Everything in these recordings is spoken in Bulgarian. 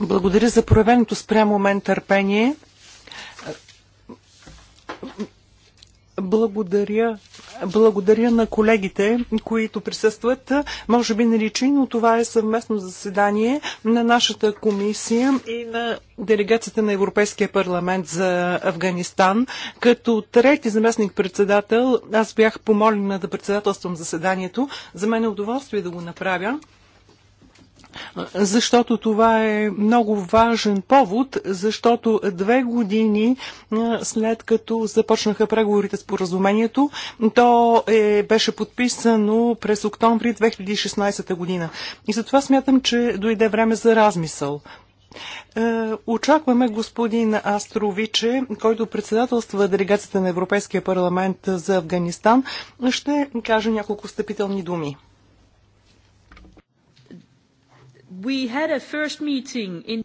Благодаря за проявеното спрямо мен търпение. Благодаря благодаря на колегите, които присъстват. Може би наричи, но това е съвместно заседание на нашата комисия и на делегацията на Европейския парламент за Афганистан. Като трети заместник председател, аз бях помолена да председателствам заседанието. За мен е удоволствие да го направя защото това е много важен повод, защото две години след като започнаха преговорите с поразумението, то е, беше подписано през октомври 2016 година. И затова смятам, че дойде време за размисъл. Е, очакваме господин Астровиче, който председателства делегацията на Европейския парламент за Афганистан, ще каже няколко стъпителни думи. We had a first meeting in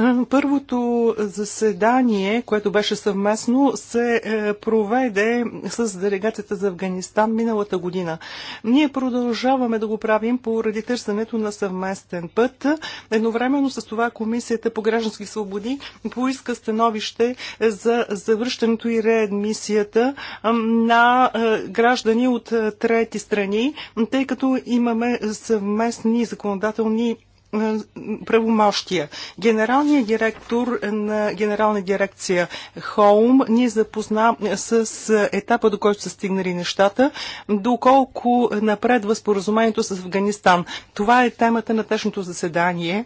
е, първото заседание, което беше съвместно, се е, проведе с делегацията за Афганистан миналата година. Ние продължаваме да го правим поради търсенето на съвместен път. Едновременно с това Комисията по граждански свободи поиска становище за завръщането и реадмисията на е, граждани от трети страни, тъй като имаме съвместни законодателни е, правомощия. Генералният директор на генерална дирекция Хоум ни запозна е, с е, етапа, до който са стигнали нещата, доколко напредва споразумението с Афганистан. Това е темата на днешното заседание.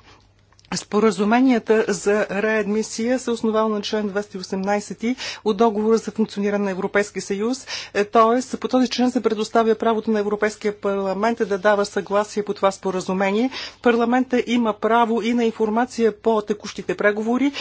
Споразуменията за реадмисия се основава на член 218 от договора за функциониране на Европейския съюз. Т.е. по този член се предоставя правото на Европейския парламент да дава съгласие по това споразумение. Парламента има право и на информация по текущите преговори,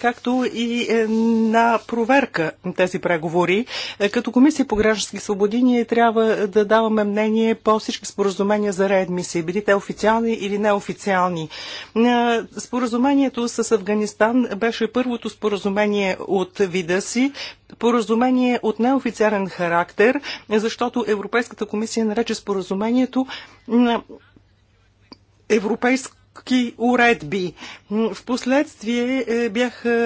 както и е, на проверка на тези преговори. Е, като Комисия по граждански свободи ние трябва да даваме мнение по всички споразумения за реадмисия, били те официални или неофициални е, Споразумението с Афганистан беше първото споразумение от вида си, споразумение от неофициален характер, защото Европейската комисия нарече споразумението на европейски уредби. Впоследствие е, бяха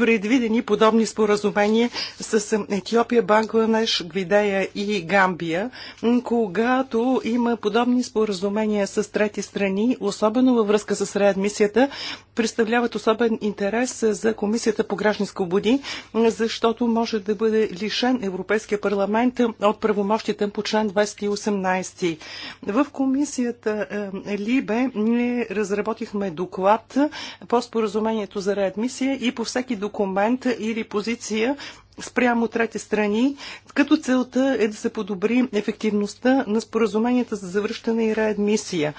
предвидени подобни споразумения с Етиопия, Бангладеш, Гвидея и Гамбия, когато има подобни споразумения с трети страни, особено във връзка с реадмисията, представляват особен интерес за Комисията по граждани свободи, защото може да бъде лишен Европейския парламент от правомощите по член 218. В комисията е, Либе ние разработихме доклад по споразумението за реадмисия и по всеки доклад документ или позиция спрямо трети страни, като целта е да се подобри ефективността на споразуменията за завръщане и реадмисия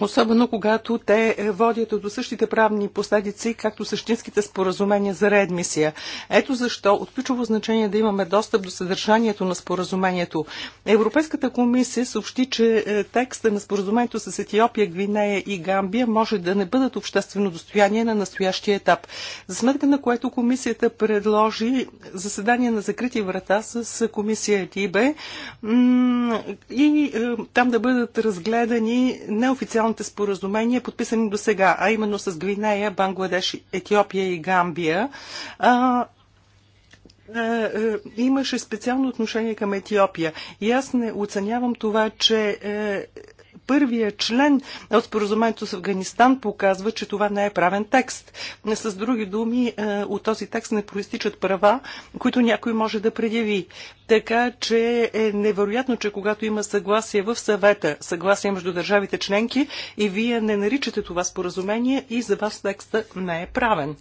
особено когато те е, водят до същите правни последици, както същинските споразумения за реадмисия. Ето защо от ключово значение да имаме достъп до съдържанието на споразумението. Европейската комисия съобщи, че е, текста на споразумението с Етиопия, Гвинея и Гамбия може да не бъдат обществено достояние на настоящия етап. За сметка на което комисията предложи заседание на закрити врата с комисия Тибе, и е, там да бъдат разгледани неофициални двустранните споразумения, подписани до сега, а именно с Гвинея, Бангладеш, Етиопия и Гамбия. А, имаше специално отношение към Етиопия. И аз не оценявам това, че е, първия член от споразумението с Афганистан показва, че това не е правен текст. С други думи, е, от този текст не проистичат права, които някой може да предяви. Така че е невероятно, че когато има съгласие в съвета, съгласие между държавите членки и вие не наричате това споразумение и за вас текста не е правен.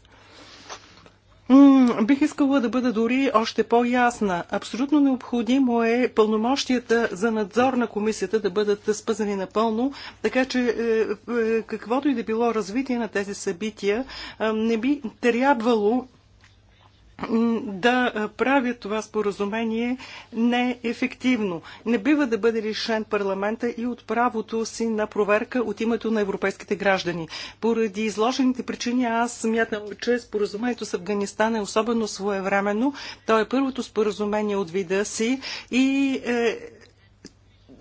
Бих искала да бъда дори още по-ясна. Абсолютно необходимо е пълномощията за надзор на комисията да бъдат спазани напълно, така че е, е, каквото и да било развитие на тези събития, е, не би трябвало да правят това споразумение неефективно. Не бива да бъде решен парламента и от правото си на проверка от името на европейските граждани. Поради изложените причини аз смятам, че споразумението с Афганистан е особено своевременно. То е първото споразумение от вида си и е,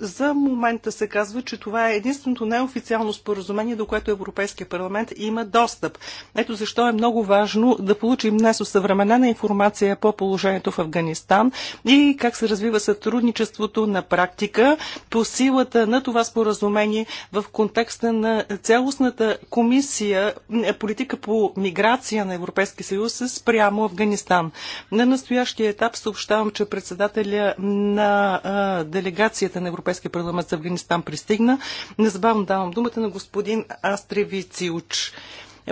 за момента се казва, че това е единственото неофициално споразумение, до което Европейския парламент има достъп. Ето защо е много важно да получим днес съвременена информация по положението в Афганистан и как се развива сътрудничеството на практика по силата на това споразумение в контекста на цялостната комисия е, политика по миграция на Европейския съюз спрямо Афганистан. На настоящия етап съобщавам, че председателя на делегацията на Европейския Европейския парламент за Афганистан пристигна. Незабавно давам думата на господин Астреви Циуч.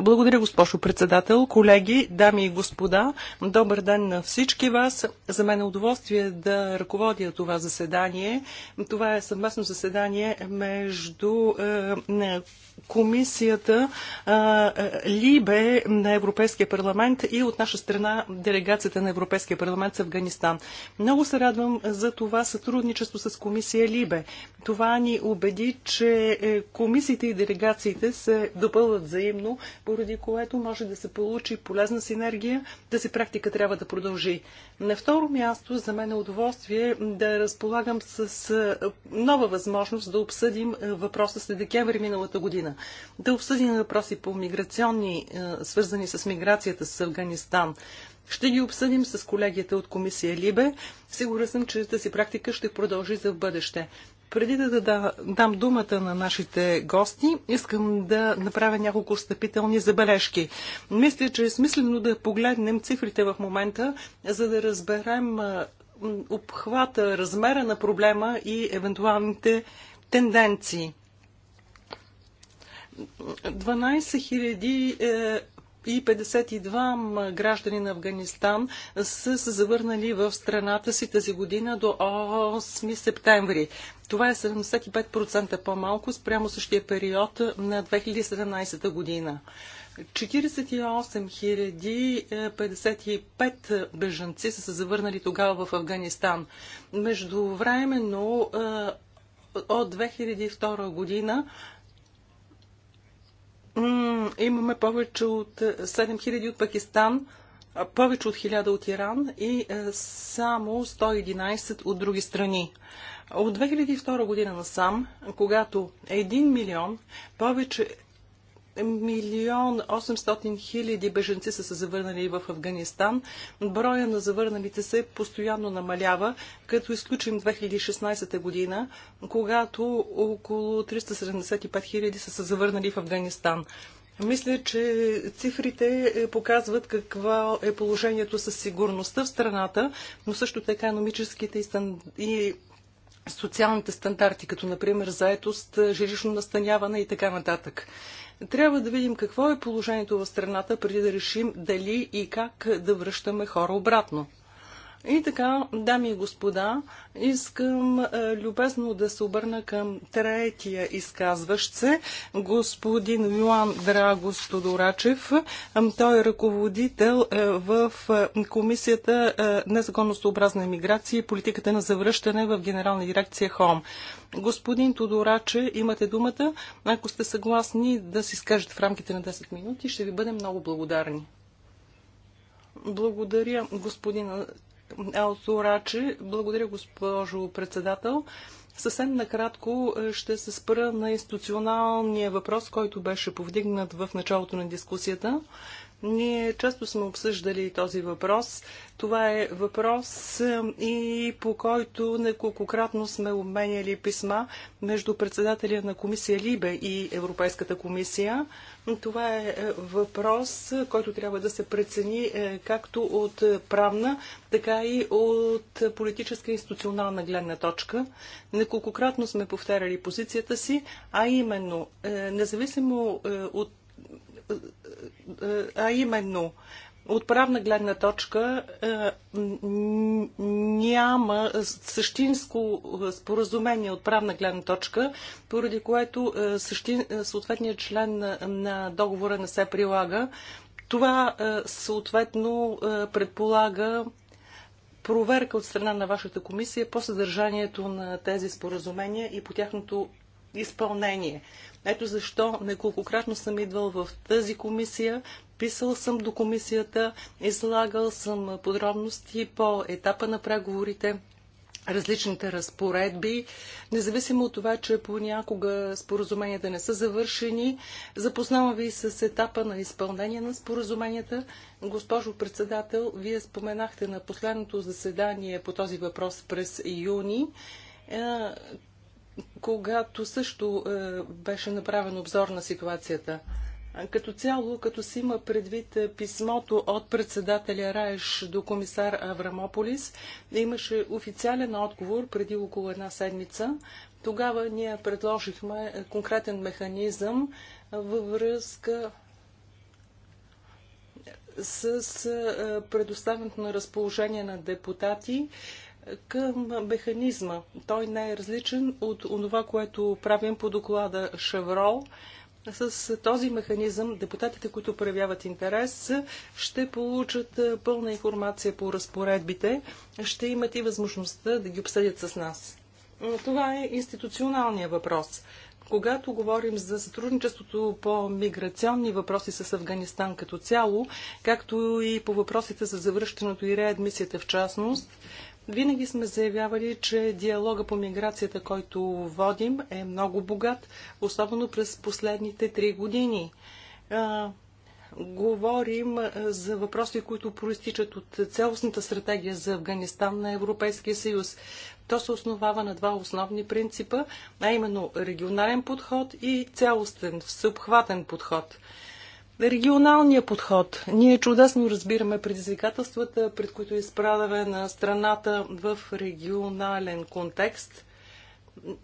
Благодаря, госпожо председател, колеги, дами и господа. Добър ден на всички вас. За мен е удоволствие да ръководя това заседание. Това е съвместно заседание между е, комисията а, е, Либе на Европейския парламент и от наша страна делегацията на Европейския парламент с Афганистан. Много се радвам за това сътрудничество с комисия Либе. Това ни убеди, че е, комисиите и делегациите се допълват взаимно, поради което може да се получи полезна синергия, да се практика трябва да продължи. На второ място за мен е удоволствие да разполагам с е, нова възможност да обсъдим въпроса след декември миналата година година. Да обсъдим въпроси по миграционни, е, свързани с миграцията с Афганистан. Ще ги обсъдим с колегията от комисия Либе. Сигурен съм, че тази практика ще продължи за в бъдеще. Преди да, дам думата на нашите гости, искам да направя няколко встъпителни забележки. Мисля, че е смислено да погледнем цифрите в момента, за да разберем е, обхвата, размера на проблема и евентуалните тенденции. 12 е, и 52 граждани на Афганистан са се завърнали в страната си тази година до 8 септември. Това е 75% по-малко спрямо същия период на 2017 година. 48 055 е, бежанци са се завърнали тогава в Афганистан. Междувременно е, от 2002 година Имаме повече от 7000 е, от Пакистан, повече от 1000 от Иран и е, само 111 от други страни. От 2002 година насам, когато 1 милион, повече милион 800 хиляди беженци са се завърнали в Афганистан. Броя на завърналите се постоянно намалява, като изключим 2016 година, когато около 375 хиляди са се завърнали в Афганистан. Мисля, че цифрите е, показват какво е положението с сигурността в страната, но също така економическите и, стан... и социалните стандарти, като например заетост, жилищно настаняване и така нататък. Трябва да видим какво е положението в страната, преди да решим дали и как да връщаме хора обратно. И така, дами и господа, искам е, любезно да се обърна към третия изказващ се, господин Йоан Драгос Тодорачев. Е, той е ръководител е, в е, Комисията е, незаконосообразна емиграция и политиката на завръщане в Генерална дирекция ХОМ. Господин Тодораче, имате думата. Ако сте съгласни да си скажете в рамките на 10 минути, ще ви бъдем много благодарни. Благодаря, господин Алсурачи. Благодаря, госпожо председател. Съвсем накратко е, ще се спра на институционалния въпрос, който беше повдигнат в началото на дискусията. Ние често сме обсъждали този въпрос. Това е въпрос е, и по който неколкократно сме обменяли писма между председателя на комисия Либе и Европейската комисия. Това е, е въпрос, който трябва да се прецени е, както от правна, така и от политическа и институционална гледна точка. Неколкократно сме повтаряли позицията си, а именно, независимо от а именно от правна гледна точка е, няма същинско споразумение от правна гледна точка, поради което е, същин, е, съответният член на договора не се прилага. Това съответно предполага проверка от страна на вашата комисия по съдържанието на тези споразумения и по тяхното изпълнение. Ето защо неколкократно съм идвал в тази комисия, писал съм до комисията, излагал съм подробности по етапа на преговорите, различните разпоредби, независимо от това, че понякога споразуменията не са завършени. Запознавам ви с етапа на изпълнение на споразуменията. Госпожо председател, вие споменахте на последното заседание по този въпрос през юни е, когато също е, беше направен обзор на ситуацията. Като цяло, като си има предвид е, писмото от председателя Раеш до комисар Аврамополис, имаше официален отговор преди около една седмица. Тогава ние предложихме е, конкретен механизъм във връзка с предоставянето на разположение на депутати към механизма. Той не е различен от това, което правим по доклада Шеврол. С този механизъм депутатите, които проявяват интерес, ще получат пълна информация по разпоредбите, ще имат и възможността да ги обсъдят с нас. Това е институционалният въпрос. Когато говорим за сътрудничеството по миграционни въпроси с Афганистан като цяло, както и по въпросите за завръщането и реадмисията в частност, винаги сме заявявали, че диалога по миграцията, който водим, е много богат, особено през последните три години. А, говорим за въпроси, които проистичат от цялостната стратегия за Афганистан на Европейския съюз. То се основава на два основни принципа, а именно регионален подход и цялостен, всеобхватен подход – регионалния подход. Ние чудесно разбираме предизвикателствата, пред които е изправяме на страната в регионален контекст.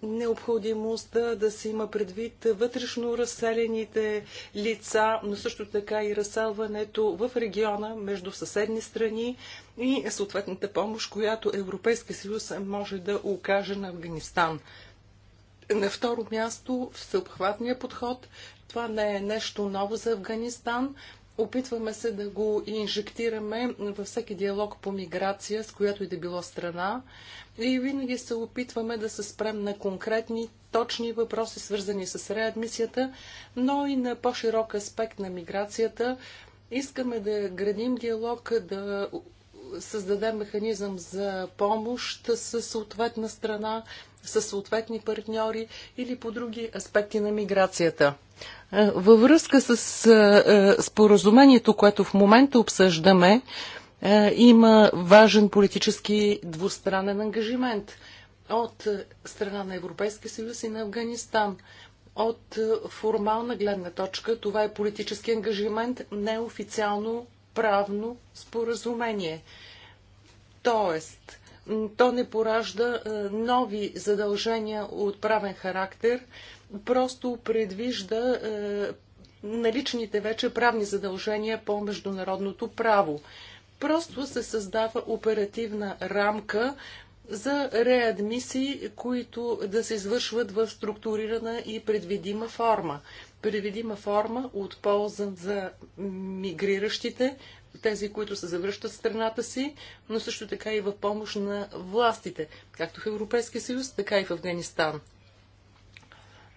Необходимостта да се има предвид вътрешно разселените лица, но също така и разселването в региона между съседни страни и съответната помощ, която Европейския съюз може да окаже на Афганистан. На второ място всеобхватния подход, това не е нещо ново за Афганистан. Опитваме се да го инжектираме във всеки диалог по миграция, с която и да било страна. И винаги се опитваме да се спрем на конкретни, точни въпроси, свързани с реадмисията, но и на по-широк аспект на миграцията. Искаме да градим диалог, да създаде механизъм за помощ със съответна страна, със съответни партньори или по други аспекти на миграцията. Е, във връзка с е, е, споразумението, което в момента обсъждаме, има важен политически двустранен ангажимент от страна на Европейския съюз и на Афганистан. От формална гледна точка това е политически ангажимент, неофициално правно споразумение. Тоест, то не поражда е, нови задължения от правен характер, просто предвижда е, наличните вече правни задължения по международното право. Просто се създава оперативна рамка за реадмисии, които да се извършват в структурирана и предвидима форма предвидима форма от полза за мигриращите, тези, които се завръщат страната си, но също така и в помощ на властите, както в Европейския съюз, така и в Афганистан.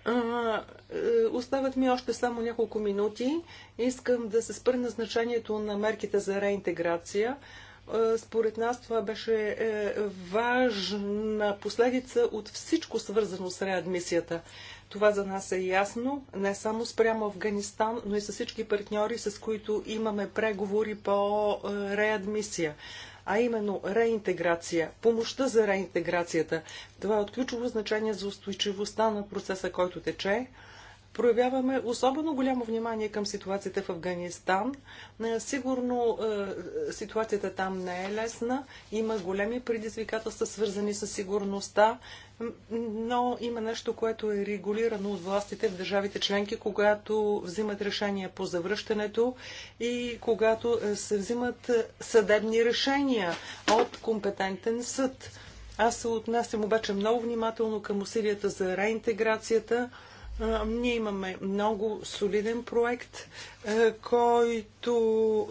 А, е, остават ми още само няколко минути. Искам да се спра на значението на мерките за реинтеграция. Е, според нас това беше е, важна последица от всичко свързано с реадмисията. Това за нас е ясно, не само спрямо Афганистан, но и с всички партньори, с които имаме преговори по е, реадмисия а именно реинтеграция, помощта за реинтеграцията. Това е от ключово значение за устойчивостта на процеса, който тече проявяваме особено голямо внимание към ситуацията в Афганистан. Е, сигурно е, ситуацията там не е лесна. Има големи предизвикателства, свързани с сигурността, но има нещо, което е регулирано от властите в държавите членки, когато взимат решения по завръщането и когато е, се взимат съдебни решения от компетентен съд. Аз се отнасям обаче много внимателно към усилията за реинтеграцията ние имаме много солиден проект, който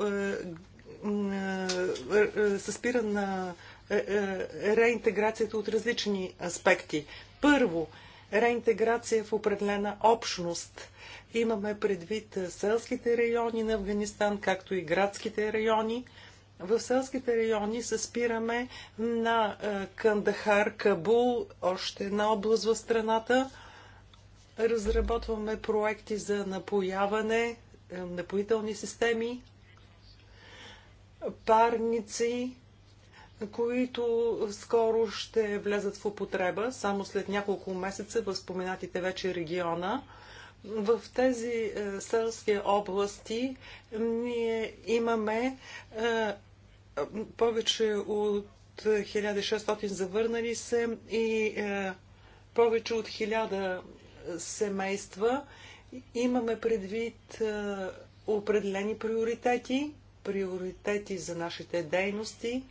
се спира на реинтеграцията от различни аспекти. Първо, реинтеграция в определена общност. Имаме предвид селските райони на Афганистан, както и градските райони. В селските райони се спираме на Кандахар, Кабул, още една област в страната – Разработваме проекти за напояване, е, напоителни системи, парници, които скоро ще влезат в употреба, само след няколко месеца в споменатите вече региона. В тези е, селски области ние имаме е, повече от 1600 завърнали се и повече от 1000 семейства. Имаме предвид е, определени приоритети, приоритети за нашите дейности.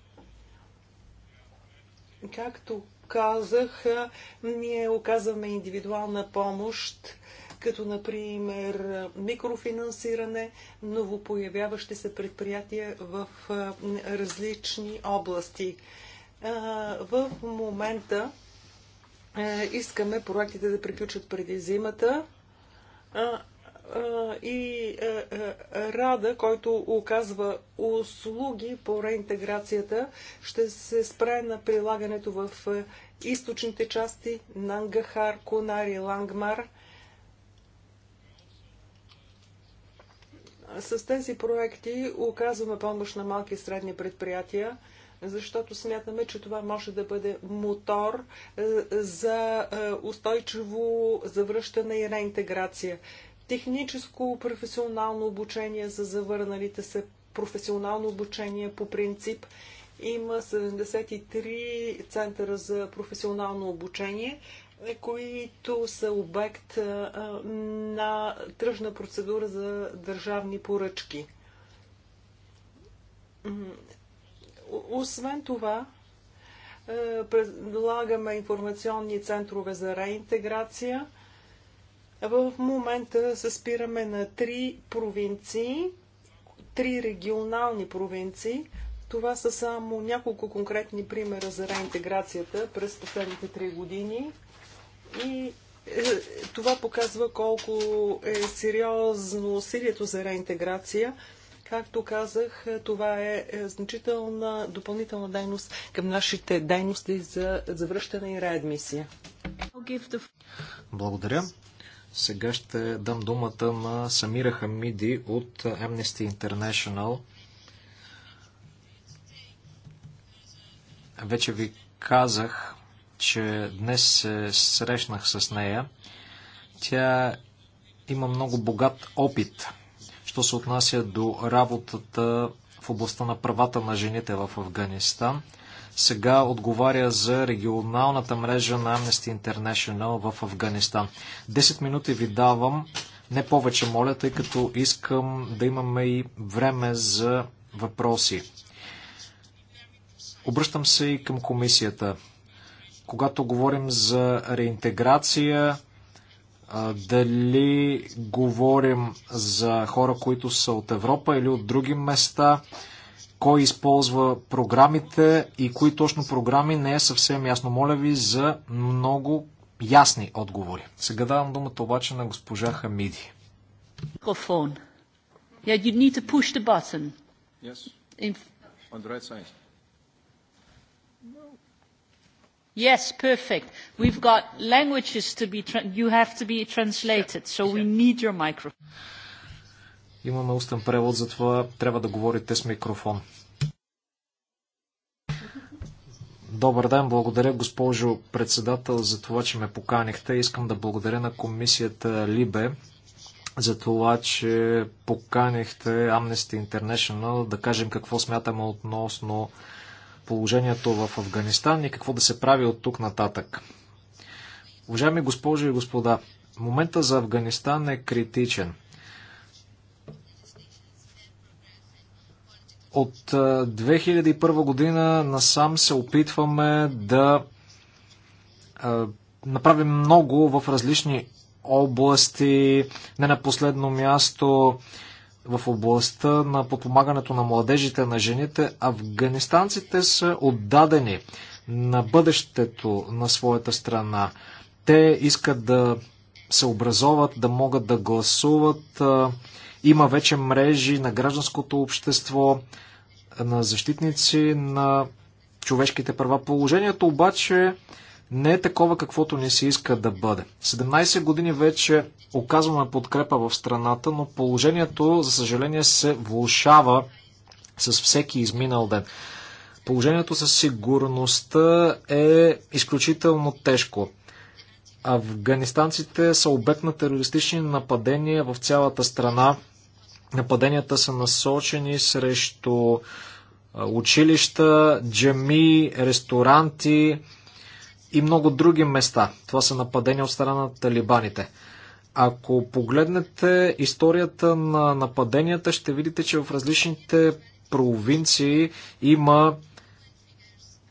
Както казах, е, ние оказваме индивидуална помощ, като например микрофинансиране, новопоявяващи се предприятия в е, различни области. В момента е, искаме проектите да приключат преди зимата. И е, е, Рада, който оказва услуги по реинтеграцията, ще се спре на прилагането в източните части Нангахар, Конари, Лангмар. С тези проекти оказваме помощ на малки и средни предприятия защото смятаме, че това може да бъде мотор е, за е, устойчиво завръщане и реинтеграция. Техническо професионално обучение за завърналите се, професионално обучение по принцип има 73 центъра за професионално обучение, е, които са обект на тръжна процедура за държавни поръчки. Освен това, е, предлагаме информационни центрове за реинтеграция. В момента се спираме на три провинции, три регионални провинции. Това са само няколко конкретни примера за реинтеграцията през последните три години. И е, това показва колко е сериозно усилието за реинтеграция Както казах, това е, е значителна допълнителна дейност към нашите дейности за завръщане и реадмисия. Благодаря. Сега ще дам думата на Самира Хамиди от Amnesty International. Вече ви казах, че днес се срещнах с нея. Тя има много богат опит що се отнася до работата в областта на правата на жените в Афганистан. Сега отговаря за регионалната мрежа на Amnesty International в Афганистан. 10 минути ви давам, не повече моля, тъй като искам да имаме и време за въпроси. Обръщам се и към комисията. Когато говорим за реинтеграция, дали говорим за хора, които са от Европа или от други места, кой използва програмите и кои точно програми не е съвсем ясно. Моля ви за много ясни отговори. Сега давам думата обаче на госпожа Хамиди. Микрофон. Yeah, you need to push the button. Yes. On the right side. Yes, perfect. We've got languages to be, you have to be translated, so we need your microphone. Имаме устен превод, затова трябва да говорите с микрофон. Добър ден, благодаря госпожо председател за това, че ме поканихте. Искам да благодаря на комисията Либе за това, че поканихте Amnesty International да кажем какво смятаме относно положението в Афганистан и какво да се прави от тук нататък. Уважаеми госпожи и господа, момента за Афганистан е критичен. От 2001 година насам се опитваме да направим много в различни области, не на последно място в областта на подпомагането на младежите, на жените, афганистанците са отдадени на бъдещето на своята страна. Те искат да се образоват, да могат да гласуват. Има вече мрежи на гражданското общество, на защитници на човешките права. Положението обаче е не е такова каквото ни се иска да бъде. 17 години вече оказваме подкрепа в страната, но положението, за съжаление, се влушава с всеки изминал ден. Положението със сигурността е изключително тежко. Афганистанците са обект на терористични нападения в цялата страна. Нападенията са насочени срещу училища, джами, ресторанти, и много други места. Това са нападения от страна на талибаните. Ако погледнете историята на нападенията, ще видите, че в различните провинции има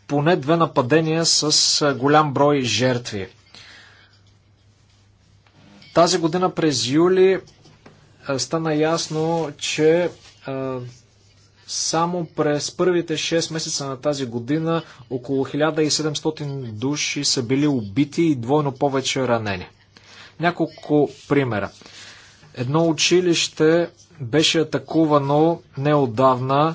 поне две нападения с голям брой жертви. Тази година през юли стана ясно, че само през първите 6 месеца на тази година около 1700 души са били убити и двойно повече ранени. Няколко примера. Едно училище беше атакувано неодавна.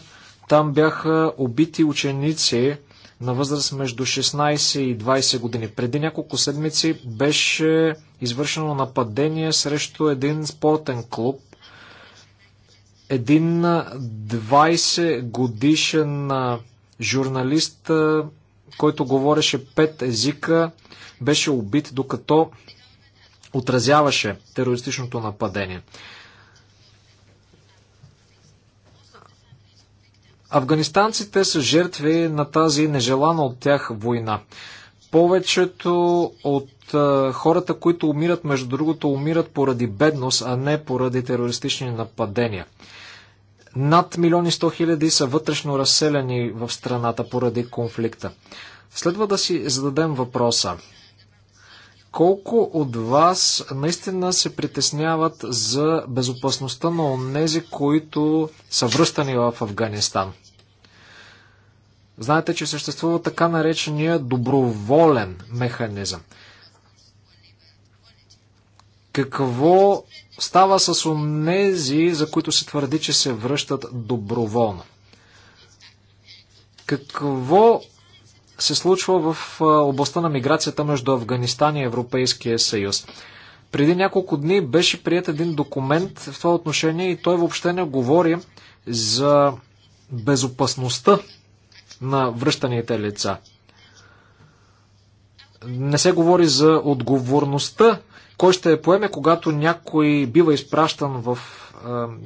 Там бяха убити ученици на възраст между 16 и 20 години. Преди няколко седмици беше извършено нападение срещу един спортен клуб един 20 годишен журналист, който говореше пет езика, беше убит, докато отразяваше терористичното нападение. Афганистанците са жертви на тази нежелана от тях война. Повечето от хората, които умират, между другото, умират поради бедност, а не поради терористични нападения. Над милиони 100 хиляди са вътрешно разселени в страната поради конфликта. Следва да си зададем въпроса. Колко от вас наистина се притесняват за безопасността на онези, които са връщани в Афганистан? Знаете, че съществува така наречения доброволен механизъм. Какво става с онези, за които се твърди, че се връщат доброволно. Какво се случва в областта на миграцията между Афганистан и Европейския съюз? Преди няколко дни беше прият един документ в това отношение и той въобще не говори за безопасността на връщаните лица. Не се говори за отговорността кой ще я поеме, когато някой бива изпращан в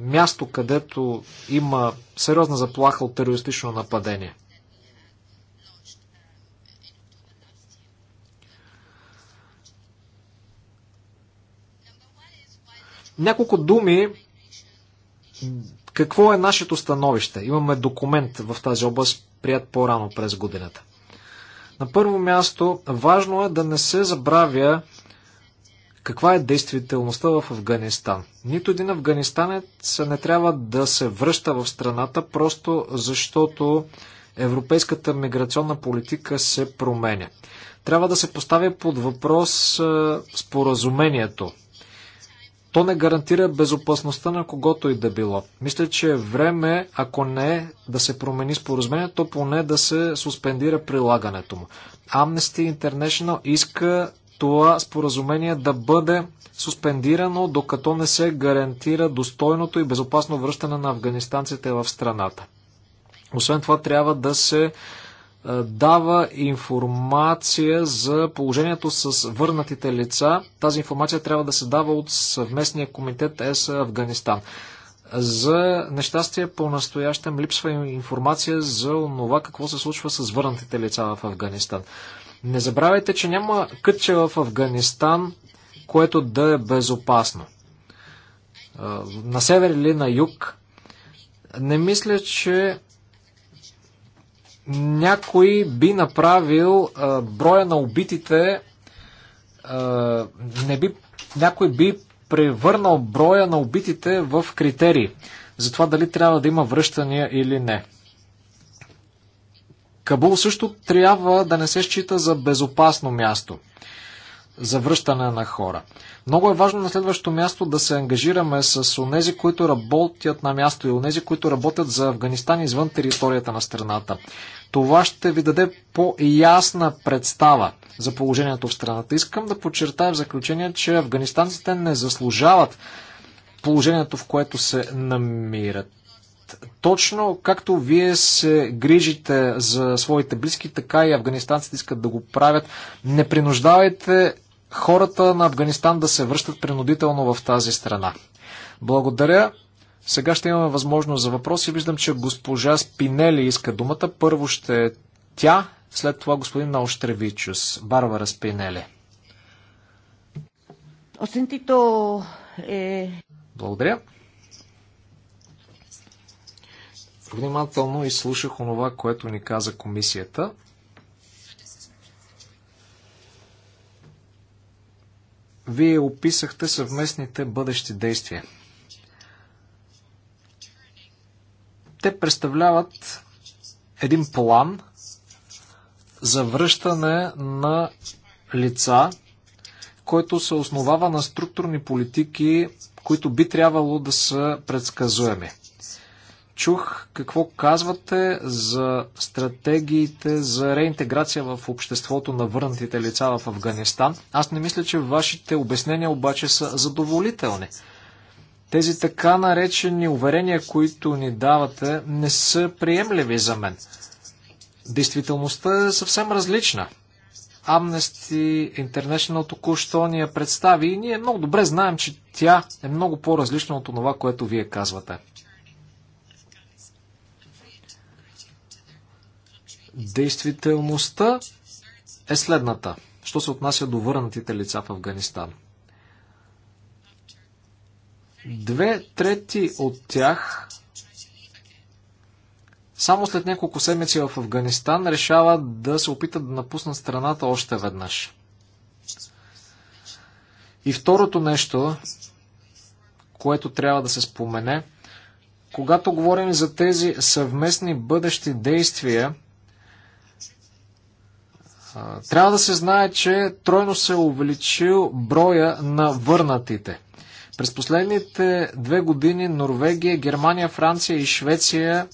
място, където има сериозна заплаха от терористично нападение? Няколко думи. Какво е нашето становище? Имаме документ в тази област, прият по-рано през годината. На първо място, важно е да не се забравя каква е действителността в Афганистан? Нито един афганистанец не трябва да се връща в страната, просто защото европейската миграционна политика се променя. Трябва да се поставя под въпрос е, споразумението. То не гарантира безопасността на когото и да било. Мисля, че е време, ако не е да се промени споразумението, то поне да се суспендира прилагането му. Amnesty International иска това споразумение да бъде суспендирано, докато не се гарантира достойното и безопасно връщане на афганистанците в страната. Освен това, трябва да се е, дава информация за положението с върнатите лица. Тази информация трябва да се дава от съвместния комитет ЕС Афганистан. За нещастие по-настоящем липсва информация за това какво се случва с върнатите лица в Афганистан. Не забравяйте, че няма кътче в Афганистан, което да е безопасно. На север или на юг. Не мисля, че някой би направил броя на убитите, не би, някой би превърнал броя на убитите в критерии за това дали трябва да има връщания или не. Кабул също трябва да не се счита за безопасно място за връщане на хора. Много е важно на следващото място да се ангажираме с онези, които работят на място и онези, които работят за Афганистан извън територията на страната. Това ще ви даде по-ясна представа за положението в страната. Искам да подчертая в заключение, че афганистанците не заслужават положението, в което се намират. Точно както вие се грижите за своите близки, така и афганистанците искат да го правят. Не принуждавайте хората на Афганистан да се връщат принудително в тази страна. Благодаря. Сега ще имаме възможност за въпроси. Виждам, че госпожа Спинели иска думата. Първо ще тя, след това господин Наоштревичус, Барбара Спинели. Е- Благодаря. Внимателно изслушах онова, което ни каза комисията. Вие описахте съвместните бъдещи действия. Те представляват един план за връщане на лица, който се основава на структурни политики, които би трябвало да са предсказуеми чух какво казвате за стратегиите за реинтеграция в обществото на върнатите лица в Афганистан. Аз не мисля, че вашите обяснения обаче са задоволителни. Тези така наречени уверения, които ни давате, не са приемливи за мен. Действителността е съвсем различна. Amnesty International току-що ни я представи и ние много добре знаем, че тя е много по-различна от това, което вие казвате. Действителността е следната, що се отнася до върнатите лица в Афганистан. Две трети от тях само след няколко седмици в Афганистан решават да се опитат да напуснат страната още веднъж. И второто нещо, което трябва да се спомене, когато говорим за тези съвместни бъдещи действия трябва да се знае, че тройно се е увеличил броя на върнатите. През последните две години Норвегия, Германия, Франция и Швеция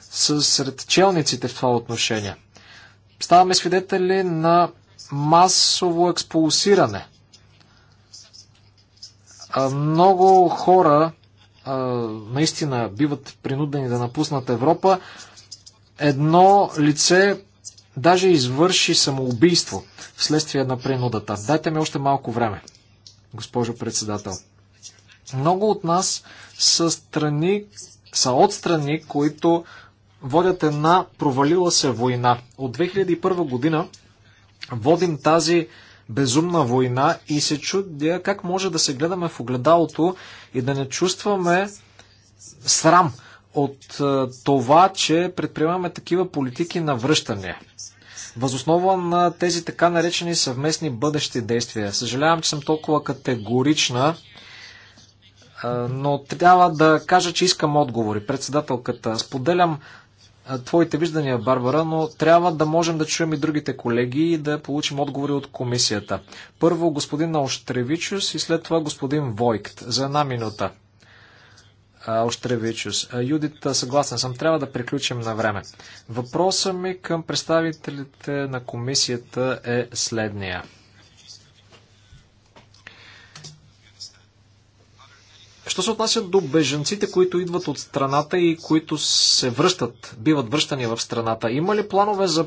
са сред челниците в това отношение. Ставаме свидетели на масово експулсиране. Много хора наистина биват принудени да напуснат Европа. Едно лице даже извърши самоубийство вследствие на принудата. Дайте ми още малко време, госпожо председател. Много от нас са, страни, са от страни, които водят една провалила се война. От 2001 година водим тази безумна война и се чудя как може да се гледаме в огледалото и да не чувстваме срам от е, това, че предприемаме такива политики на връщане. Възоснова на тези така наречени съвместни бъдещи действия. Съжалявам, че съм толкова категорична, е, но трябва да кажа, че искам отговори. Председателката, споделям е, твоите виждания, Барбара, но трябва да можем да чуем и другите колеги и да получим отговори от комисията. Първо господин Наоштревичус и след това господин Войкт за една минута. Ощревичус. Юдит, съгласен съм, трябва да приключим на време. Въпросът ми към представителите на комисията е следния. Що се отнася до бежанците, които идват от страната и които се връщат, биват връщани в страната, има ли планове за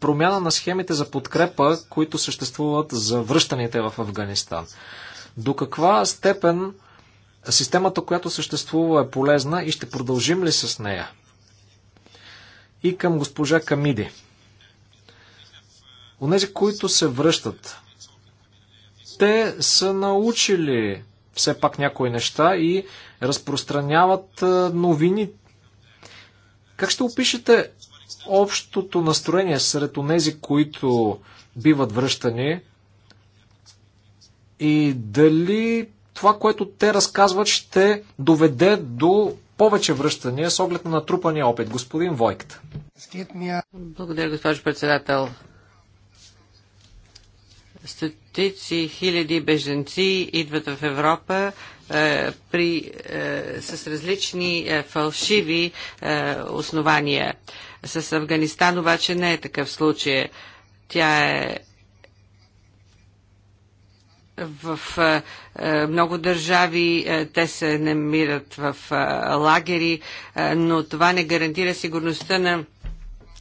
промяна на схемите за подкрепа, които съществуват за връщаните в Афганистан? До каква степен Системата, която съществува е полезна и ще продължим ли с нея? И към госпожа Камиди. Онези, които се връщат, те са научили все пак някои неща и разпространяват новини. Как ще опишете общото настроение сред онези, които биват връщани и дали това, което те разказват, ще доведе до повече връщания с оглед на натрупания опит. Господин Войкт. Благодаря, госпожо председател. Стотици хиляди беженци идват в Европа е, при, е, с различни е, фалшиви е, основания. С Афганистан обаче не е такъв случай. Тя е в е, е, много държави е, те се намират в лагери, но това не гарантира сигурността на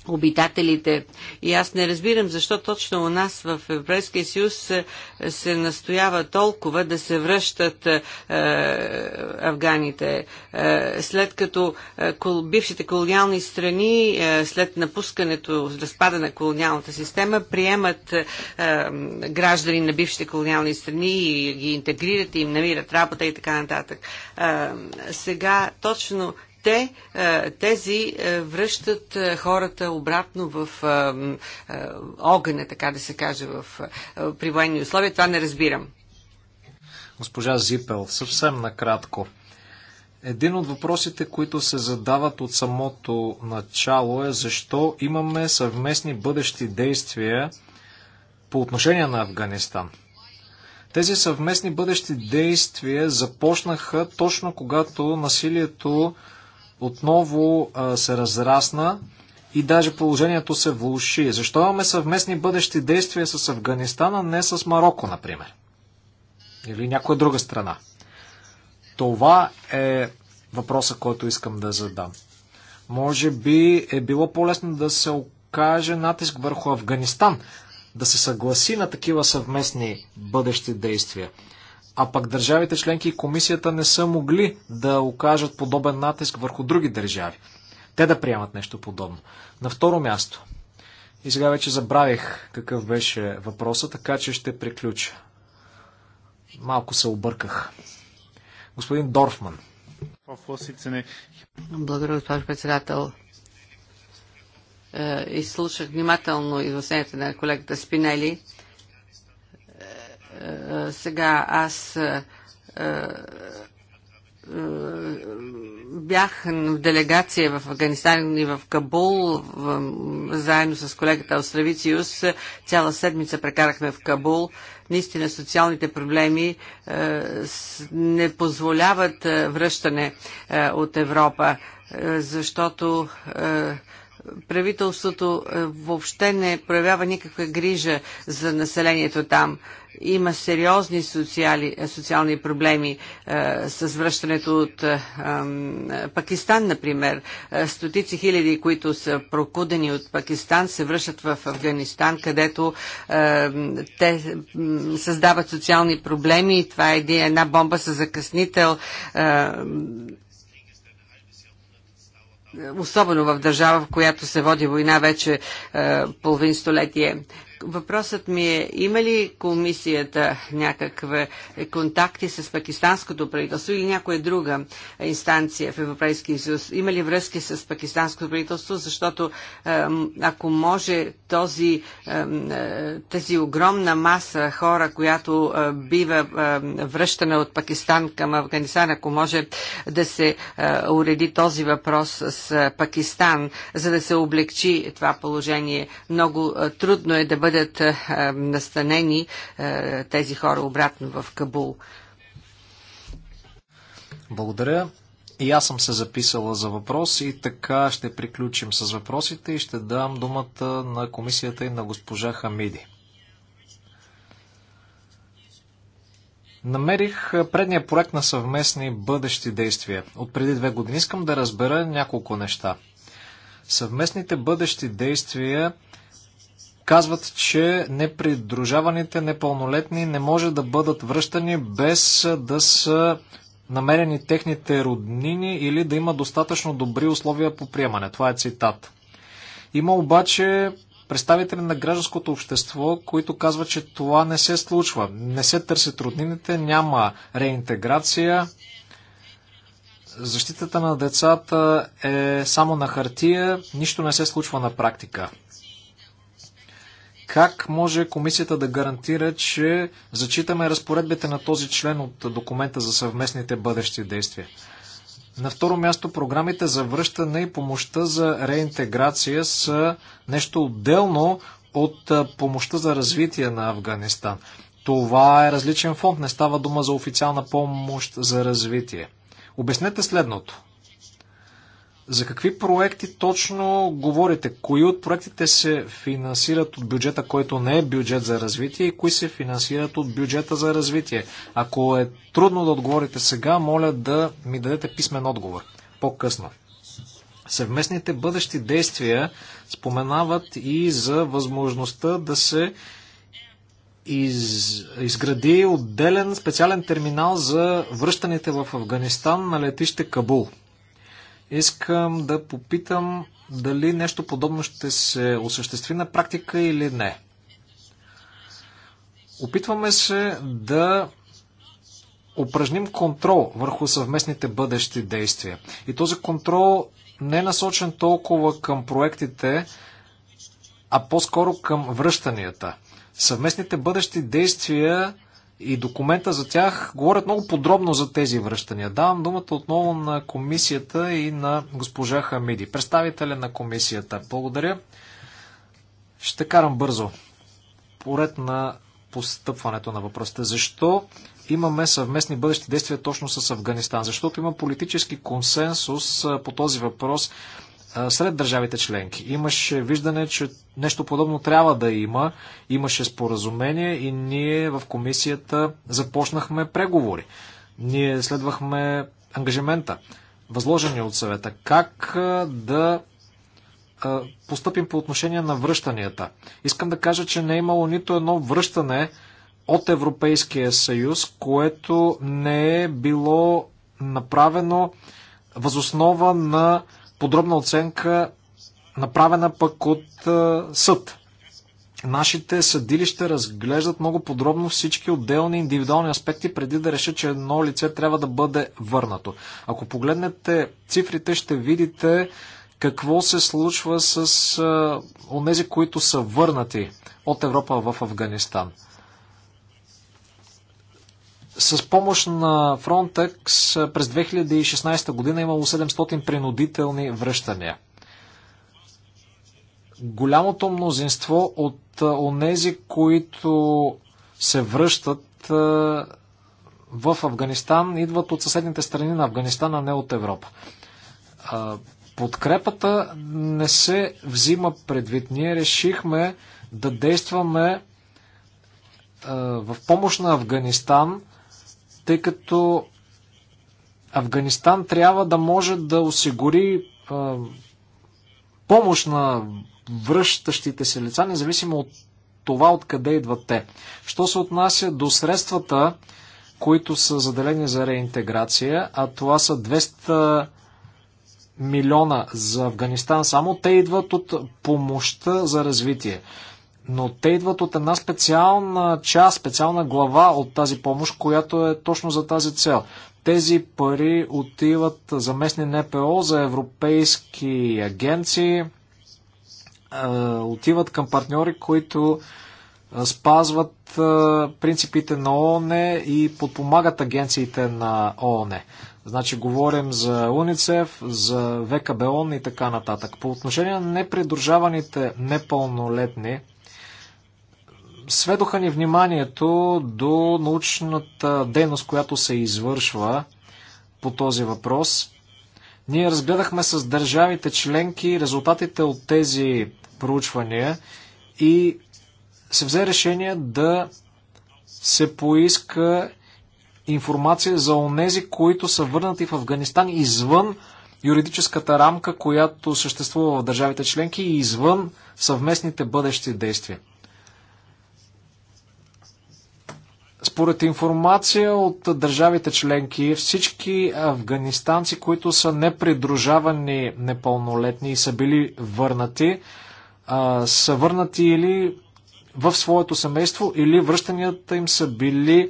обитателите. И аз не разбирам защо точно у нас в Европейския съюз се, се настоява толкова да се връщат е, афганите, е, след като е, кол, бившите колониални страни, е, след напускането, разпада на колониалната система, приемат е, граждани на бившите колониални страни и ги интегрират и им намират работа и така нататък. Е, сега точно те, е, тези е, връщат е, хората обратно в огъня, така да се каже, в, при военни условия. Това не разбирам. Госпожа Зипел, съвсем накратко. Един от въпросите, които се задават от самото начало е защо имаме съвместни бъдещи действия по отношение на Афганистан. Тези съвместни бъдещи действия започнаха точно когато насилието отново се разрасна и даже положението се влуши. Защо имаме съвместни бъдещи действия с Афганистан, а не с Марокко, например? Или някоя друга страна? Това е въпроса, който искам да задам. Може би е било по-лесно да се окаже натиск върху Афганистан, да се съгласи на такива съвместни бъдещи действия а пък държавите членки и комисията не са могли да окажат подобен натиск върху други държави. Те да приемат нещо подобно. На второ място. И сега вече забравих какъв беше въпросът, така че ще приключа. Малко се обърках. Господин Дорфман. Благодаря, госпожо председател. Е, изслушах внимателно изяснението на колегата Спинели сега аз е, е, бях в делегация в Афганистан и в Кабул, в, заедно с колегата Остравициус. Цяла седмица прекарахме в Кабул. Наистина социалните проблеми е, не позволяват е, връщане е, от Европа, е, защото е, правителството е, въобще не проявява никаква грижа за населението там. Има сериозни социали, е, социални проблеми е, с връщането от е, Пакистан, например. Е, стотици хиляди, които са прокудени от Пакистан, се връщат в Афганистан, където е, те създават социални проблеми. Това е една бомба с закъснител. Е, е, особено в държава, в която се води война вече е, половин столетие. Въпросът ми е, има ли комисията някакви контакти с пакистанското правителство или някоя друга инстанция в Европейския съюз? Има ли връзки с пакистанското правителство? Защото ако може този, е, тази огромна маса хора, която бива връщана от Пакистан към Афганистан, ако може да се уреди този въпрос с Пакистан, за да се облегчи това положение, много трудно е да бъде бъдат настанени тези хора обратно в Кабул. Благодаря. И аз съм се записала за въпрос и така ще приключим с въпросите и ще дам думата на комисията и на госпожа Хамиди. Намерих предния проект на съвместни бъдещи действия. От преди две години искам да разбера няколко неща. Съвместните бъдещи действия казват, че непридружаваните непълнолетни не може да бъдат връщани без да са намерени техните роднини или да има достатъчно добри условия по приемане. Това е цитат. Има обаче представители на гражданското общество, които казват, че това не се случва. Не се търсят роднините, няма реинтеграция. Защитата на децата е само на хартия, нищо не се случва на практика. Как може комисията да гарантира, че зачитаме разпоредбите на този член от документа за съвместните бъдещи действия? На второ място, програмите за връщане и помощта за реинтеграция са нещо отделно от помощта за развитие на Афганистан. Това е различен фонд, не става дума за официална помощ за развитие. Обяснете следното. За какви проекти точно говорите? Кои от проектите се финансират от бюджета, който не е бюджет за развитие и кои се финансират от бюджета за развитие? Ако е трудно да отговорите сега, моля да ми дадете писмен отговор по-късно. Съвместните бъдещи действия споменават и за възможността да се из, изгради отделен специален терминал за връщаните в Афганистан на летище Кабул – Искам да попитам дали нещо подобно ще се осъществи на практика или не. Опитваме се да упражним контрол върху съвместните бъдещи действия. И този контрол не е насочен толкова към проектите, а по-скоро към връщанията. Съвместните бъдещи действия и документа за тях говорят много подробно за тези връщания. Давам думата отново на комисията и на госпожа Хамиди, представителя на комисията. Благодаря. Ще карам бързо. Поред на постъпването на въпросите. Защо имаме съвместни бъдещи действия точно с Афганистан? Защото има политически консенсус по този въпрос сред държавите членки. Имаше виждане, че нещо подобно трябва да има. Имаше споразумение и ние в комисията започнахме преговори. Ние следвахме ангажимента, възложени от съвета. Как да постъпим по отношение на връщанията? Искам да кажа, че не е имало нито едно връщане от Европейския съюз, което не е било направено възоснова на подробна оценка, направена пък от е, съд. Нашите съдилища разглеждат много подробно всички отделни индивидуални аспекти, преди да решат, че едно лице трябва да бъде върнато. Ако погледнете цифрите, ще видите какво се случва с е, онези, които са върнати от Европа в Афганистан. С помощ на Frontex през 2016 година е имало 700 принудителни връщания. Голямото мнозинство от онези, които се връщат в Афганистан, идват от съседните страни на Афганистан, а не от Европа подкрепата не се взима предвид. Ние решихме да действаме в помощ на Афганистан тъй като Афганистан трябва да може да осигури помощ на връщащите се лица, независимо от това откъде идват те. Що се отнася до средствата, които са заделени за реинтеграция, а това са 200 милиона за Афганистан, само те идват от помощта за развитие но те идват от една специална част, специална глава от тази помощ, която е точно за тази цел. Тези пари отиват за местни НПО, за европейски агенции, е, отиват към партньори, които е, спазват е, принципите на ООН и подпомагат агенциите на ООН. Значи говорим за УНИЦЕФ, за ВКБОН и така нататък. По отношение на непридружаваните непълнолетни, сведоха ни вниманието до научната дейност, която се извършва по този въпрос. Ние разгледахме с държавите членки резултатите от тези проучвания и се взе решение да се поиска информация за онези, които са върнати в Афганистан извън юридическата рамка, която съществува в държавите членки и извън съвместните бъдещи действия. Според информация от държавите членки, всички афганистанци, които са непридружавани непълнолетни и са били върнати, са върнати или в своето семейство, или връщанията им са били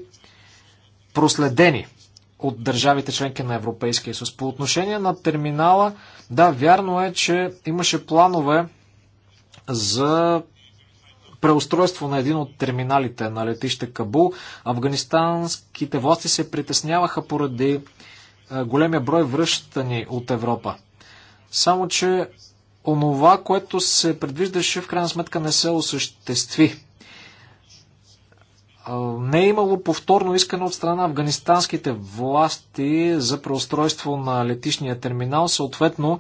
проследени от държавите членки на Европейския съюз. По отношение на терминала, да, вярно е, че имаше планове за преустройство на един от терминалите на летище Кабул. Афганистанските власти се притесняваха поради е, големия брой връщани от Европа. Само, че онова, което се предвиждаше, в крайна сметка не се осъществи. Е, не е имало повторно искане от страна афганистанските власти за преустройство на летишния терминал, съответно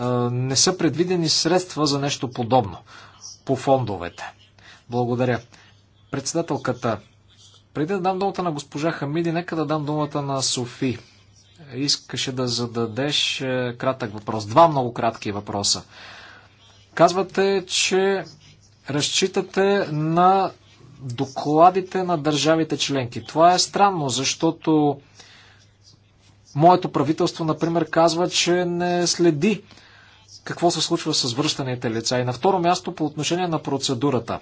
е, не са предвидени средства за нещо подобно по фондовете. Благодаря. Председателката, преди да дам думата на госпожа Хамиди, нека да дам думата на Софи. Искаше да зададеш е, кратък въпрос. Два много кратки въпроса. Казвате, че разчитате на докладите на държавите членки. Това е странно, защото моето правителство, например, казва, че не следи какво се случва с връщаните лица. И на второ място по отношение на процедурата.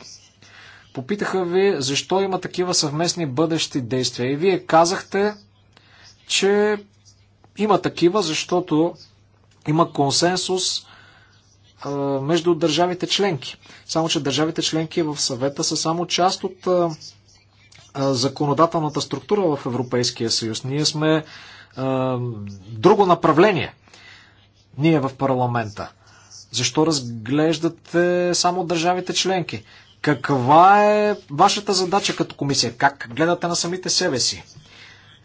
Попитаха ви защо има такива съвместни бъдещи действия. И вие казахте, че има такива, защото има консенсус а, между държавите членки. Само, че държавите членки в съвета са само част от а, а, законодателната структура в Европейския съюз. Ние сме друго направление ние в парламента. Защо разглеждате само държавите членки? Каква е вашата задача като комисия? Как гледате на самите себе си?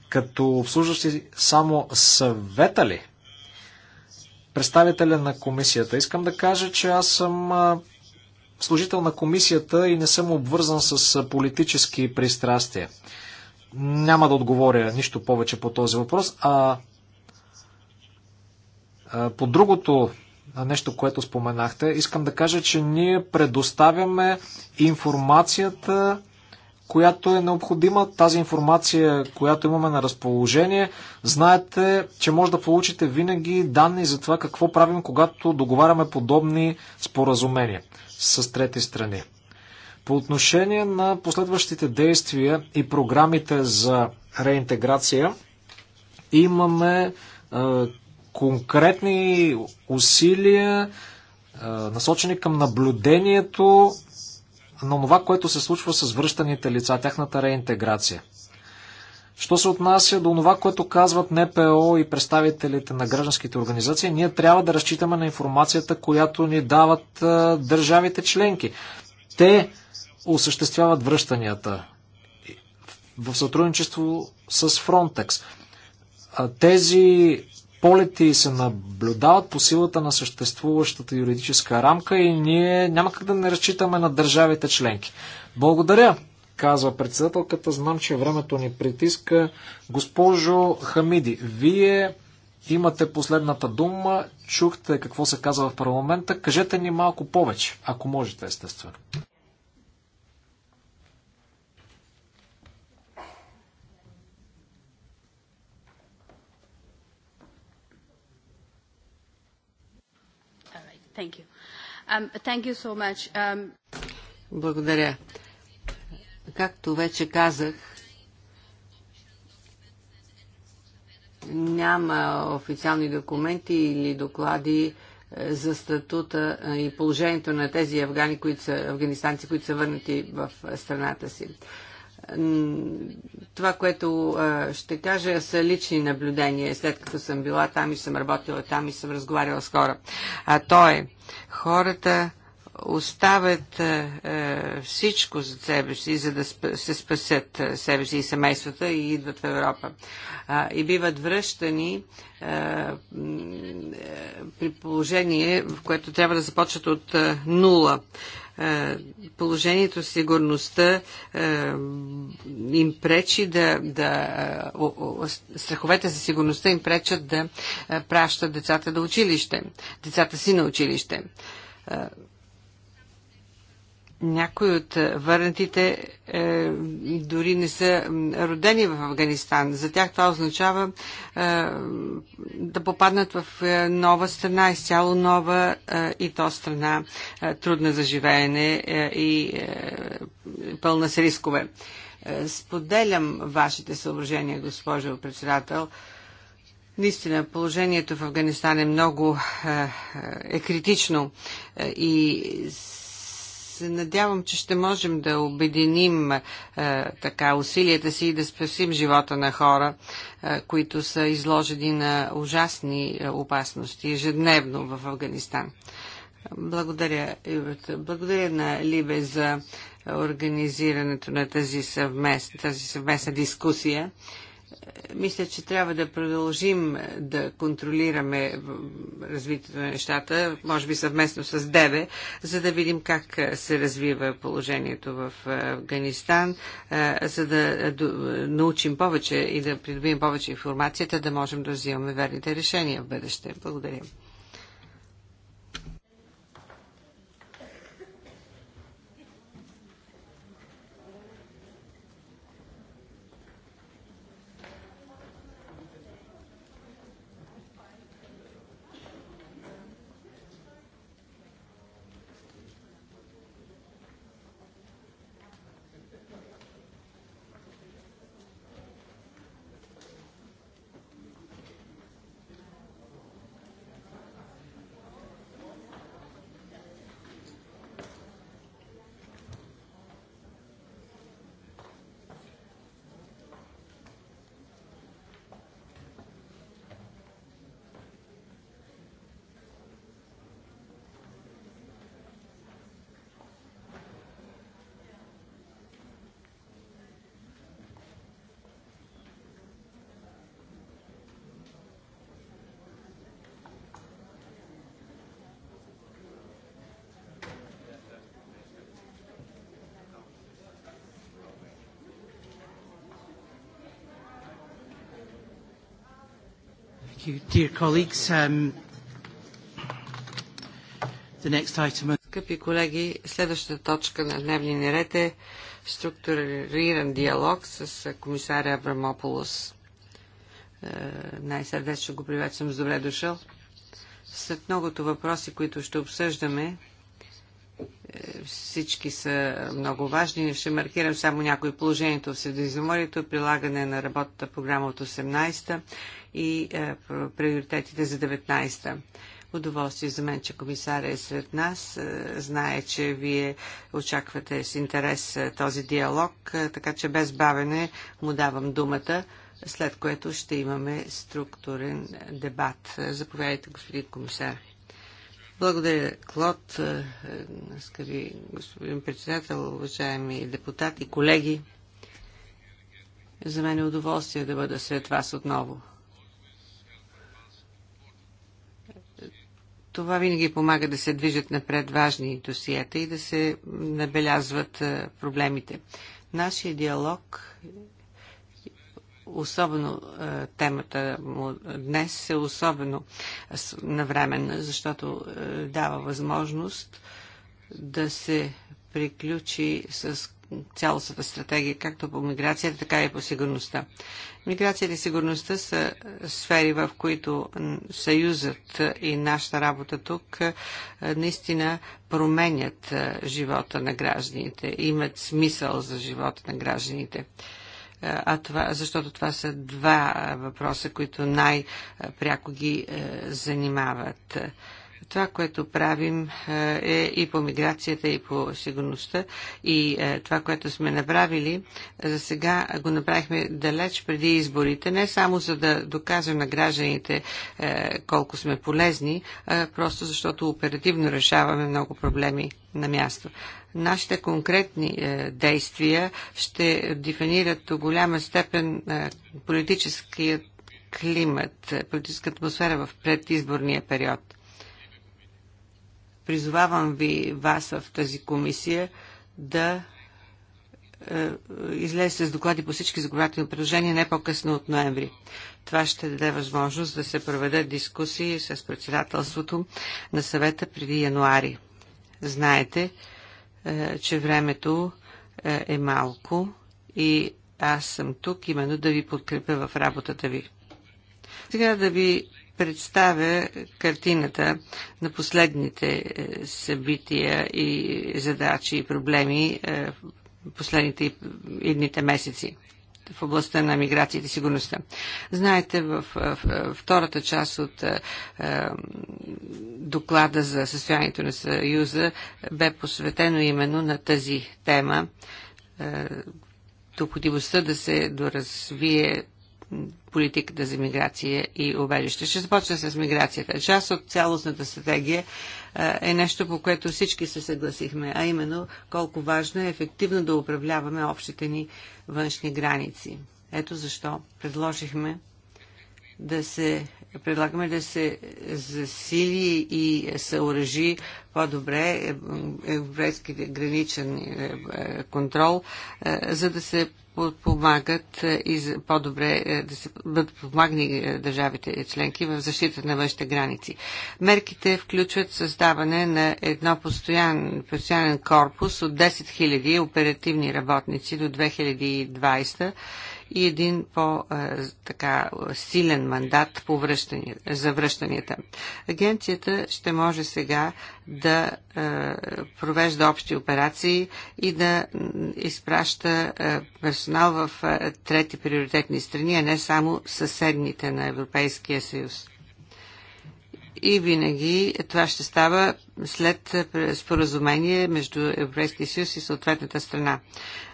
Като обслужващи само съвета ли? Представителя на комисията. Искам да кажа, че аз съм служител на комисията и не съм обвързан с политически пристрастия. Няма да отговоря нищо повече по този въпрос, а по другото нещо, което споменахте, искам да кажа, че ние предоставяме информацията, която е необходима, тази информация, която имаме на разположение. Знаете, че може да получите винаги данни за това какво правим, когато договаряме подобни споразумения с трети страни. По отношение на последващите действия и програмите за реинтеграция, имаме конкретни усилия, насочени към наблюдението на това, което се случва с връщаните лица, тяхната реинтеграция. Що се отнася до това, което казват НПО и представителите на гражданските организации, ние трябва да разчитаме на информацията, която ни дават държавите членки. Те осъществяват връщанията в сътрудничество с Frontex. тези полети се наблюдават по силата на съществуващата юридическа рамка и ние няма как да не разчитаме на държавите членки. Благодаря, казва председателката. Знам, че времето ни притиска. Госпожо Хамиди, вие имате последната дума. Чухте какво се казва в парламента. Кажете ни малко повече, ако можете, естествено. Thank you. Um, thank you so much. Um... Благодаря. Както вече казах, няма официални документи или доклади е, за статута е, и положението на тези афгани, които са, афганистанци, които са върнати в е, страната си това, което ще кажа, са лични наблюдения, след като съм била там и съм работила там и съм разговаряла с хора. А то е, хората оставят всичко за себе си, за да се спасят себе си и семействата и идват в Европа. и биват връщани при положение, в което трябва да започват от нула. Е, положението, сигурността е, им пречи да, да е, страховете за сигурността им пречат да пращат децата до училище, децата си на училище. Някои от върнатите е, дори не са родени в Афганистан. За тях това означава е, да попаднат в е, нова страна, изцяло нова е, и то страна е, трудна за живеене е, и е, пълна с рискове. Е, споделям вашите съображения, госпожо председател. Наистина, положението в Афганистан е много е, е критично е, и се надявам, че ще можем да обединим е, така усилията си и да спасим живота на хора, е, които са изложени на ужасни е, опасности ежедневно в Афганистан. Благодаря, Юрата. Благодаря на Либе за организирането на тази съвместна, тази съвместна дискусия мисля, че трябва да продължим да контролираме развитието на нещата, може би съвместно с ДЕВЕ, за да видим как се развива положението в Афганистан, за да научим повече и да придобием повече информацията, да можем да взимаме верните решения в бъдеще. Благодаря. Um, Скъпи колеги, следващата точка на дневния ни ред е структуриран диалог с комисаря Аврамополос. Е, най-сърдечно го приветствам с добре дошъл. След многото въпроси, които ще обсъждаме, всички са много важни. Ще маркирам само някои положението в Средиземорието, прилагане на работата, програма от 18-та и е, приоритетите за 19-та. Удоволствие за мен, че комисаря е сред нас. Е, знае, че вие очаквате с интерес е, този диалог, е, така че без бавене му давам думата, след което ще имаме структурен дебат. Заповядайте, господин комисар. Благодаря, Клод, е, е, скъпи господин председател, уважаеми депутати, колеги. За мен е удоволствие да бъда сред вас отново. Това винаги помага да се движат напред важни досиета и да се набелязват е, проблемите. Нашия диалог особено е, темата му днес е особено навременна, защото е, дава възможност да се приключи с цялостната стратегия, както по миграцията, така и по сигурността. Миграцията и сигурността са сфери, в които съюзът е, и нашата работа тук наистина променят живота на гражданите, имат смисъл за живота на гражданите а това, защото това са два въпроса, които най-пряко ги е, занимават. Това, което правим е, е и по миграцията, и по сигурността. И е, това, което сме направили, за сега го направихме далеч преди изборите, не само за да доказвам на гражданите е, колко сме полезни, а просто защото оперативно решаваме много проблеми на място. Нашите конкретни е, действия ще дефинират до голяма степен е, политическият климат, политическа атмосфера в предизборния период. Призовавам ви вас в тази комисия да е, излезе с доклади по всички законодателни предложения не по-късно от ноември. Това ще даде възможност да се проведат дискусии с председателството на съвета преди януари. Знаете, е, че времето е, е малко и аз съм тук именно да ви подкрепя в работата ви. Сега да ви представя картината на последните е, събития и задачи и проблеми е, в последните едните месеци в областта на миграцията и сигурността. Знаете, в, втората част от е, доклада за състоянието на Съюза бе посветено именно на тази тема. необходимостта да се доразвие политиката за миграция и убежище. Ще започна с миграцията. Част от цялостната стратегия е нещо, по което всички се съгласихме, а именно колко важно е ефективно да управляваме общите ни външни граници. Ето защо предложихме да се предлагаме да се засили и съоръжи по-добре е, европейски граничен е, е, контрол, за да се подпомагат е, и по-добре, е, да се бъдат помагни е, държавите членки в защита на външните граници. Мерките включват създаване на едно постоян, постоянен корпус от 10 000 оперативни работници до 2020 и един по-силен мандат по връщане, за връщанията. Агенцията ще може сега да провежда общи операции и да изпраща персонал в трети приоритетни страни, а не само съседните на Европейския съюз и винаги това ще става след споразумение между Европейския съюз и съответната страна.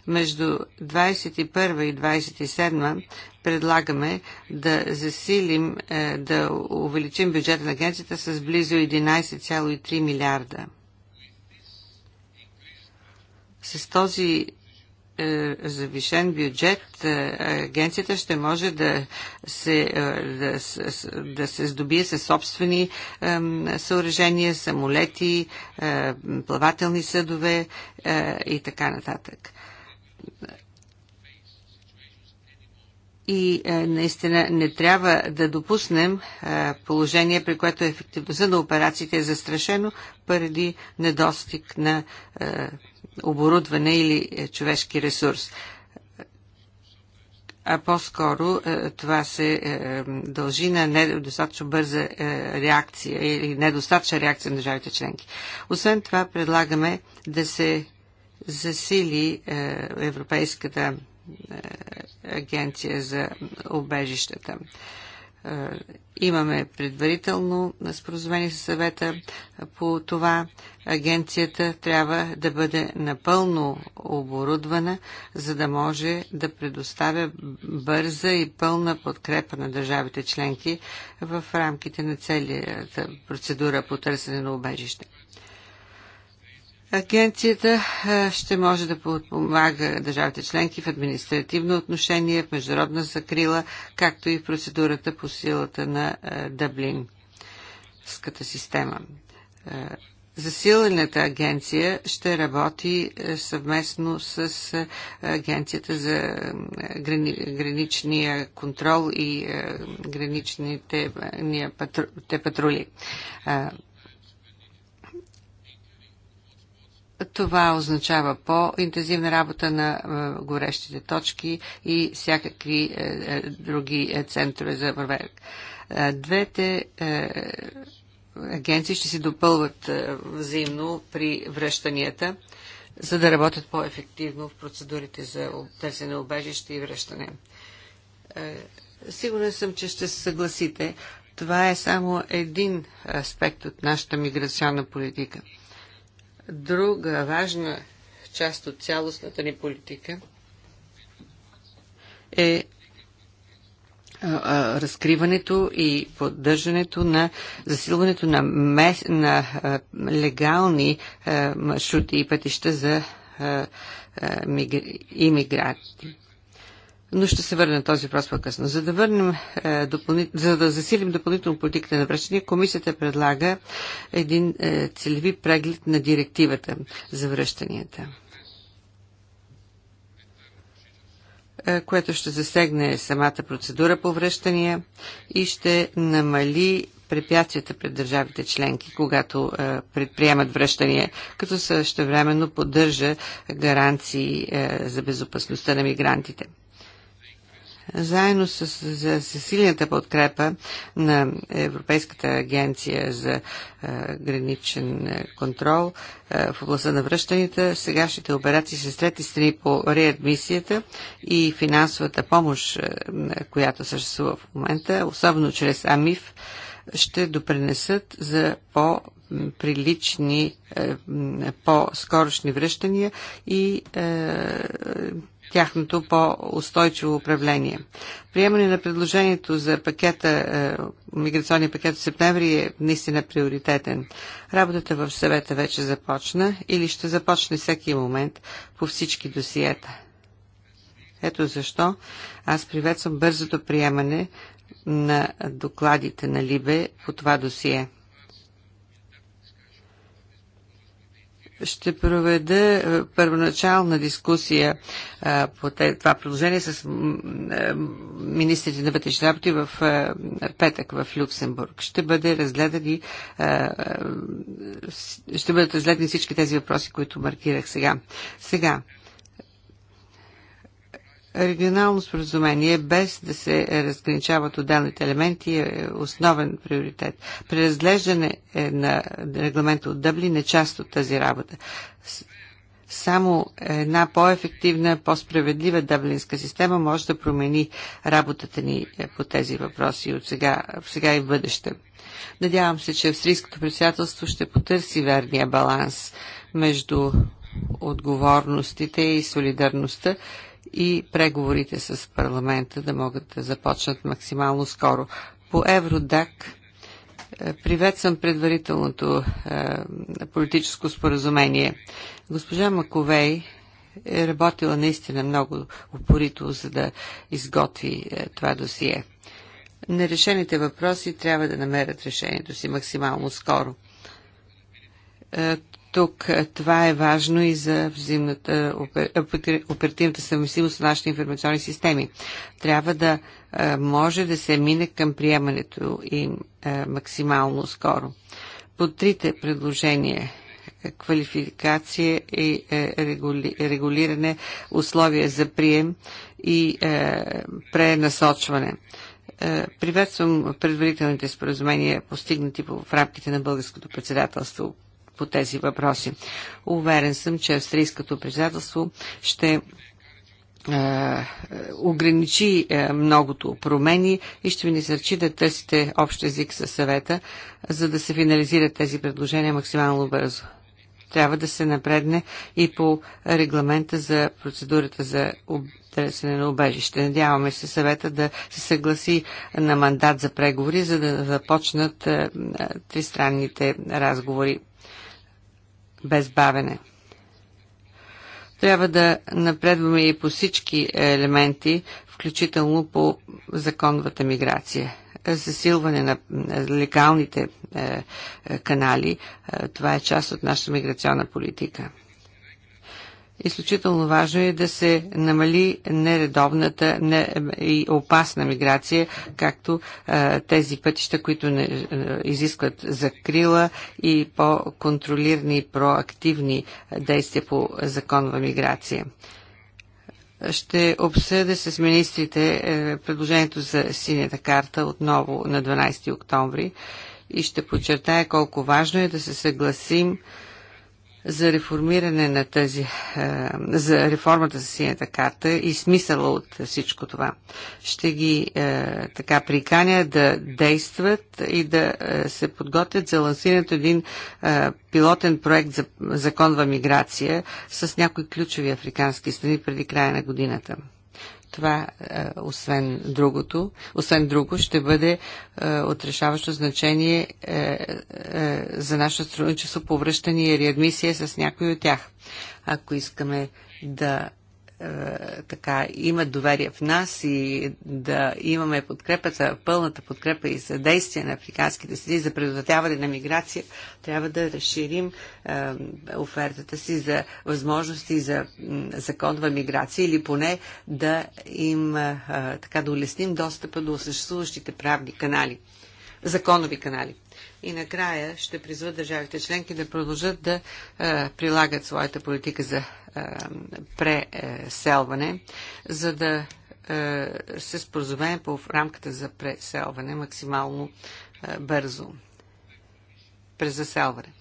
Между 21 и 27 предлагаме да засилим, е, да увеличим бюджета на агенцията с близо 11,3 милиарда. С този е, завишен бюджет е, агенцията ще може да се, да, да се здобие със собствени съоръжения, самолети, плавателни съдове и така нататък и е, наистина не трябва да допуснем е, положение, при което ефективността на операциите е застрашено поради недостиг на е, оборудване или човешки ресурс. А по-скоро това се дължи на недостатъчно бърза реакция или недостатъчна реакция на държавите членки. Освен това предлагаме да се засили е, Европейската е, агенция за обежищата. Е, имаме предварително споразумение с съвета по това. Агенцията трябва да бъде напълно оборудвана, за да може да предоставя бърза и пълна подкрепа на държавите членки в рамките на целият процедура по търсене на убежище. Агенцията ще може да подпомага държавите членки в административно отношение, в международна закрила, както и в процедурата по силата на Дъблинската система. Засилената агенция ще работи съвместно с Агенцията за граничния контрол и граничните патрули. Това означава по-интензивна работа на е, горещите точки и всякакви е, е, други центрове за проверка. Двете агенции ще се допълват взаимно при връщанията, за да работят по-ефективно в процедурите за търсене обежище и връщане. Сигурен съм, че ще се съгласите. Това е само един аспект от нашата миграционна политика – Друга важна част от цялостната ни политика е разкриването и поддържането на засилването на, мес, на легални маршрути и пътища за иммигранти но ще се върне на този въпрос по-късно. За да, върнем, е, за да засилим допълнително политиката на връщане, комисията предлага един е, целеви преглед на директивата за връщанията. Е, което ще засегне самата процедура по връщания и ще намали препятствията пред държавите членки, когато е, предприемат връщания, като същевременно поддържа гаранции е, за безопасността на мигрантите. Заедно с, за, за силната подкрепа на Европейската агенция за а, е, граничен е, контрол а, е, в областта на връщаните, сегашните операции с трети страни по реадмисията и финансовата помощ, а, която съществува в момента, особено чрез АМИФ, ще допренесат за по прилични, по-скорошни връщания и тяхното по-устойчиво управление. Приемане на предложението за пакета, е, миграционния пакет в септември е наистина приоритетен. Работата в съвета вече започна или ще започне всеки момент по всички досиета. Ето защо аз приветствам бързото приемане на докладите на Либе по това досие. ще проведа е, първоначална дискусия е, по това предложение с е, министрите на вътрешни работи в петък в Люксембург. Ще бъде разгледани ще бъдат разгледани всички тези въпроси, които маркирах сега. Сега, Регионално споразумение, без да се разграничават отделните елементи, е основен приоритет. разглеждане е, на регламента от Дъблин е част от тази работа. Само една по-ефективна, по-справедлива дъблинска система може да промени работата ни е, по тези въпроси от сега, сега и в бъдеще. Надявам се, че австрийското председателство ще потърси верния баланс между отговорностите и солидарността, и преговорите с парламента да могат да започнат максимално скоро. По Евродак е, приветствам предварителното е, политическо споразумение. Госпожа Маковей е работила наистина много упорито, за да изготви е, това досие. Нерешените въпроси трябва да намерят решението си максимално скоро. Тук това е важно и за взимната, оперативната съвместимост на нашите информационни системи. Трябва да може да се мине към приемането им максимално скоро. По трите предложения квалификация и регулиране, условия за прием и пренасочване. приветствам предварителните споразумения, постигнати в рамките на българското председателство по тези въпроси. Уверен съм, че австрийското председателство ще е, ограничи е, многото промени и ще ви насърчи да търсите общ език със съвета, за да се финализират тези предложения максимално бързо. Трябва да се напредне и по регламента за процедурата за търсене на убежище. Надяваме се съвета да се съгласи на мандат за преговори, за да започнат е, тристранните разговори без бавене. Трябва да напредваме и по всички елементи, включително по законовата миграция. Засилване на легалните е, е, канали, е, това е част от нашата миграционна политика. Изключително важно е да се намали нередовната не, и опасна миграция, както а, е, тези пътища, които не, а, е, изискват закрила и по-контролирани, проактивни действия по законова миграция. Ще обсъда с министрите е, предложението за синята карта отново на 12 октомври и ще подчертая колко важно е да се съгласим за реформиране на тази, е, за реформата за синята карта и смисъла от всичко това. Ще ги е, така приканя да действат и да е, се подготвят за лансирането един пилотен проект за законва миграция с някои ключови африкански страни преди края на годината. Това, е, освен другото, освен друго, ще бъде е, отрешаващо значение е, за нашето сътрудничество повръщане и реадмисия с някой от тях. Ако искаме да е, така имат доверие в нас и да имаме подкрепата, пълната подкрепа и съдействие на африканските съди за предотвратяване на миграция, трябва да разширим е, офертата си за възможности за законова миграция или поне да им е, е, така да улесним достъпа до съществуващите правни канали, законови канали. И накрая ще призват държавите членки да продължат да е, прилагат своята политика за е, преселване, за да е, се споразумеем по рамката за преселване максимално е, бързо. Презаселване.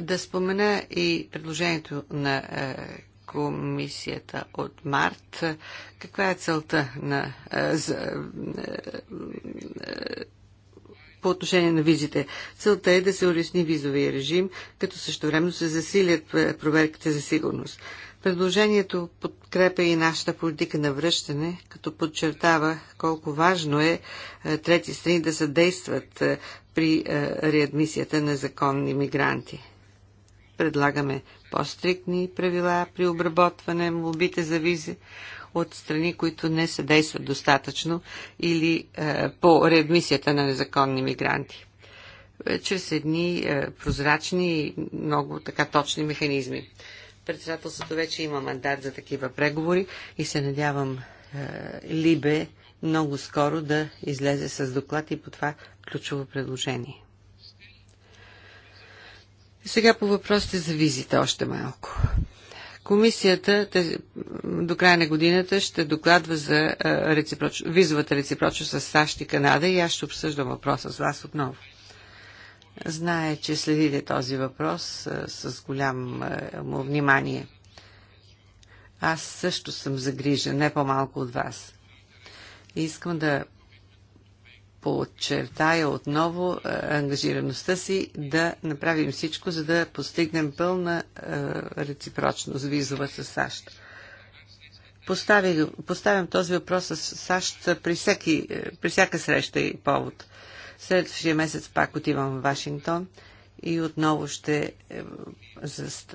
Да спомена и предложението на е, комисията от март. Каква е целта на, за, по отношение на визите. Целта е да се улесни визовия режим, като същевременно се засилят е, проверките за сигурност. Предложението подкрепя и нашата политика на връщане, като подчертава колко важно е, е трети страни да съдействат е, при реадмисията на законни мигранти. Предлагаме по-стрикни правила при обработване молбите за визи, от страни, които не съдействат достатъчно или е, по реадмисията на незаконни мигранти. Чрез едни е, прозрачни и много така точни механизми. Председателството вече има мандат за такива преговори и се надявам е, Либе много скоро да излезе с доклад и по това ключово предложение. Сега по въпросите за визите още малко. Комисията тези, до края на годината ще докладва за реципроч... визовата реципрочност с САЩ и Канада и аз ще обсъждам въпроса с вас отново. Знае, че следите този въпрос а, с голям а, му внимание. Аз също съм загрижен, не по-малко от вас. И искам да подчертая отново е, ангажираността си да направим всичко, за да постигнем пълна е, реципрочност визова с САЩ. Поставя, поставям този въпрос с САЩ при, всеки, е, при всяка среща и повод. Следващия месец пак отивам в Вашингтон и отново ще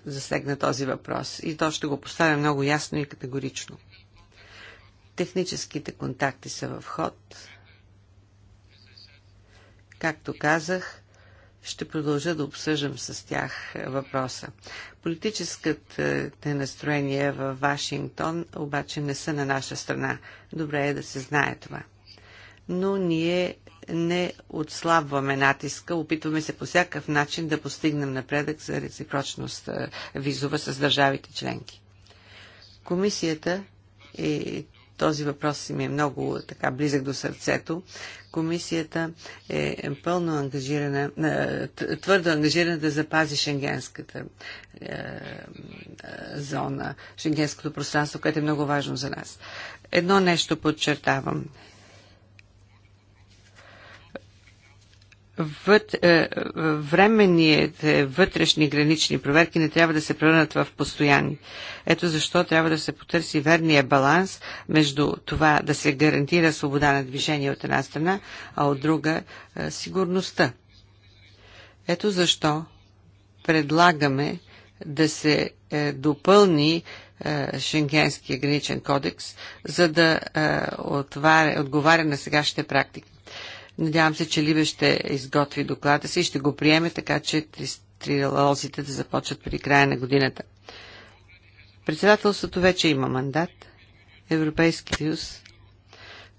засегна този въпрос. И то ще го поставя много ясно и категорично. Техническите контакти са в ход Както казах, ще продължа да обсъждам с тях е, въпроса. Политическите е, настроения в Вашингтон обаче не са на наша страна. Добре е да се знае това. Но ние не отслабваме натиска, опитваме се по всякакъв начин да постигнем напредък за реципрочност е, визова с държавите членки. Комисията и този въпрос ми е много така близък до сърцето. Комисията е пълно ангажирана, е, твърдо ангажирана да запази шенгенската е, е, зона, шенгенското пространство, което е много важно за нас. Едно нещо подчертавам. Въд, е, е, временните вътрешни гранични проверки не трябва да се превърнат в постоянни. Ето защо трябва да се потърси верния баланс между това да се гарантира свобода на движение от една страна, а от друга е, сигурността. Ето защо предлагаме да се е, допълни е, Шенгенския граничен кодекс, за да е, отваря, отговаря на сегашните практики. Надявам се, че Либе ще изготви доклада си и ще го приеме, така че трилозите да започват при края на годината. Председателството вече има мандат. Европейски съюз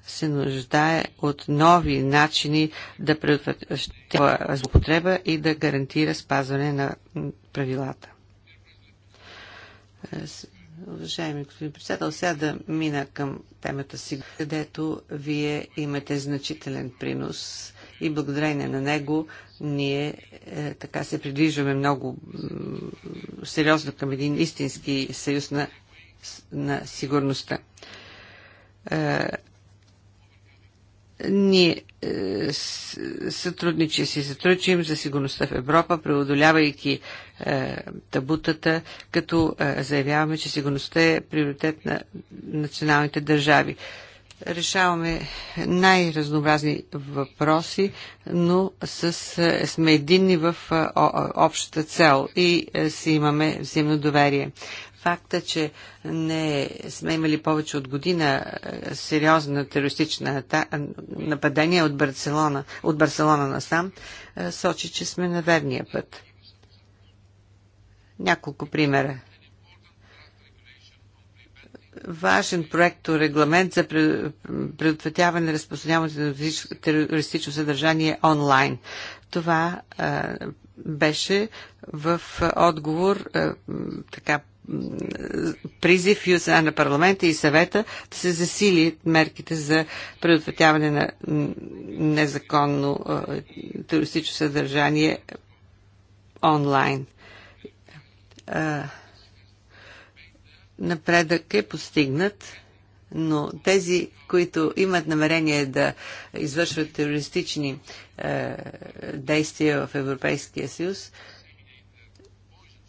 се нуждае от нови начини да предотвратява злоупотреба и да гарантира спазване на правилата. Уважаеми господин председател, сега да мина към темата си, където вие имате значителен принос и благодарение на него ние е, така се придвижваме много сериозно към един истински съюз на, на сигурността. Е, ние е, сътрудничи си сътрудничим за сигурността в Европа, преодолявайки е, табутата, като е, заявяваме, че сигурността е приоритет на националните държави. Решаваме най-разнообразни въпроси, но с, е, сме единни в е, е общата цел и е, си имаме взаимно доверие факта, че не сме имали повече от година е, сериозна терористична нападение от Барселона, от Барселона насам, е, сочи, че сме на верния път. Няколко примера важен проект регламент за предотвратяване на разпространяването на терористично съдържание онлайн. Това а, е, беше в отговор а, така призив и от страна на парламента и съвета да се засилят мерките за предотвратяване на незаконно терористично съдържание онлайн. Напредък е постигнат, но тези, които имат намерение да извършват терористични действия в Европейския съюз,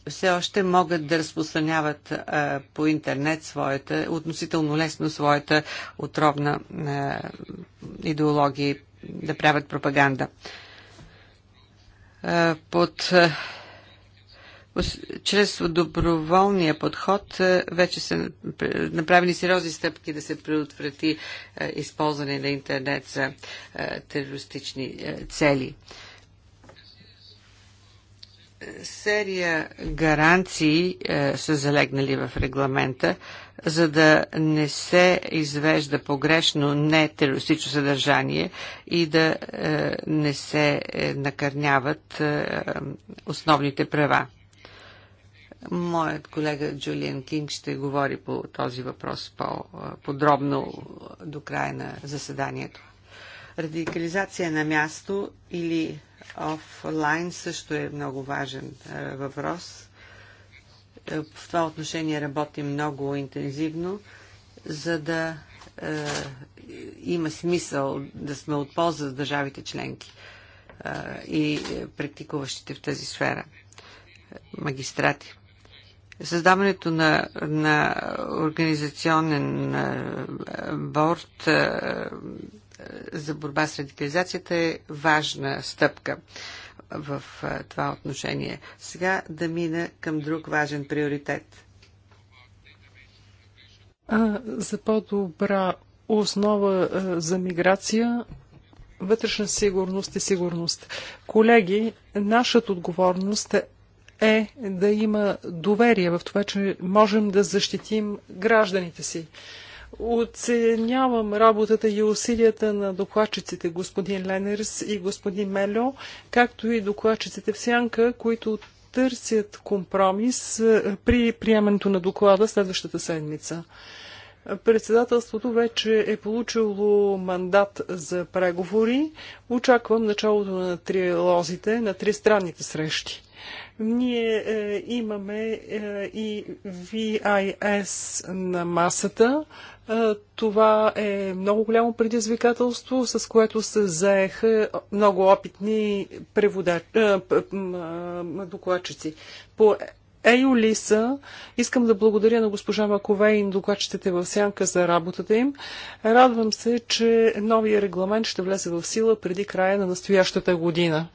все още могат да разпространяват а, по интернет своята, относително лесно своята отровна а, идеология и да правят пропаганда. А, под а, чрез доброволния подход вече са направени сериозни стъпки да се предотврати използване на интернет за терористични цели серия гаранции е, са залегнали в регламента, за да не се извежда погрешно нетерористично съдържание и да е, не се е, накърняват е, основните права. Моят колега Джулиан Кинг ще говори по този въпрос по-подробно до края на заседанието. Радикализация на място или офлайн също е много важен въпрос. Е, в това отношение работим много интензивно, за да е, има смисъл да сме от полза за държавите членки е, и практикуващите в тази сфера е, магистрати. Създаването на, на организационен борт е, за борба с радикализацията е важна стъпка в това отношение. Сега да мина към друг важен приоритет. За по-добра основа за миграция вътрешна сигурност и сигурност. Колеги, нашата отговорност е да има доверие в това, че можем да защитим гражданите си. Оценявам работата и усилията на докладчиците господин Ленерс и господин Мельо, както и докладчиците в Сянка, които търсят компромис е, при приемането на доклада следващата седмица. Председателството вече е получило мандат за преговори. Очаквам началото на триалозите, на тристранните срещи. Ние е, имаме е, и VIS на масата. Това е много голямо предизвикателство, с което се заеха много опитни докладчици. По Ейо Лиса, искам да благодаря на госпожа и докладчетите в сянка за работата им. Радвам се, че новия регламент ще влезе в сила преди края на настоящата година.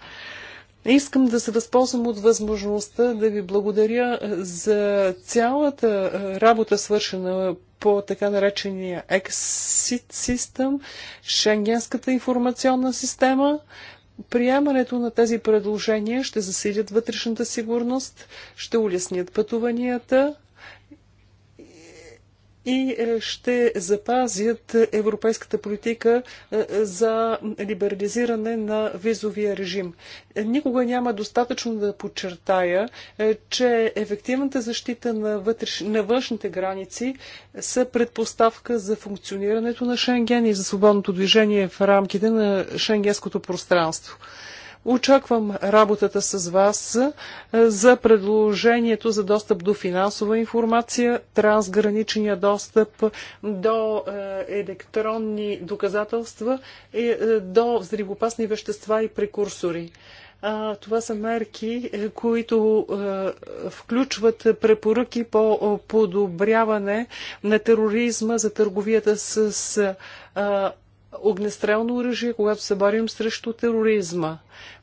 Искам да се възползвам от възможността да ви благодаря за цялата работа, свършена по така наречения Exit System, Шенгенската информационна система. Приемането на тези предложения ще засилят вътрешната сигурност, ще улеснят пътуванията, и е, ще запазят европейската политика е, за либерализиране на визовия режим. Е, никога няма достатъчно да подчертая, че ефективната защита на, вътреш... на външните граници са предпоставка за функционирането на Шенген и за свободното движение в рамките на шенгенското пространство. Очаквам работата с вас е, за предложението за достъп до финансова информация, трансграничния достъп до е, електронни доказателства, е, до взривопасни вещества и прекурсори. това са мерки, които включват препоръки по подобряване на тероризма за търговията с, огнестрелно оръжие, когато се борим срещу тероризма.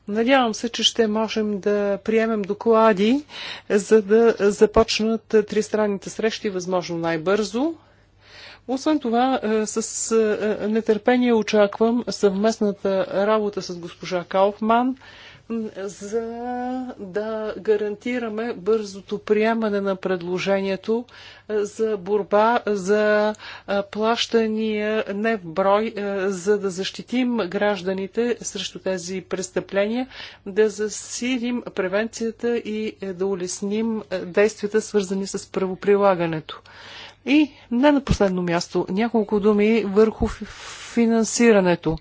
Надявам се, че ще можем да приемем доклади, за да започнат тристранните срещи възможно най-бързо. Освен това, е, с е, е, нетърпение очаквам съвместната работа с госпожа Кауфман за да гарантираме бързото приемане на предложението е, за борба за е, плащания не в брой, е, за да защитим гражданите срещу тези престъпления, да засилим превенцията и да улесним действията, свързани с правоприлагането. И не на последно място, няколко думи върху финансирането.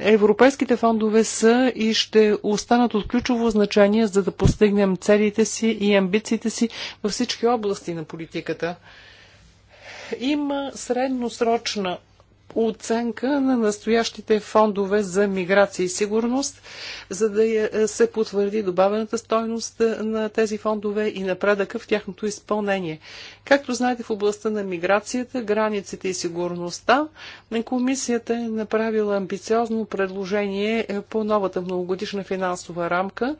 Европейските фондове са и ще останат от ключово значение, за да постигнем целите си и амбициите си във всички области на политиката. Има средносрочна оценка на настоящите фондове за миграция и сигурност, за да е, се потвърди добавената стойност е, на тези фондове и напредъка в тяхното изпълнение. Както знаете, в областта на миграцията, границите и сигурността, комисията е направила амбициозно предложение по новата многогодишна финансова рамка.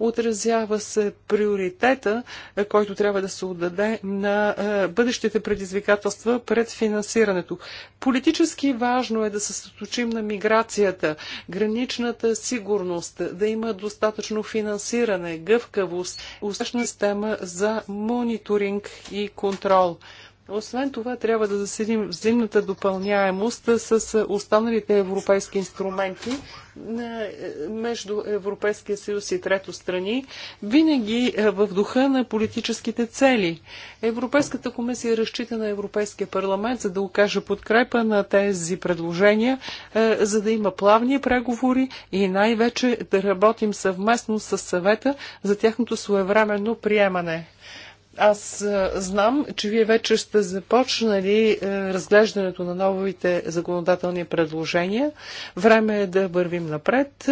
Отразява се приоритета, който трябва да се отдаде на е, бъдещите предизвикателства пред финансирането. Политически важно е да се съточим на миграцията, граничната сигурност, да има достатъчно финансиране, гъвкавост, успешна система за мониторинг и контрол контрол. Освен това, трябва да заседим взаимната допълняемост с останалите европейски инструменти между Европейския съюз и трето страни, винаги е, в духа на политическите цели. Европейската комисия разчита на Европейския парламент, за да окаже подкрепа на тези предложения, е, за да има плавни преговори и най-вече да работим съвместно с съвета за тяхното своевременно приемане. Аз знам, че вие вече сте започнали е, разглеждането на новите законодателни предложения. Време е да вървим напред,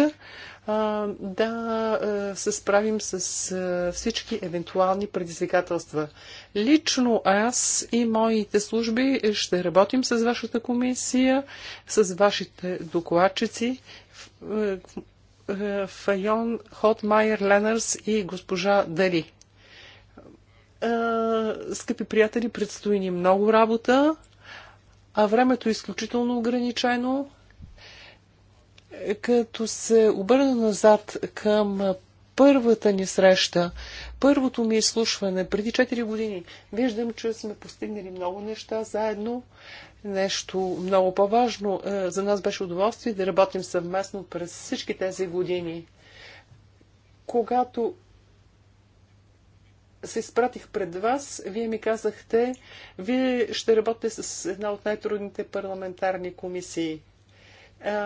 да е, се справим с е, всички евентуални предизвикателства. Лично аз и моите служби ще работим с вашата комисия, с вашите докладчици. Файон Хотмайер Ленърс и госпожа Дали. Е, скъпи приятели, предстои ни много работа, а времето е изключително ограничено. Като се обърна назад към първата ни среща, първото ми изслушване преди 4 години, виждам, че сме постигнали много неща заедно. Нещо много по-важно е, за нас беше удоволствие да работим съвместно през всички тези години. Когато се изпратих пред вас, вие ми казахте, вие ще работите с една от най-трудните парламентарни комисии.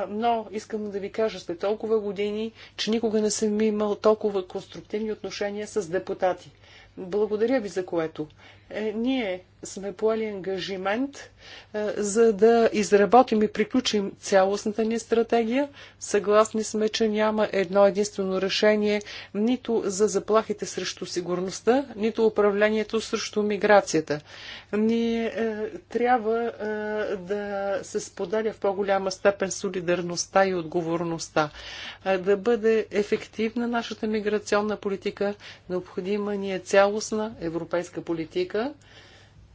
Но искам да ви кажа, след толкова години, че никога не съм имал толкова конструктивни отношения с депутати. Благодаря ви за което. Е, ние сме поели ангажимент, е, за да изработим и приключим цялостната ни стратегия. Съгласни сме, че няма едно единствено решение нито за заплахите срещу сигурността, нито управлението срещу миграцията. Ние е, трябва да се споделя в по-голяма степен солидарността и отговорността. да бъде ефективна нашата миграционна политика, необходима ни е цялостна европейска политика, работа.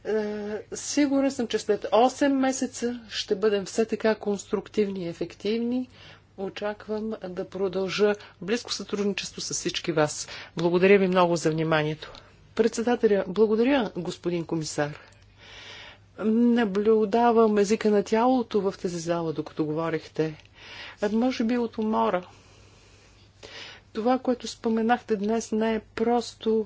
Е, сигурен съм, че след 8 месеца ще бъдем все така конструктивни и ефективни. Очаквам да продължа близко сътрудничество с всички вас. Благодаря ви много за вниманието. Председателя, благодаря, господин комисар. Наблюдавам езика на тялото в тази зала, докато говорихте. Ами, може би от умора. Това, което споменахте днес, не е просто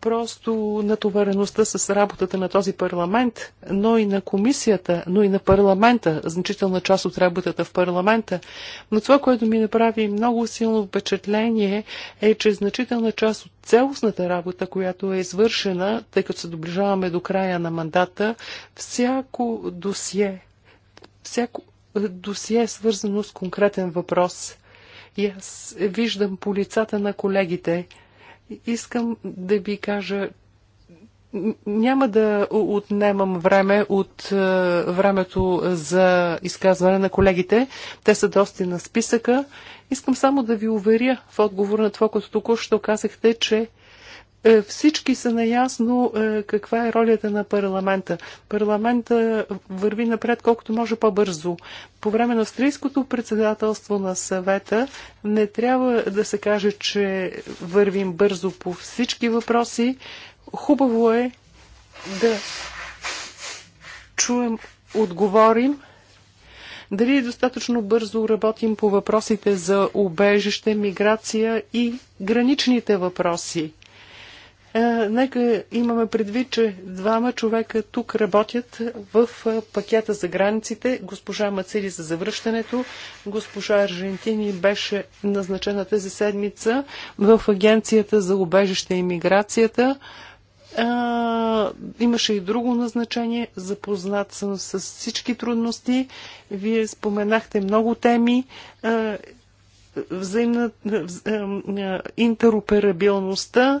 Просто натовареността с работата на този парламент, но и на комисията, но и на парламента, значителна част от работата в парламента. Но това, което ми направи много силно впечатление е, че значителна част от цялостната работа, която е извършена, тъй като се доближаваме до края на мандата, всяко досие, всяко е, досие е свързано с конкретен въпрос. И аз виждам по лицата на колегите – Искам да ви кажа, няма да отнемам време от е, времето за изказване на колегите. Те са доста на списъка. Искам само да ви уверя в отговор на това, което току-що казахте, че е, всички са наясно е, каква е ролята на парламента. Парламента върви напред колкото може по-бързо. По време на австрийското председателство на съвета не трябва да се каже, че вървим бързо по всички въпроси. Хубаво е да чуем, отговорим дали е достатъчно бързо работим по въпросите за убежище, миграция и граничните въпроси. Е, нека имаме предвид, че двама човека тук работят в е, пакета за границите. Госпожа Мацили за завръщането, госпожа Аржентини беше назначена тази седмица в Агенцията за убежище и миграцията. А, е, имаше и друго назначение. Запознат съм с всички трудности. Вие споменахте много теми. А, взаимна, а, интероперабилността. А,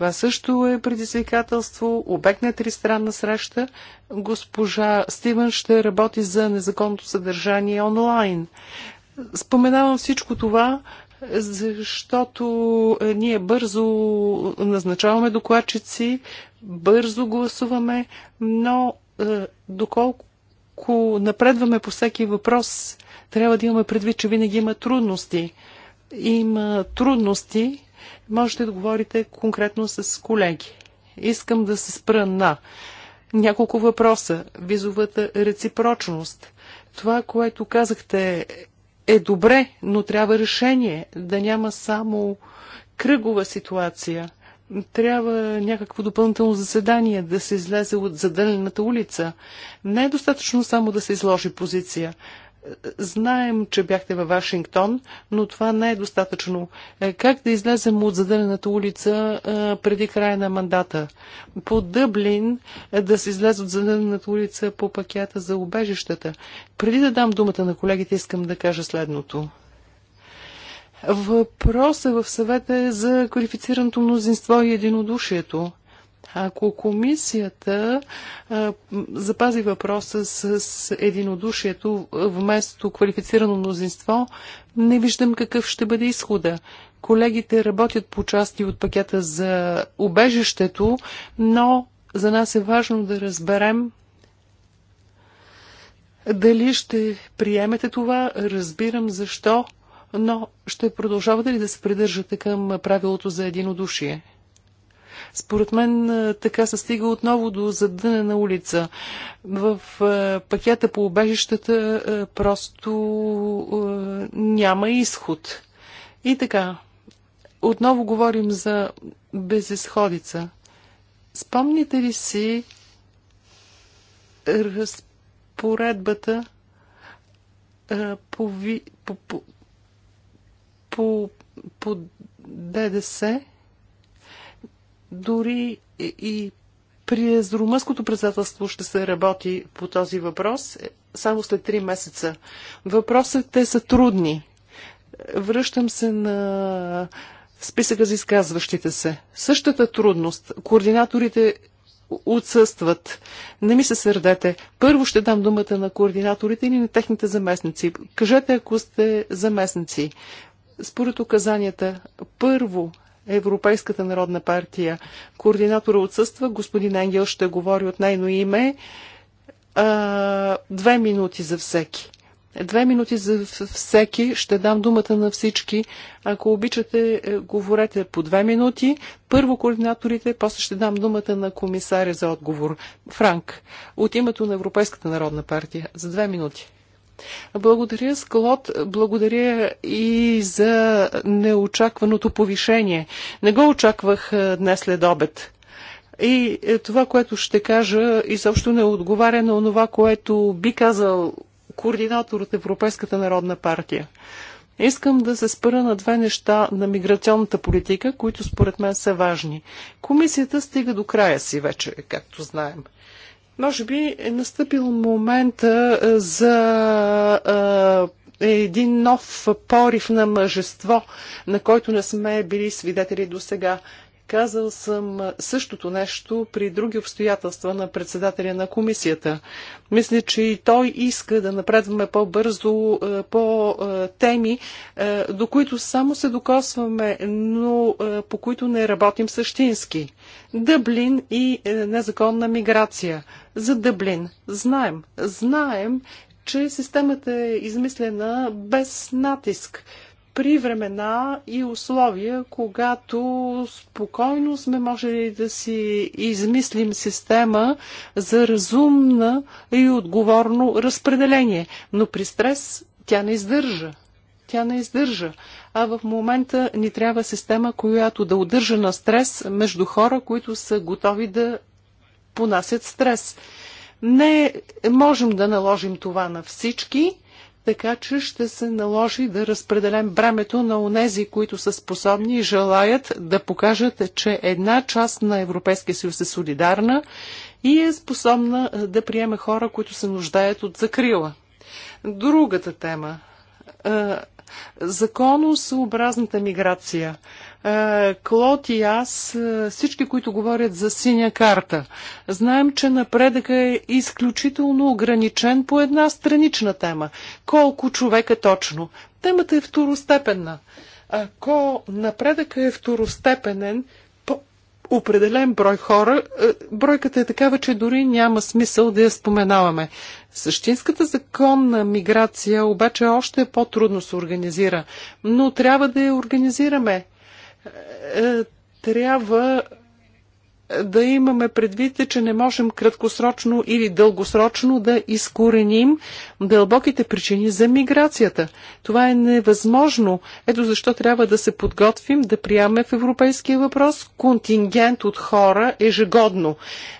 това също е предизвикателство, обект на тристранна среща. Госпожа Стивен ще работи за незаконното съдържание онлайн. Споменавам всичко това, защото е, ние бързо назначаваме докладчици, бързо гласуваме, но е, доколко напредваме по всеки въпрос, трябва да имаме предвид, че винаги има трудности. Има трудности, Можете да говорите конкретно с колеги. Искам да се спра на няколко въпроса. Визовата реципрочност. Това, което казахте е добре, но трябва решение. Да няма само кръгова ситуация. Трябва някакво допълнително заседание да се излезе от задънената улица. Не е достатъчно само да се изложи позиция. Знаем, че бяхте във Вашингтон, но това не е достатъчно. Е, как да излезем от задънената улица е, преди края на мандата? По Дъблин е, да се излезе от задънената улица по пакета за убежищата. Преди да дам думата на колегите, искам да кажа следното. Въпросът в съвета е за квалифицираното мнозинство и единодушието. Ако комисията а, запази въпроса с, с единодушието вместо квалифицирано мнозинство, не виждам какъв ще бъде изхода. Колегите работят по части от пакета за убежището, но за нас е важно да разберем дали ще приемете това. Разбирам защо, но ще продължавате ли да се придържате към правилото за единодушие? Според мен така се стига отново до задъна на улица. В пакета по обежищата просто няма изход. И така, отново говорим за безисходица. Спомните ли си разпоредбата по, по, по, по ДДС? Дори и при румънското председателство ще се работи по този въпрос е, само след 3 месеца. Въпросите са трудни. Връщам се на списъка за изказващите се. Същата трудност. Координаторите отсъстват. Не ми се сърдете. Първо ще дам думата на координаторите или на техните заместници. Кажете, ако сте заместници. Според указанията, първо Европейската народна партия. Координатора отсъства, господин Ангел ще говори от нейно име. А, две минути за всеки. Две минути за всеки. Ще дам думата на всички. Ако обичате, е, говорете по две минути. Първо координаторите, после ще дам думата на комисаря за отговор. Франк, от името на Европейската народна партия. За две минути. Благодаря, Склод. Благодаря и за неочакваното повишение. Не го очаквах е, днес след обед. И е, това, което ще кажа, изобщо не отговаря на това, което би казал координатор от Европейската народна партия. Искам да се спъра на две неща на миграционната политика, които според мен са важни. Комисията стига до края си вече, както знаем. Може би е настъпил момента за един нов порив на мъжество, на който не сме били свидетели до сега. Казал съм същото нещо при други обстоятелства на председателя на комисията. Мисля, че и той иска да напредваме по-бързо е, по е, теми, е, до които само се докосваме, но по които не работим същински. Дъблин и незаконна миграция. За Дъблин знаем. Знаем, че системата е измислена без натиск при времена и условия, когато спокойно сме можели да си измислим система за разумна и отговорно разпределение. Но при стрес тя не издържа. Тя не издържа. А в момента ни трябва система, която да удържа на стрес между хора, които са готови да понасят стрес. Не можем да наложим това на всички така че ще се наложи да разпределем бремето на онези, които са способни и желаят да покажат, че една част на Европейския съюз е солидарна и е способна да приеме хора, които се нуждаят от закрила. Другата тема законосъобразната миграция. Е, Клод и аз, е, всички, които говорят за синя карта, знаем, че напредъка е изключително ограничен по една странична тема. Колко човека е точно? Темата е второстепенна. Ако напредъка е второстепенен, по определен брой хора, бройката е такава, че дори няма смисъл да я споменаваме. Същинската законна миграция обаче още е по-трудно се организира, но трябва да я организираме. Е, трябва да имаме предвид, че не можем краткосрочно или дългосрочно да изкореним дълбоките причини за миграцията. Това е невъзможно. Ето защо трябва да се подготвим да приемем в европейския въпрос контингент от хора ежегодно.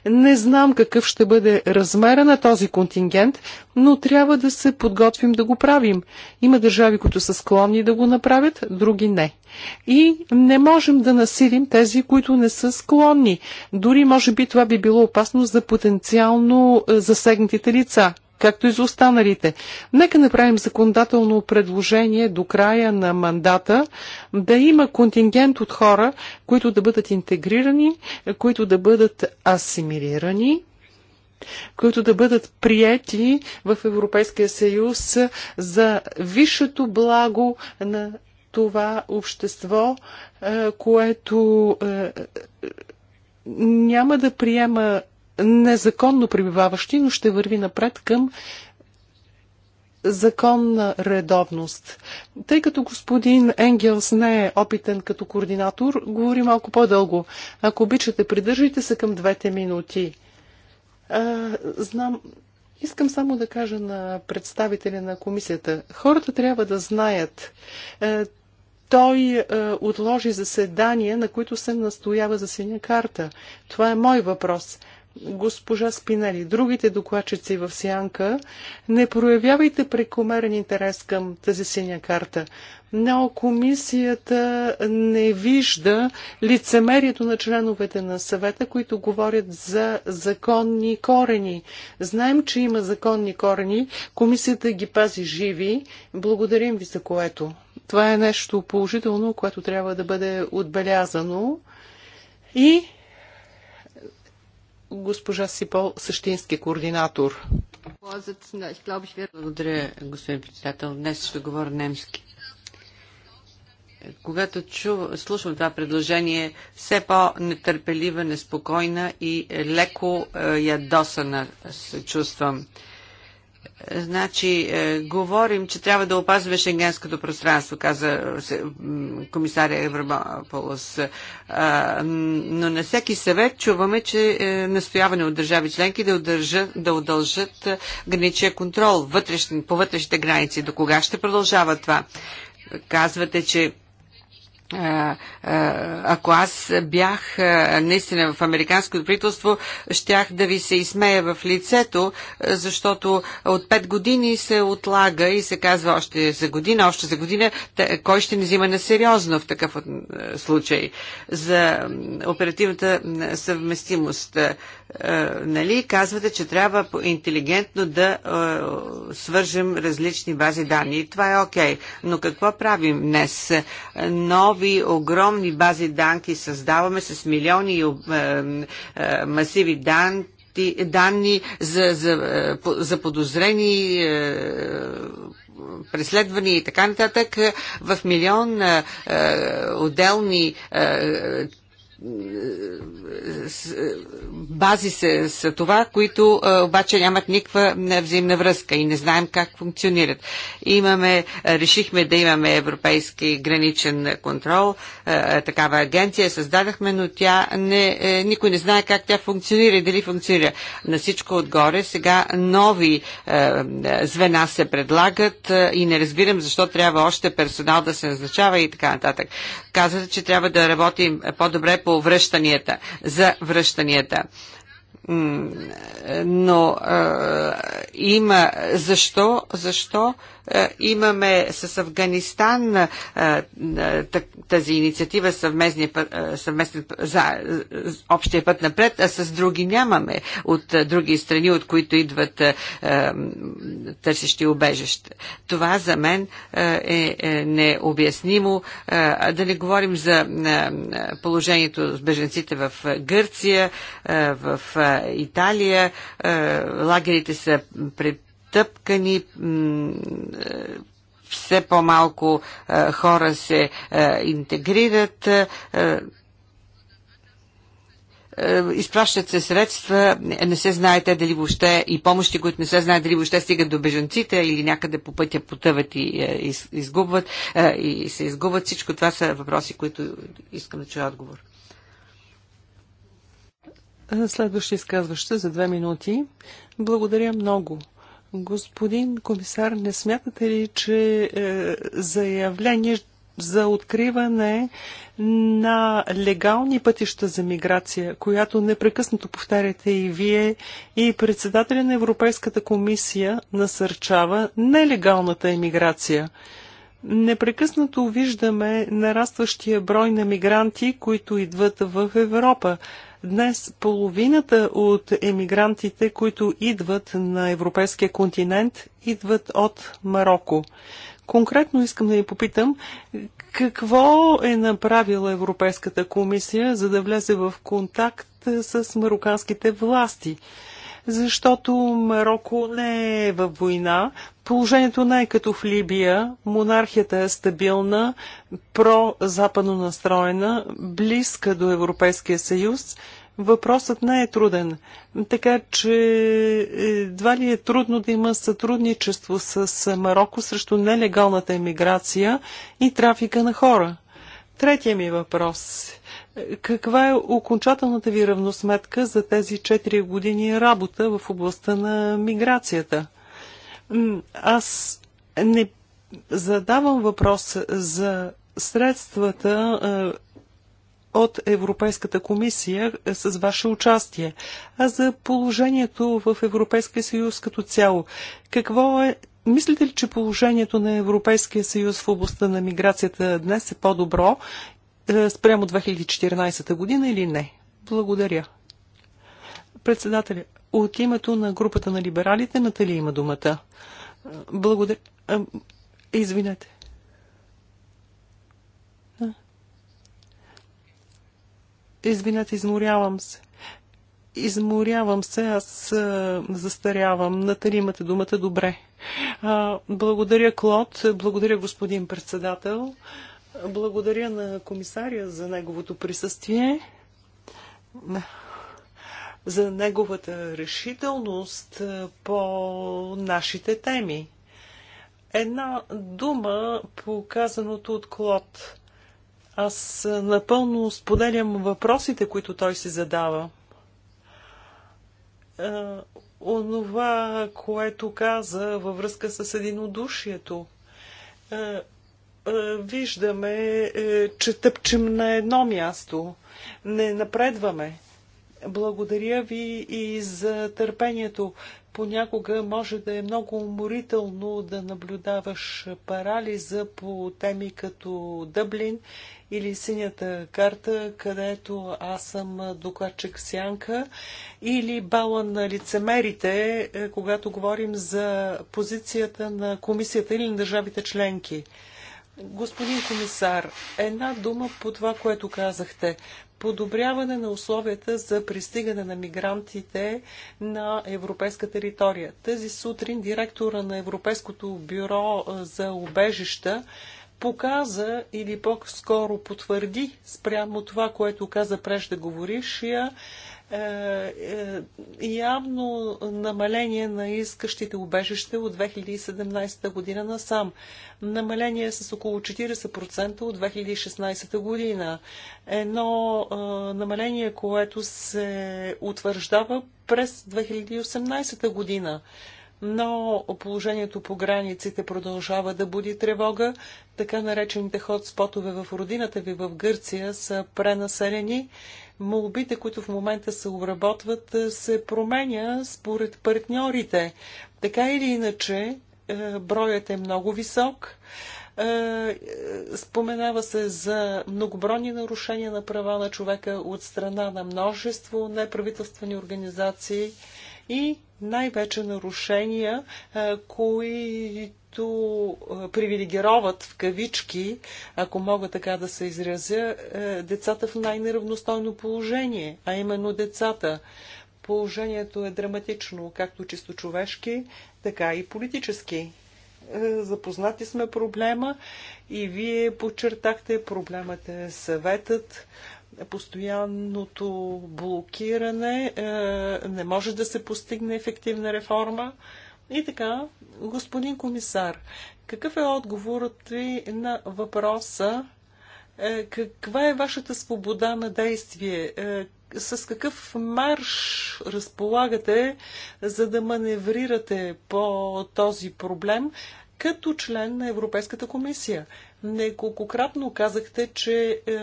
Не знам какъв ще бъде размера на този контингент, но трябва да се подготвим да го правим. Има държави, които са склонни да го направят, други не. И не можем да насилим тези, които не са склонни. Дори може би това би било опасно за потенциално е, засегнатите лица както и за останалите. Нека направим законодателно предложение до края на мандата да има контингент от хора, които да бъдат интегрирани, които да бъдат асимилирани, които да бъдат приети в Европейския съюз за висшето благо на това общество, е, което е, няма да приема незаконно пребиваващи, но ще върви напред към законна редовност. Тъй като господин Енгелс не е опитен като координатор, говори малко по-дълго. Ако обичате, придържайте се към двете минути. А, знам, Искам само да кажа на представителя на комисията. Хората трябва да знаят. Е, той е, отложи заседания, на които се настоява за синя карта. Това е мой въпрос. Госпожа Спинели, другите докладчици в Сянка, не проявявайте прекомерен интерес към тази синя карта. Но комисията не вижда лицемерието на членовете на съвета, които говорят за законни корени. Знаем, че има законни корени. Комисията ги пази живи. Благодарим ви за което. Това е нещо положително, което трябва да бъде отбелязано. И госпожа Сипол, същински координатор. Благодаря, господин председател. Днес ще говоря немски. Когато чув, слушам това предложение, все по-нетърпелива, неспокойна и леко е, ядосана се чувствам. Значи, е, говорим, че трябва да опазваме шенгенското пространство, каза се, комисаря Европолос. Е, но на всеки съвет чуваме, че е, настояване от държави членки да, удържат, да удължат е, граничия контрол вътрешни, по вътрешните граници. До кога ще продължава това? Казвате, че ако аз бях наистина в американското правителство, щях да ви се измея в лицето, защото от 5 години се отлага и се казва още за година, още за година, кой ще ни взима на сериозно в такъв случай за оперативната съвместимост. Нали? Казвате, че трябва интелигентно да свържем различни бази данни. Това е окей. Okay. Но какво правим днес? Нови нови огромни бази данки създаваме с милиони е, е, масиви данни данни за, за, е, за подозрени преследвания и така нататък в милион отделни е, бази се, са това, които обаче нямат никаква взаимна връзка и не знаем как функционират. Имаме, решихме да имаме европейски граничен контрол, такава агенция създадахме, но тя не, е, никой не знае как тя функционира и дали функционира. На всичко отгоре сега нови звена се предлагат и не разбирам защо трябва още персонал да се назначава и така нататък. Казвате, че трябва да работим по-добре по по връщанията, за връщанията но а, е, има защо, защо е, имаме с Афганистан е, е, тази инициатива съвместен, за общия път напред, а с други нямаме от други страни, от които идват търсещи убежище. Това за мен е необяснимо. Да не говорим за положението с беженците в Гърция, в Италия. Лагерите са пред Тъпкани е, все по-малко е, хора се е, интегрират изпращат се средства, не се знаете дали въобще и помощи, които не се знаят дали въобще стигат до бежанците или някъде по пътя потъват и, изгубват, и се изгубват. Всичко това са въпроси, които искам да чуя отговор. Следващи изказваща за две минути. Благодаря много. Господин комисар, не смятате ли, че е, заявление за откриване на легални пътища за миграция, която непрекъснато повтаряте и вие, и председателя на Европейската комисия насърчава нелегалната емиграция. Непрекъснато виждаме нарастващия брой на мигранти, които идват в Европа. Днес половината от емигрантите, които идват на европейския континент, идват от Марокко. Конкретно искам да ви попитам какво е направила Европейската комисия, за да влезе в контакт с мароканските власти – защото Марокко не е във война. Положението не е като в Либия. Монархията е стабилна, про-западно настроена, близка до Европейския съюз. Въпросът не е труден. Така че едва ли е трудно да има сътрудничество с Марокко срещу нелегалната емиграция и трафика на хора. Третия ми въпрос каква е окончателната ви равносметка за тези 4 години работа в областта на миграцията? Аз не задавам въпрос за средствата е, от Европейската комисия е, с ваше участие, а за положението в Европейския съюз като цяло. Какво е Мислите ли, че положението на Европейския съюз в областта на миграцията днес е по-добро е, спрямо 2014 година или не? Благодаря. Председателя, от името на групата на либералите Натали има думата. Благодаря. Е, извинете. Е? Извинете, изморявам се. Изморявам се, аз а, застарявам. Натали имате думата добре. А, благодаря, Клод. Благодаря, господин председател. Благодаря на комисаря за неговото присъствие, за неговата решителност по нашите теми. Една дума по казаното от Клод. Аз напълно споделям въпросите, които той си задава. Онова, което каза във връзка с единодушието е, виждаме, е, че тъпчем на едно място. Не напредваме. Благодаря ви и за търпението. Понякога може да е много уморително да наблюдаваш парализа по теми като Дъблин или синята карта, където аз съм докладчик сянка, или бала на лицемерите, е, когато говорим за позицията на комисията или на държавите членки. Господин комисар, една дума по това, което казахте. Подобряване на условията за пристигане на мигрантите на европейска територия. Тази сутрин директора на Европейското бюро за убежища показа или по-скоро потвърди спрямо това, което каза преждеговорившия, е, е, явно намаление на искащите убежище от 2017 година насам. Намаление с около 40% от 2016 година. Едно е, намаление, което се утвърждава през 2018 година но положението по границите продължава да буди тревога. Така наречените ходспотове в родината ви в Гърция са пренаселени молбите, които в момента се обработват, е, се променя според партньорите. Така или иначе, е, броят е много висок. Е, споменава се за многобройни нарушения на права на човека от страна на множество неправителствени организации и най-вече нарушения, които които привилегироват в кавички, ако мога така да се изразя, децата в най-неравностойно положение, а именно децата. Положението е драматично, както чисто човешки, така и политически. Запознати сме проблема и вие подчертахте, проблемът е съветът, постоянното блокиране, не може да се постигне ефективна реформа. И така, господин комисар, какъв е отговорът ви на въпроса е, каква е вашата свобода на действие? Е, с какъв марш разполагате, за да маневрирате по този проблем като член на Европейската комисия? Неколкократно казахте, че е,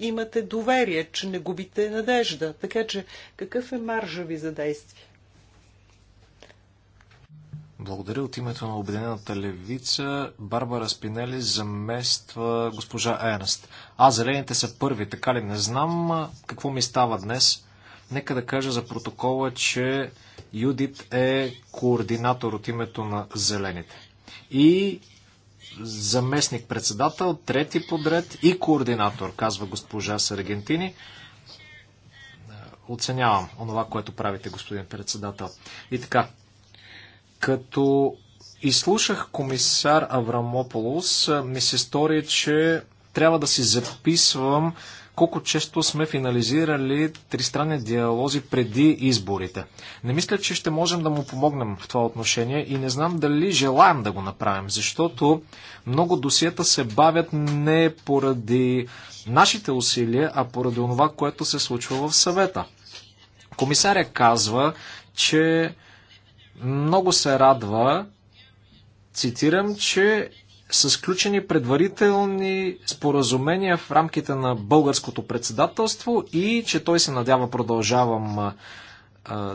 имате доверие, че не губите надежда. Така че какъв е маржа ви за действие? Благодаря от името на Обединената левица. Барбара Спинели замества госпожа Ернст. А, зелените са първи, така ли? Не знам какво ми става днес. Нека да кажа за протокола, че Юдит е координатор от името на зелените. И заместник-председател, трети подред и координатор, казва госпожа Саргентини оценявам онова, което правите, господин председател. И така, като изслушах комисар Аврамополос, ми се стори, че трябва да си записвам колко често сме финализирали тристранни диалози преди изборите. Не мисля, че ще можем да му помогнем в това отношение и не знам дали желаем да го направим, защото много досиета се бавят не поради нашите усилия, а поради това, което се случва в съвета. Комисаря казва, че много се радва, цитирам, че са сключени предварителни споразумения в рамките на българското председателство и че той се надява, продължавам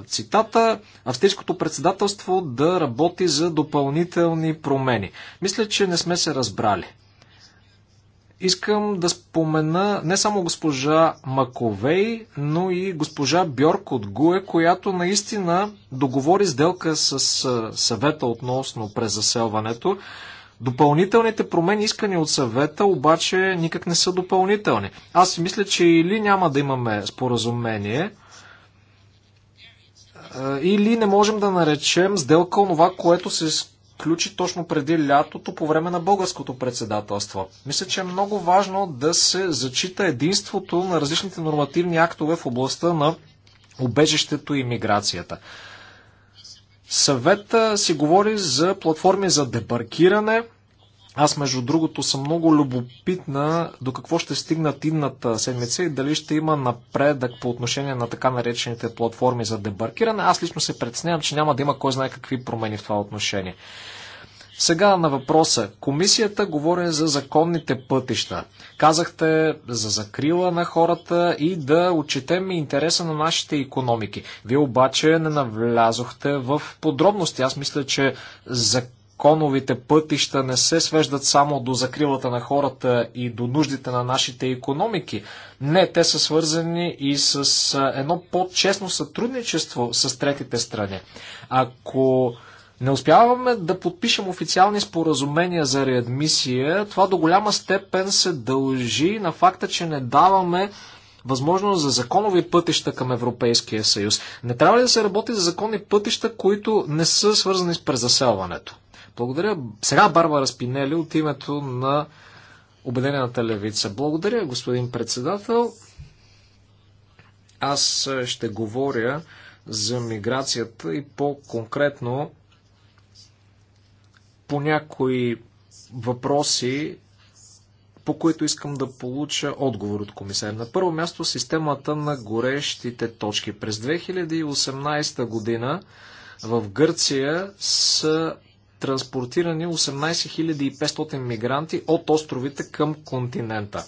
цитата, австрийското председателство да работи за допълнителни промени. Мисля, че не сме се разбрали. Искам да спомена не само госпожа Маковей, но и госпожа Бьорк от Гуе, която наистина договори сделка с съвета относно презаселването. Допълнителните промени, искани от съвета, обаче никак не са допълнителни. Аз си мисля, че или няма да имаме споразумение, или не можем да наречем сделка онова, което се включи точно преди лятото по време на българското председателство. Мисля, че е много важно да се зачита единството на различните нормативни актове в областта на убежището и миграцията. Съвета си говори за платформи за дебаркиране – аз, между другото, съм много любопитна до какво ще стигнат идната седмица и дали ще има напредък по отношение на така наречените платформи за дебаркиране. Аз лично се предснявам, че няма да има кой знае какви промени в това отношение. Сега на въпроса. Комисията говори за законните пътища. Казахте за закрила на хората и да отчетем интереса на нашите економики. Вие обаче не навлязохте в подробности. Аз мисля, че за законовите пътища не се свеждат само до закрилата на хората и до нуждите на нашите економики. Не, те са свързани и с едно по-честно сътрудничество с третите страни. Ако не успяваме да подпишем официални споразумения за реадмисия, това до голяма степен се дължи на факта, че не даваме възможност за законови пътища към Европейския съюз. Не трябва ли да се работи за законни пътища, които не са свързани с презаселването? Благодаря. Сега Барбара Спинели от името на Обединената левица. Благодаря, господин председател. Аз е, ще говоря за миграцията и по-конкретно по някои въпроси, по които искам да получа отговор от комисар. На първо място системата на горещите точки. През 2018 година в Гърция са транспортирани 18 500 мигранти от островите към континента.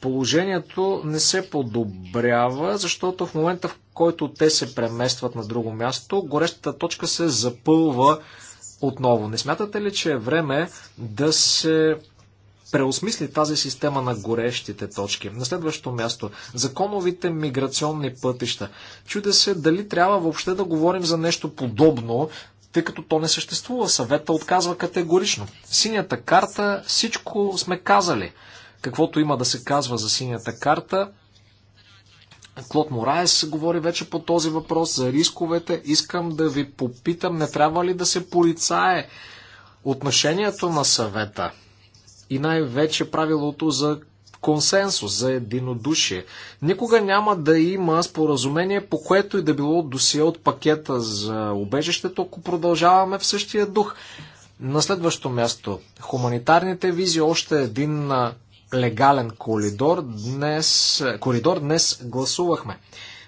Положението не се подобрява, защото в момента, в който те се преместват на друго място, горещата точка се запълва отново. Не смятате ли, че е време да се преосмисли тази система на горещите точки. На следващо място, законовите миграционни пътища. Чуде се дали трябва въобще да говорим за нещо подобно тъй като то не съществува. Съвета отказва категорично. Синята карта, всичко сме казали. Каквото има да се казва за синята карта, Клод Мораес говори вече по този въпрос за рисковете. Искам да ви попитам, не трябва ли да се полицае отношението на съвета и най-вече правилото за консенсус, за единодушие. Никога няма да има споразумение, по което и да било досие от пакета за убежището, ако продължаваме в същия дух. На следващо място, хуманитарните визи, още един легален коридор. Днес, коридор днес гласувахме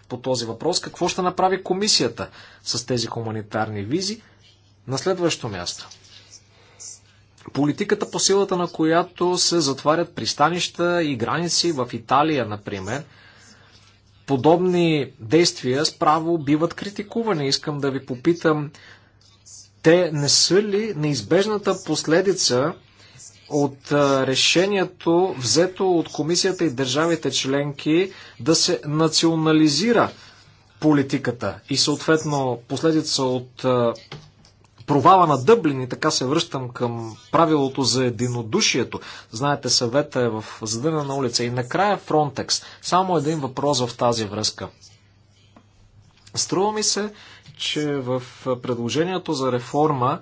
по този въпрос. Какво ще направи комисията с тези хуманитарни визи? На следващо място – Политиката по силата на която се затварят пристанища и граници в Италия, например, подобни действия справо биват критикувани. Искам да ви попитам, те не са ли неизбежната последица от решението, взето от комисията и държавите членки, да се национализира политиката и съответно последица от провала на Дъблин и така се връщам към правилото за единодушието. Знаете, съвета е в задъна на улица. И накрая Фронтекс. Само един въпрос в тази връзка. Струва ми се, че в предложението за реформа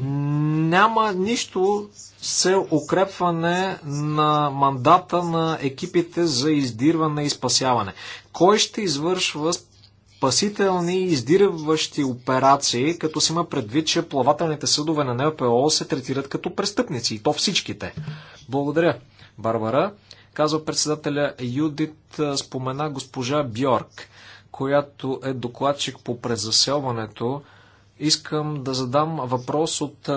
няма нищо се укрепване на мандата на екипите за издирване и спасяване. Кой ще извършва спасителни и издирващи операции, като се има предвид, че плавателните съдове на НПО се третират като престъпници и то всичките. Благодаря, Барбара. Казва председателя Юдит спомена госпожа Бьорк, която е докладчик по презаселването. Искам да задам въпрос от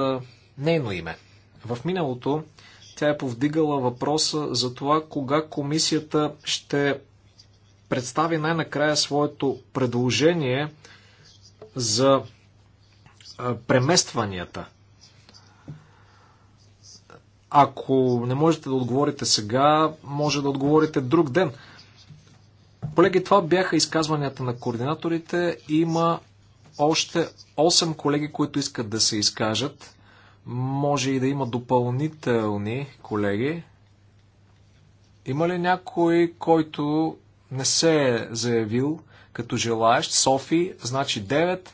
нейно име. В миналото тя е повдигала въпроса за това кога комисията ще представи най-накрая своето предложение за преместванията. Ако не можете да отговорите сега, може да отговорите друг ден. Колеги, това бяха изказванията на координаторите. Има още 8 колеги, които искат да се изкажат. Може и да има допълнителни колеги. Има ли някой, който не се е заявил като желаящ. Софи, значи 9.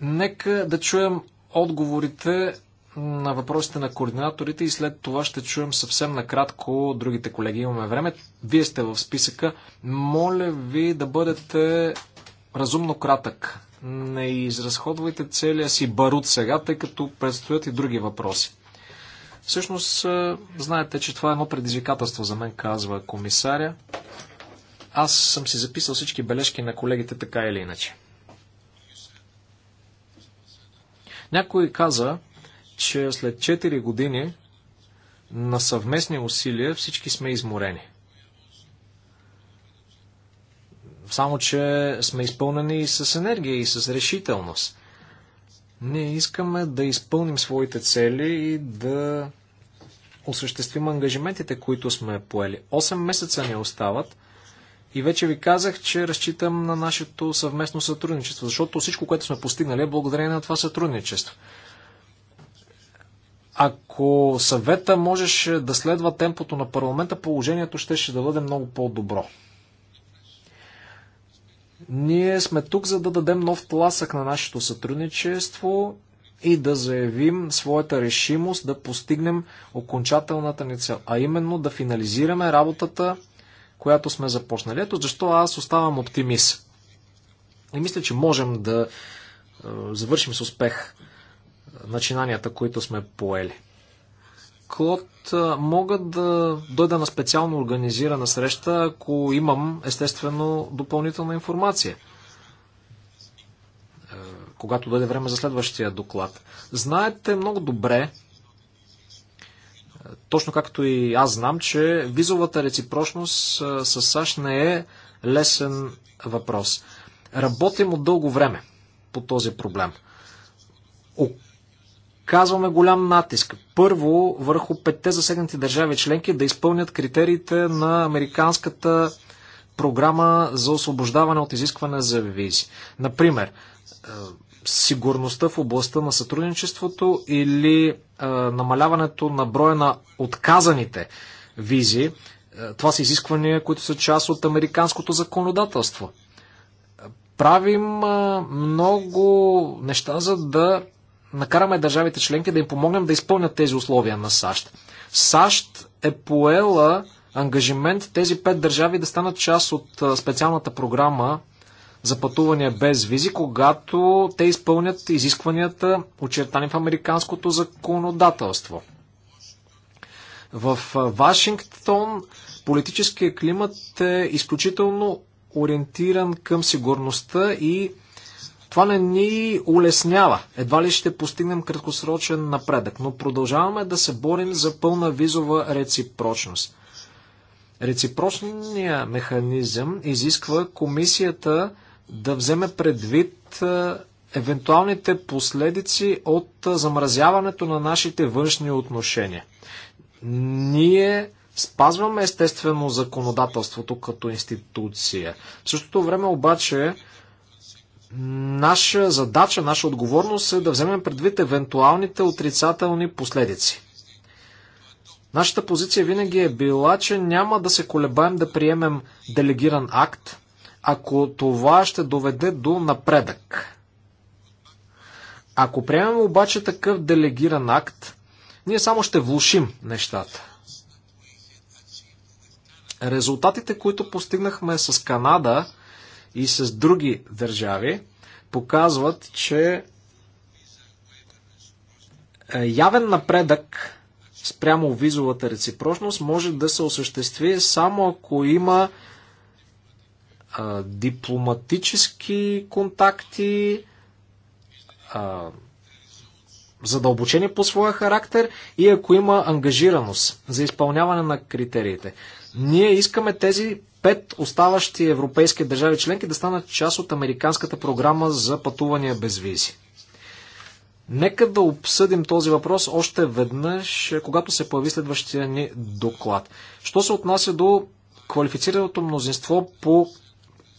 Нека да чуем отговорите на въпросите на координаторите и след това ще чуем съвсем накратко другите колеги. Имаме време. Вие сте в списъка. Моля ви да бъдете разумно кратък. Не изразходвайте целия си барут сега, тъй като предстоят и други въпроси. Всъщност, знаете, че това е едно предизвикателство за мен, казва комисаря. Аз съм си записал всички бележки на колегите така или иначе. Някой каза, че след 4 години на съвместни усилия всички сме изморени. Само, че сме изпълнени и с енергия, и с решителност. Ние искаме да изпълним своите цели и да осъществим ангажиментите, които сме поели. 8 месеца ни остават и вече ви казах, че разчитам на нашето съвместно сътрудничество, защото всичко, което сме постигнали е благодарение на това сътрудничество. Ако съвета можеше да следва темпото на парламента, положението ще, ще да бъде много по-добро. Ние сме тук, за да дадем нов тласък на нашето сътрудничество и да заявим своята решимост да постигнем окончателната ни цел, а именно да финализираме работата, която сме започнали. Ето защо аз оставам оптимист. И мисля, че можем да е, завършим с успех начинанията, които сме поели. Клод, мога да дойда на специално организирана среща, ако имам, естествено, допълнителна информация. Е, когато дойде време за следващия доклад. Знаете много добре, е, точно както и аз знам, че визовата реципрочност е, с САЩ не е лесен въпрос. Работим от дълго време по този проблем оказваме голям натиск. Първо, върху петте засегнати държави членки да изпълнят критериите на американската програма за освобождаване от изискване за визи. Например, е, сигурността в областта на сътрудничеството или е, намаляването на броя на отказаните визи. Е, това са изисквания, които са част от американското законодателство. Правим много неща, за да накараме държавите членки да им помогнем да изпълнят тези условия на САЩ. САЩ е поела ангажимент тези пет държави да станат част от специалната програма за пътувания без визи, когато те изпълнят изискванията, очертани в американското законодателство. В Вашингтон политическия климат е изключително ориентиран към сигурността и това не ни улеснява. Едва ли ще постигнем краткосрочен напредък, но продължаваме да се борим за пълна визова реципрочност. Реципрочният механизъм изисква комисията да вземе предвид е, евентуалните последици от е, замразяването на нашите външни отношения. Ние спазваме естествено законодателството като институция. В същото време обаче Наша задача, наша отговорност е да вземем предвид евентуалните отрицателни последици. Нашата позиция винаги е била, че няма да се колебаем да приемем делегиран акт, ако това ще доведе до напредък. Ако приемем обаче такъв делегиран акт, ние само ще влушим нещата. Резултатите, които постигнахме с Канада, и с други държави показват, че е, явен напредък спрямо визовата реципрочност може да се осъществи само ако има а, дипломатически контакти, а, задълбочени по своя характер и ако има ангажираност за изпълняване на критериите. Ние искаме тези пет оставащи европейски държави членки да станат част от Американската програма за пътувания без визи. Нека да обсъдим този въпрос още веднъж, когато се появи следващия ни доклад. Що се отнася до квалифицираното мнозинство по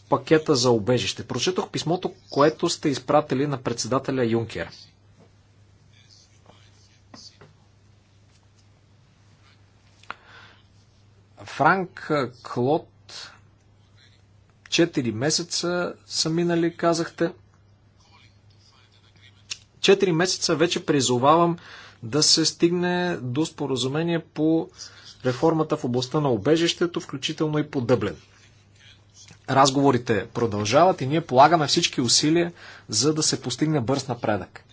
пакета за обежище? Прочетох писмото, което сте изпратили на председателя Юнкер. Франк Клод Четири месеца са минали, казахте. Четири месеца вече призовавам да се стигне до споразумение по реформата в областта на обежището, включително и по Дъблен. Разговорите продължават и ние полагаме всички усилия, за да се постигне бърз напредък.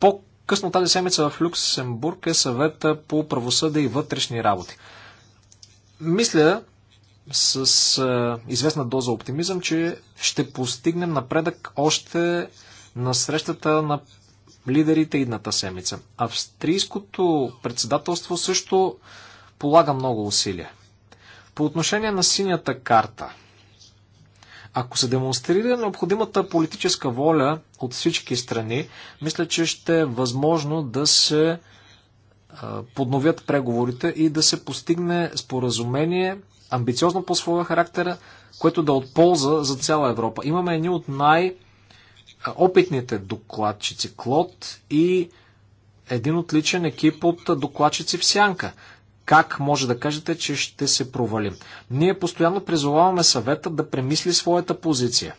По-късно тази седмица в Люксембург е съвета по правосъда и вътрешни работи. Мисля с а, известна доза оптимизъм, че ще постигнем напредък още на срещата на лидерите идната седмица. Австрийското председателство също полага много усилия. По отношение на синята карта, ако се демонстрира необходимата политическа воля от всички страни, мисля, че ще е възможно да се подновят преговорите и да се постигне споразумение, амбициозно по своя характер, което да отполза е от полза за цяла Европа. Имаме едни от най-опитните докладчици Клод и един отличен екип от докладчици в Сянка. Как може да кажете, че ще се провалим? Ние постоянно призоваваме съвета да премисли своята позиция.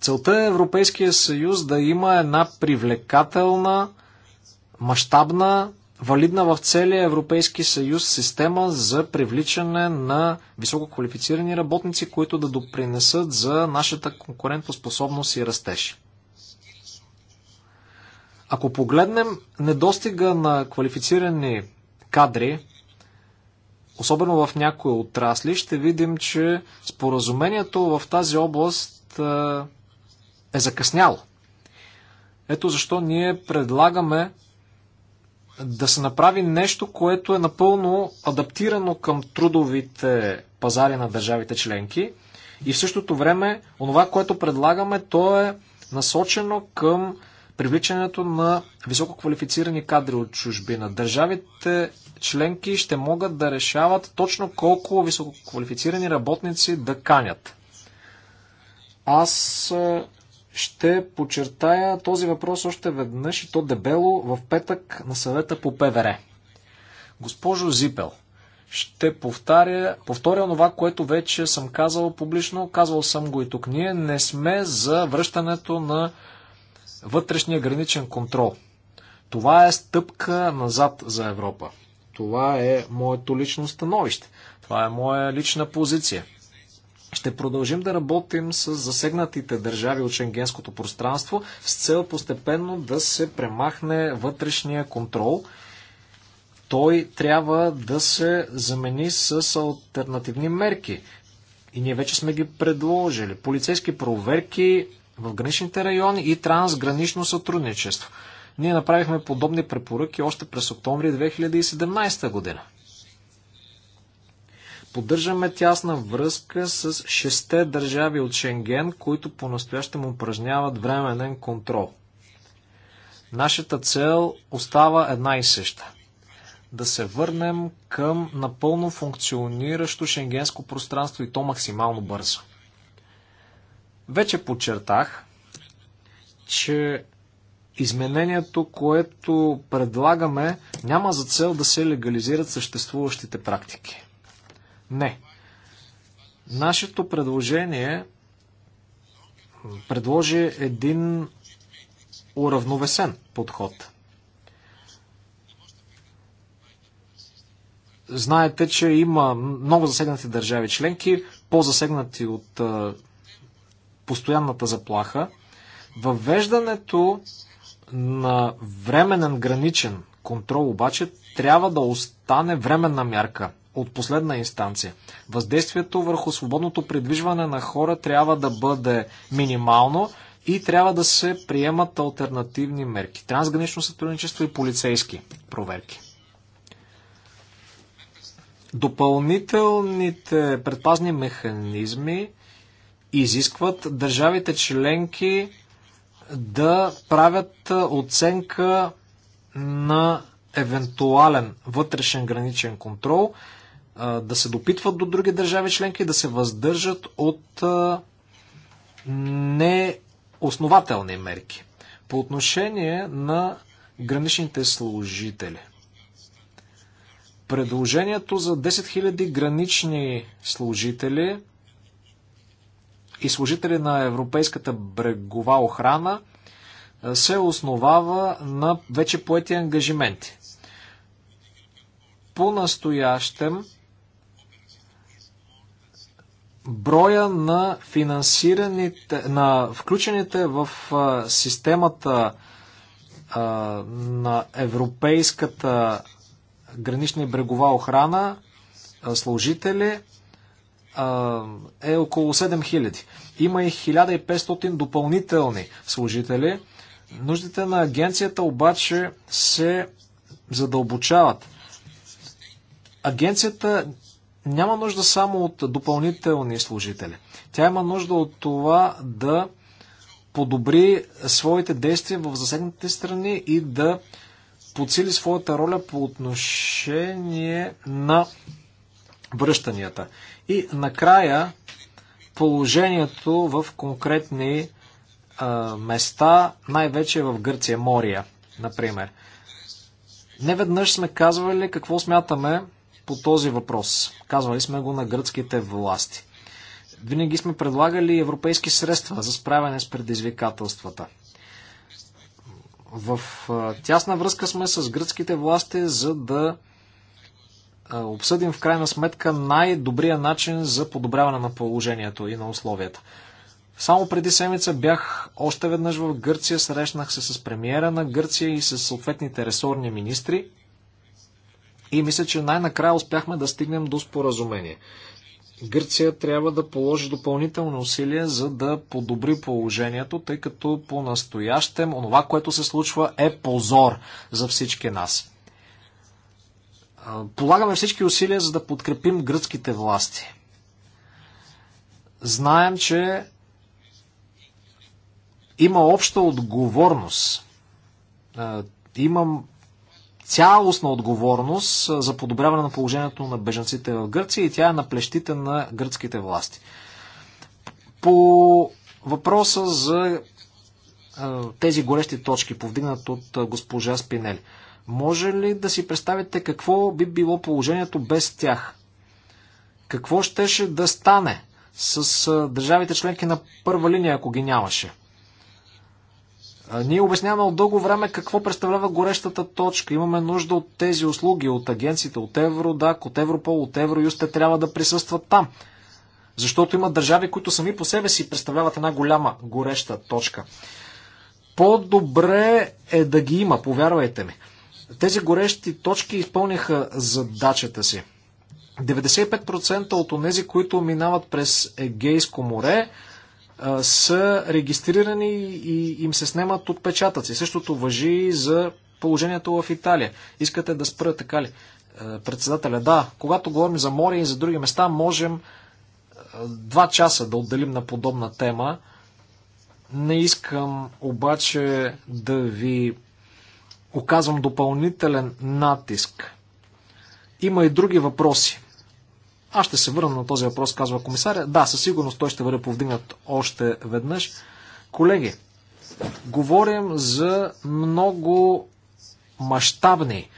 Целта е Европейския съюз да има една привлекателна, мащабна, валидна в целия Европейски съюз система за привличане на висококвалифицирани работници, които да допринесат за нашата конкурентоспособност и растеж. Ако погледнем недостига на квалифицирани кадри, особено в някои отрасли, ще видим, че споразумението в тази област е закъснял. Ето защо ние предлагаме да се направи нещо, което е напълно адаптирано към трудовите пазари на държавите членки и в същото време онова, което предлагаме, то е насочено към привличането на висококвалифицирани кадри от чужбина. Държавите членки ще могат да решават точно колко висококвалифицирани работници да канят. Аз е, ще подчертая този въпрос още веднъж и то дебело в петък на съвета по ПВР. Госпожо Зипел, ще повтаря, повторя това, което вече съм казал публично, казвал съм го и тук. Ние не сме за връщането на вътрешния граничен контрол. Това е стъпка назад за Европа. Това е моето лично становище. Това е моя лична позиция. Ще продължим да работим с засегнатите държави от шенгенското пространство с цел постепенно да се премахне вътрешния контрол. Той трябва да се замени с альтернативни мерки. И ние вече сме ги предложили. Полицейски проверки в граничните райони и трансгранично сътрудничество. Ние направихме подобни препоръки още през октомври 2017 година. Поддържаме тясна връзка с шесте държави от Шенген, които по-настоящем упражняват временен контрол. Нашата цел остава една и съща. Да се върнем към напълно функциониращо шенгенско пространство и то максимално бързо. Вече подчертах, че изменението, което предлагаме, няма за цел да се легализират съществуващите практики. Не. Нашето предложение предложи един уравновесен подход. Знаете, че има много засегнати държави членки, по-засегнати от постоянната заплаха. Въвеждането на временен граничен контрол обаче трябва да остане временна мярка от последна инстанция. Въздействието върху свободното придвижване на хора трябва да бъде минимално и трябва да се приемат альтернативни мерки. Трансгранично сътрудничество и полицейски проверки. Допълнителните предпазни механизми изискват държавите членки да правят оценка на евентуален вътрешен граничен контрол да се допитват до други държави членки, да се въздържат от неоснователни мерки. По отношение на граничните служители. Предложението за 10 000 гранични служители и служители на Европейската брегова охрана се основава на вече поети ангажименти. По-настоящем броя на финансираните, на включените в системата на европейската гранична и брегова охрана служители е около 7000. Има и 1500 допълнителни служители. Нуждите на агенцията обаче се задълбочават. Агенцията няма нужда само от допълнителни служители. Тя има нужда от това да подобри своите действия в засегнатите страни и да подсили своята роля по отношение на връщанията. И накрая положението в конкретни а, места, най-вече в Гърция, Мория, например. Неведнъж сме казвали какво смятаме по този въпрос. Казвали сме го на гръцките власти. Винаги сме предлагали европейски средства за справяне с предизвикателствата. В тясна връзка сме с гръцките власти, за да обсъдим в крайна сметка най-добрия начин за подобряване на положението и на условията. Само преди седмица бях още веднъж в Гърция, срещнах се с премиера на Гърция и с съответните ресорни министри – и мисля, че най-накрая успяхме да стигнем до споразумение. Гърция трябва да положи допълнителни усилие, за да подобри положението, тъй като по-настоящем онова, което се случва е позор за всички нас. Полагаме всички усилия, за да подкрепим гръцките власти. Знаем, че има обща отговорност. Имам цялостна отговорност за подобряване на положението на беженците в Гърция и тя е на плещите на гръцките власти. По въпроса за тези горещи точки, повдигнат от госпожа Спинели. Може ли да си представите какво би било положението без тях? Какво щеше да стане с държавите членки на първа линия, ако ги нямаше? Ние обясняваме от дълго време какво представлява горещата точка. Имаме нужда от тези услуги, от агенциите, от Евродак, от Европол, от Евроюст. Те трябва да присъстват там. Защото има държави, които сами по себе си представляват една голяма гореща точка. По-добре е да ги има, повярвайте ми. Тези горещи точки изпълниха задачата си. 95% от тези, които минават през Егейско море, са регистрирани и им се снемат отпечатъци. Същото въжи и за положението в Италия. Искате да спра така ли? Председателя, да, когато говорим за море и за други места, можем два часа да отделим на подобна тема. Не искам обаче да ви оказвам допълнителен натиск. Има и други въпроси аз ще се върна на този въпрос, казва комисаря. Да, със сигурност той ще бъде повдигнат още веднъж. Колеги, говорим за много мащабни, е,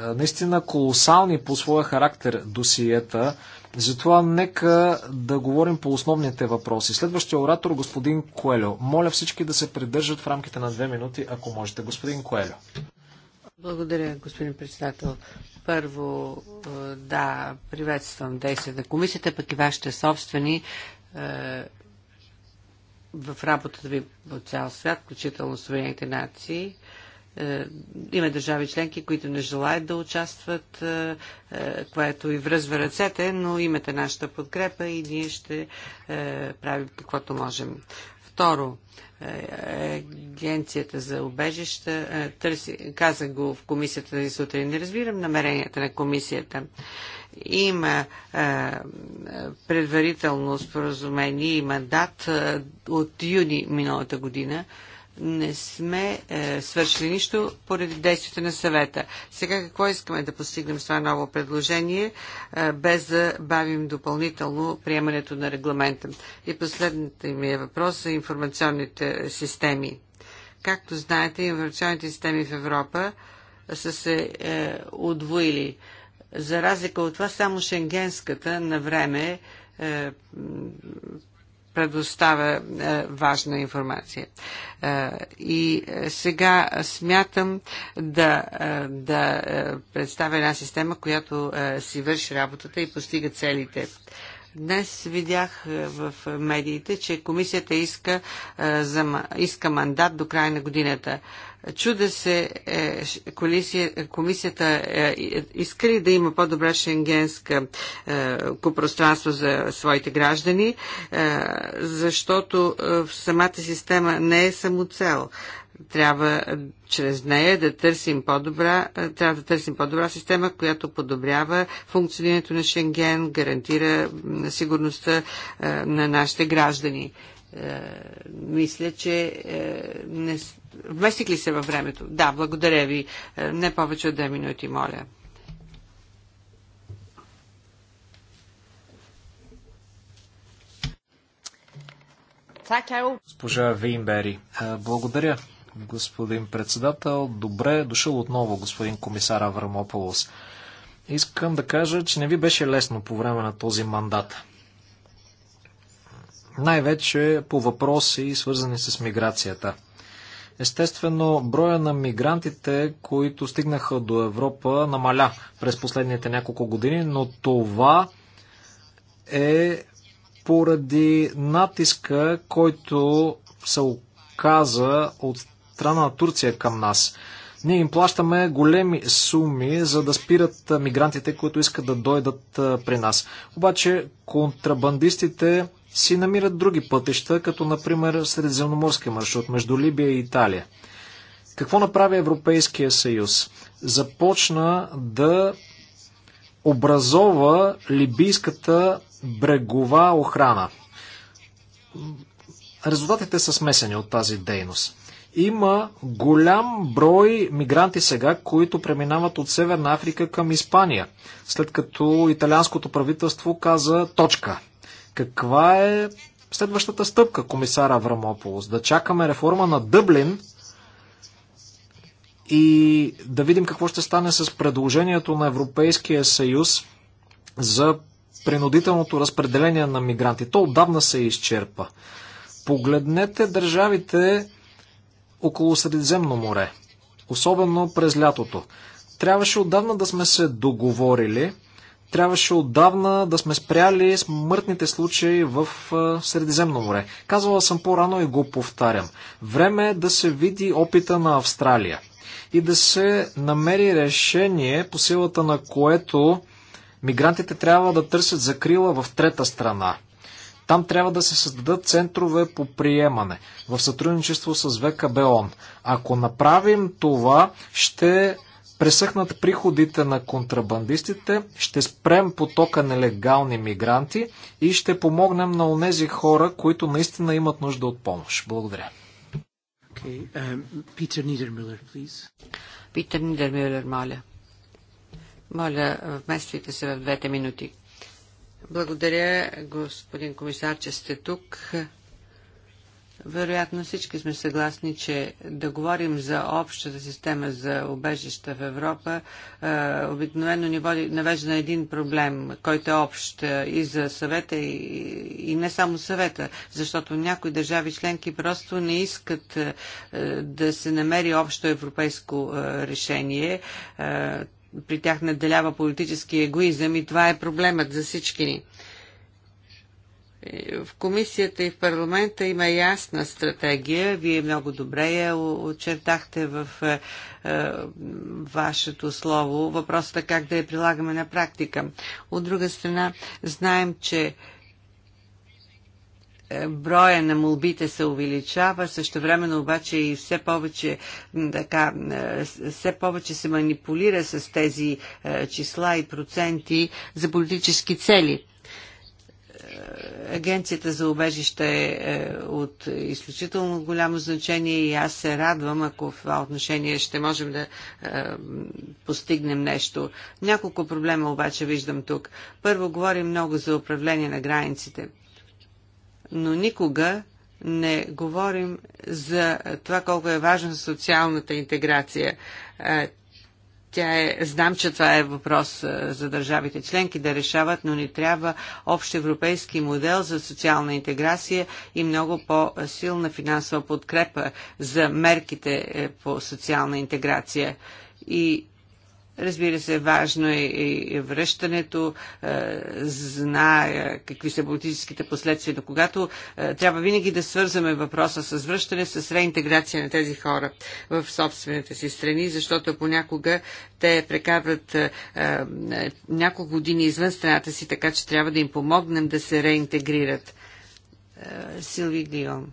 наистина колосални по своя характер досиета. Затова нека да говорим по основните въпроси. Следващия оратор, господин Коелю. Моля всички да се придържат в рамките на две минути, ако можете. Господин Коелю. Благодаря, господин председател. Първо, е, да, приветствам действията на комисията, пък и вашите собствени е, в работата ви по цял свят, включително Съединените нации. Е, има държави членки, които не желаят да участват, което и връзва ръцете, но имате нашата подкрепа и ние ще правим каквото можем. Второ, е, е, агенцията за обежища, е, търси, каза го в комисията за сутрин, не разбирам намеренията на комисията. Има а, предварително споразумение и мандат а, от юни миналата година, не сме е, свършили нищо поради действията на съвета. Сега какво искаме да постигнем с това ново предложение, е, без да бавим допълнително приемането на регламента? И последната ми е въпрос за информационните системи. Както знаете, информационните системи в Европа са се е, удвоили. За разлика от това, само шенгенската на време е, предоставя е, важна информация. Е, и е, сега смятам да, е, да е, представя една система, която е, си върши работата и постига целите. Днес видях е, в медиите, че комисията иска, е, за, иска мандат до края на годината. Е, Чуда се, е, комисията е, е иска да има по-добра шенгенска е, пространство за своите граждани, е, защото е, самата система не е самоцел. Трябва чрез нея да търсим по-добра, трябва да търсим по-добра система, която подобрява функционирането на Шенген, гарантира сигурността на нашите граждани. Е, мисля, че е, не... вместих ли се във времето? Да, благодаря ви. Е, не повече от две минути, моля. Госпожа Вейнбери, благодаря, господин председател. Добре дошъл отново, господин комисар Аврамополос. Искам да кажа, че не ви беше лесно по време на този мандат най-вече по въпроси, свързани с миграцията. Естествено, броя на мигрантите, които стигнаха до Европа, намаля през последните няколко години, но това е поради натиска, който се оказа от страна на Турция към нас. Ние им плащаме големи суми, за да спират мигрантите, които искат да дойдат при нас. Обаче контрабандистите си намират други пътища, като например средиземноморски маршрут между Либия и Италия. Какво направи Европейския съюз? Започна да образова либийската брегова охрана. Резултатите са смесени от тази дейност. Има голям брой мигранти сега, които преминават от Северна Африка към Испания, след като италианското правителство каза точка каква е следващата стъпка, комисара Аврамополос? Да чакаме реформа на Дъблин и да видим какво ще стане с предложението на Европейския съюз за принудителното разпределение на мигранти. То отдавна се изчерпа. Погледнете държавите около Средиземно море, особено през лятото. Трябваше отдавна да сме се договорили – трябваше отдавна да сме спряли смъртните случаи в Средиземно море. Казвала съм по-рано и го повтарям. Време е да се види опита на Австралия и да се намери решение, по силата на което мигрантите трябва да търсят закрила в трета страна. Там трябва да се създадат центрове по приемане в сътрудничество с ВКБОН. Ако направим това, ще пресъхнат приходите на контрабандистите, ще спрем потока нелегални мигранти и ще помогнем на онези хора, които наистина имат нужда от помощ. Благодаря. Um, Питер Нидермюлер, Питер Нидермюлер, моля. Моля, вместите се в двете минути. Благодаря, господин комисар, че сте тук. Вероятно всички сме съгласни, че да говорим за общата система за убежища в Европа е, обикновено ни води, навежда на един проблем, който е общ е, и за съвета, и, и не само съвета, защото някои държави членки просто не искат е, да се намери общо европейско решение. при тях наделява политически егоизъм и това е проблемът за всички ни. В комисията и в парламента има ясна стратегия. Вие много добре я очертахте в е, е, вашето слово. Въпросът е как да я прилагаме на практика. От друга страна, знаем, че е, броя на молбите се увеличава, също времено обаче и все повече, така, все повече се манипулира с тези числа и проценти за политически цели агенцията за обежище е, е от изключително голямо значение и аз се радвам, ако в това отношение ще можем да е, постигнем нещо. Няколко проблема обаче виждам тук. Първо, говорим много за управление на границите, но никога не говорим за това колко е важна социалната интеграция. Е, тя е, знам, че това е въпрос за държавите членки да решават, но ни трябва общ европейски модел за социална интеграция и много по-силна финансова подкрепа за мерките е, по социална интеграция. И Разбира се, важно е и връщането. Е, зная какви са политическите последствия, но когато е, трябва винаги да свързваме въпроса с връщане, с реинтеграция на тези хора в собствените си страни, защото понякога те прекарват е, няколко години извън страната си, така че трябва да им помогнем да се реинтегрират. Силви Дион.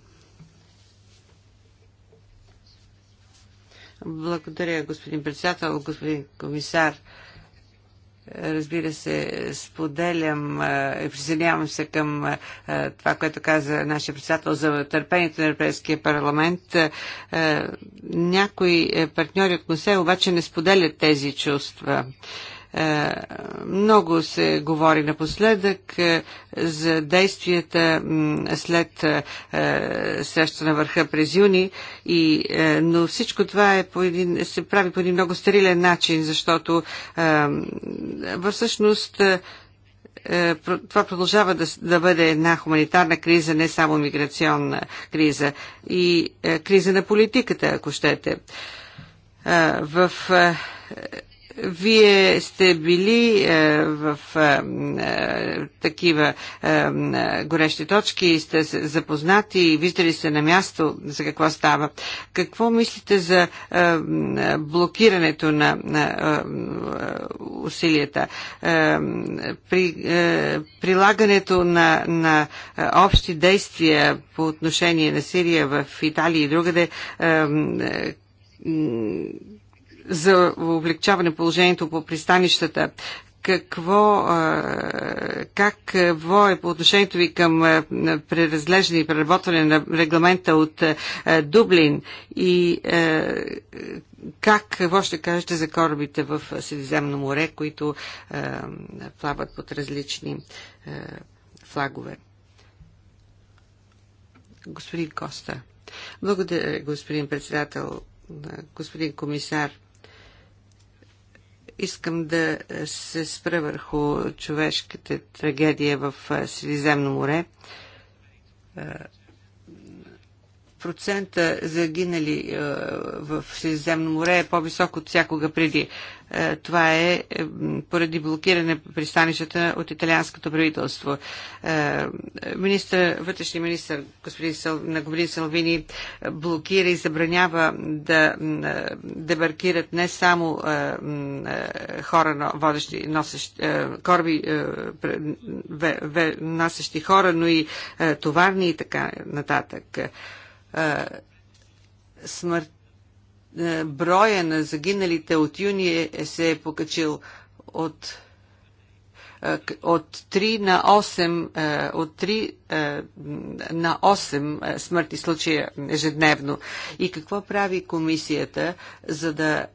Благодаря, господин председател, господин комисар. Разбира се, споделям и присъединявам се към това, което каза нашия председател за търпението на Европейския парламент. Някои е, партньори от Консей обаче не споделят тези чувства. Е, много се говори напоследък е, за действията след е, среща на върха през юни, и, но всичко това е по един, се прави по един много стерилен начин, защото всъщност това продължава да, да бъде една хуманитарна криза, не само миграционна криза и криза на политиката, ако щете. В вие сте били е, в е, е такива е, е, горещи точки, сте запознати, виждали сте на място за какво става. Какво мислите за е, блокирането на, на е, усилията? Е, при е, прилагането на, на е, общи действия по отношение на Сирия в Италия и другаде, е, е за облегчаване положението по пристанищата какво, как во е по отношението ви към преразглеждане и преработване на регламента от Дублин и как какво ще кажете за корабите в Средиземно море, които плават под различни флагове? Господин Коста. Благодаря, господин председател, господин комисар. Искам да е, се спра върху човешката трагедия в е, Средиземно море. Е, процента загинали в Средиземно море е по-висок от всякога преди. Е, това е, е поради блокиране пристанищата от италианското правителство. Е, министър, вътрешния министр господин Сел, на господин Салвини блокира и забранява да дебаркират не само хора, водещи, носещи, корби, носещи хора, но и товарни и така нататък. Смърт е, броя на загиналите от юни е, е, се е покачил от от 3 на 8, от 3 на 8 смъртни случая ежедневно. И какво прави комисията, за да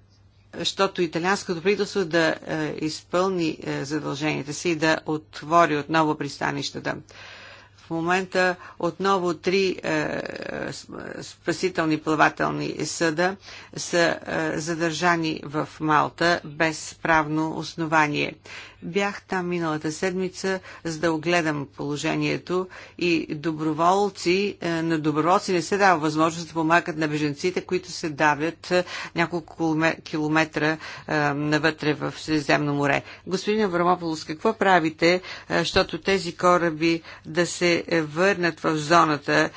защото италианското правителство да изпълни задълженията си и да отвори отново пристанищата. Да в момента отново три е, е, спасителни плавателни съда са е, задържани в Малта без правно основание. Бях там миналата седмица, за да огледам положението и доброволци, е, на доброволци не се дава възможност да помагат на беженците, които се давят е, няколко километра е, навътре в Средиземно море. Господин Аврамополос, какво правите, защото тези кораби да се върнат в зоната,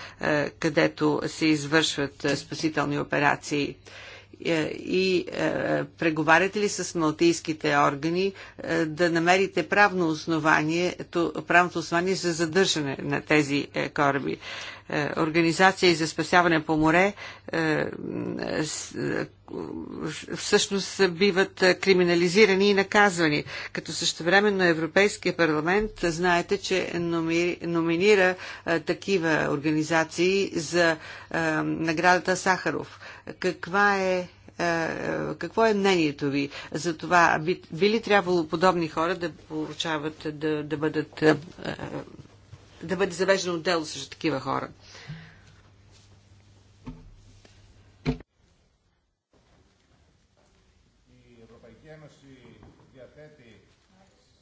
където се извършват спасителни операции? Е, и е, преговаряте ли с малтийските органи е, да намерите правно основание, правното основание за задържане на тези кораби? Организация за спасяване по море всъщност биват криминализирани и наказвани. Като същевременно Европейския парламент знаете, че номинира такива организации за наградата Сахаров – каква е, е какво е мнението ви за това? Би, би ли трябвало подобни хора да получават, да, да бъдат, е, да бъде завеждано дело срещу такива хора?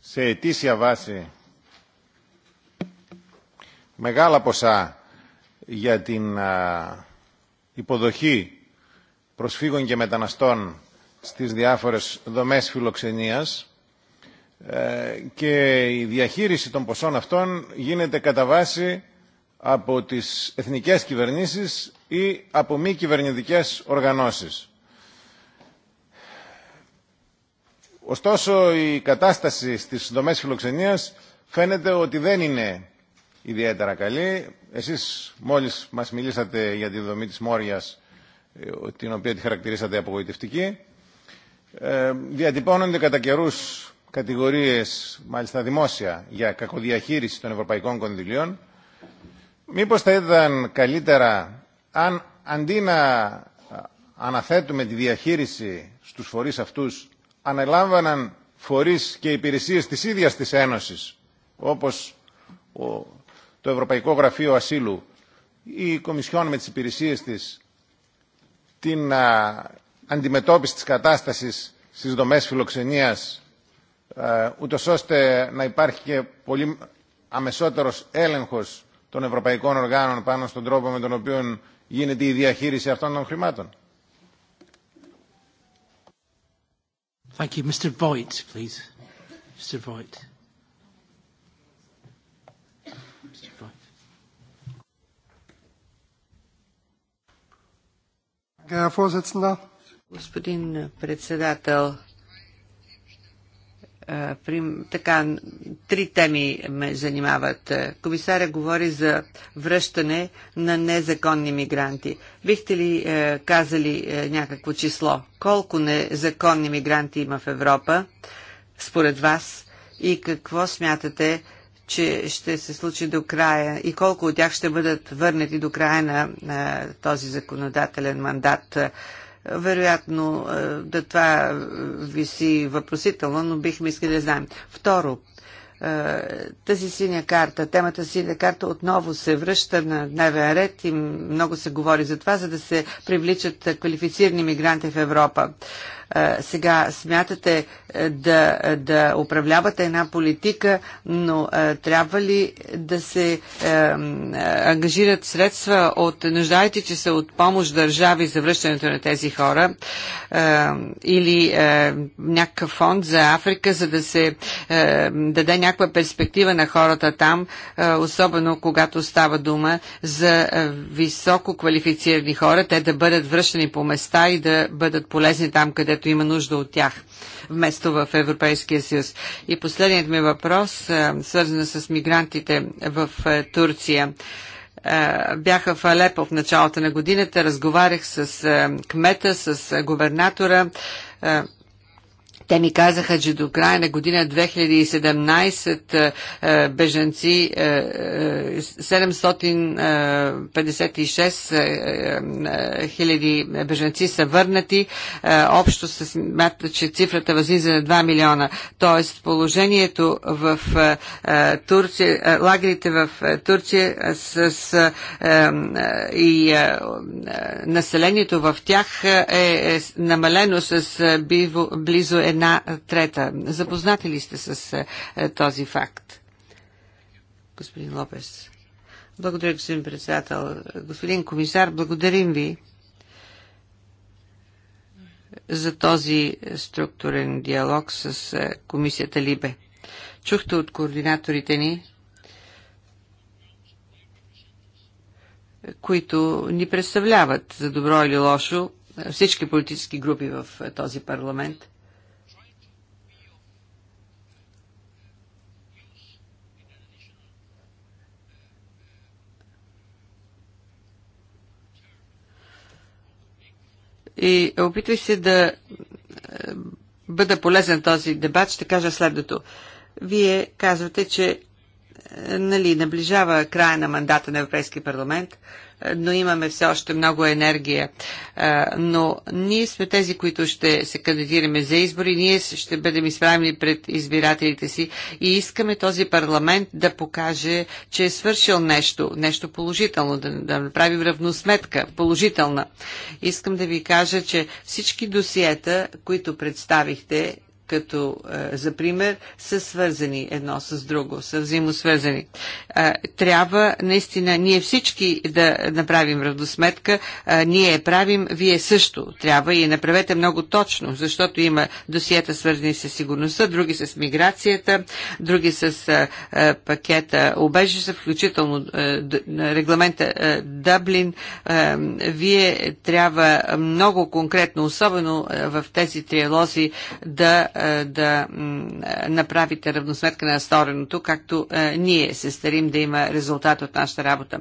σε ετήσια βάση μεγάλα ποσά για την υποδοχή προσφύγων και μεταναστών στις διάφορες δομές φιλοξενίας και η διαχείριση των ποσών αυτών γίνεται κατά βάση από τις εθνικές κυβερνήσεις ή από μη κυβερνητικές οργανώσεις. Ωστόσο, η κατάσταση στις δομές φιλοξενίας φαίνεται ότι δεν είναι ιδιαίτερα καλή. Εσείς μόλις μας μιλήσατε για τη δομή της Μόριας την οποία τη χαρακτηρίσατε απογοητευτική. Ε, διατυπώνονται κατά καιρού κατηγορίε, μάλιστα δημόσια, για κακοδιαχείριση των ευρωπαϊκών κονδυλίων. Μήπω θα ήταν καλύτερα αν αντί να αναθέτουμε τη διαχείριση στους φορείς αυτούς αναλάμβαναν φορείς και υπηρεσίες της ίδιας της Ένωσης όπως ο, το Ευρωπαϊκό Γραφείο Ασύλου ή η Κομισιόν με τις υπηρεσίες της την αντιμετώπιση της κατάστασης στις δομές φιλοξενίας ούτως ώστε να υπάρχει και πολύ αμεσότερος έλεγχος των ευρωπαϊκών οργάνων πάνω στον τρόπο με τον οποίο γίνεται η διαχείριση αυτών των χρημάτων. Thank you. Mr. Voigt, please. Mr. Voigt. Господин председател, така, три теми ме занимават. Комисаря говори за връщане на незаконни мигранти. Бихте ли казали някакво число? Колко незаконни мигранти има в Европа, според вас? И какво смятате че ще се случи до края и колко от тях ще бъдат върнати до края на, на този законодателен мандат. Е, вероятно, е, да това виси въпросително, но бихме искали да знаем. Второ, е, тази синя карта, темата синя карта отново се връща на дневен ред и много се говори за това, за да се привличат квалифицирани мигранти в Европа. Сега смятате е, да, да управлявате една политика, но е, трябва ли да се е, ангажират средства от нуждаете се от помощ държави за връщането на тези хора или някакъв фонд за Африка, за да се даде някаква перспектива на хората там, особено когато става дума за високо квалифицирани хора, те да бъдат връщани по места и да бъдат полезни там, където който има нужда от тях, вместо в Европейския съюз. И последният ми въпрос, е, свързан с мигрантите в е, Турция е, бяха в Алепо в началото на годината, разговарях с кмета, с губернатора. Те ми казаха, че до края на година 2017 беженци 756 хиляди е, е, беженци е, са върнати. Общо се смята, че цифрата възлиза на 2 милиона. Тоест положението в Турция, лагерите в Турция с, и населението в тях е намалено с близо 1 една трета. Запознати ли сте с този факт? Господин Лопес. Благодаря, господин председател. Господин комисар, благодарим ви за този структурен диалог с комисията Либе. Чухте от координаторите ни, които ни представляват за добро или лошо всички политически групи в този парламент. и опитвай се да е, бъда полезен този дебат, ще кажа следното. Вие казвате, че е, нали, наближава края на мандата на Европейския парламент – но имаме все още много енергия. Но ние сме тези, които ще се кандидираме за избори, ние ще бъдем изправени пред избирателите си и искаме този парламент да покаже, че е свършил нещо, нещо положително, да, да направим равносметка, положителна. Искам да ви кажа, че всички досиета, които представихте като е, за пример, са свързани едно с друго, са взаимосвързани. Е, трябва наистина ние всички да направим равносметка, е, ние я правим, вие също трябва и направете много точно, защото има досиета свързани с сигурността, други с миграцията, други с е, е пакета обежища, включително е, регламента е, Дъблин. Е, вие трябва много конкретно, особено е, в тези триалози, да е, да е, направите равносметка на стореното, както е, ние се старим да има резултат от нашата работа.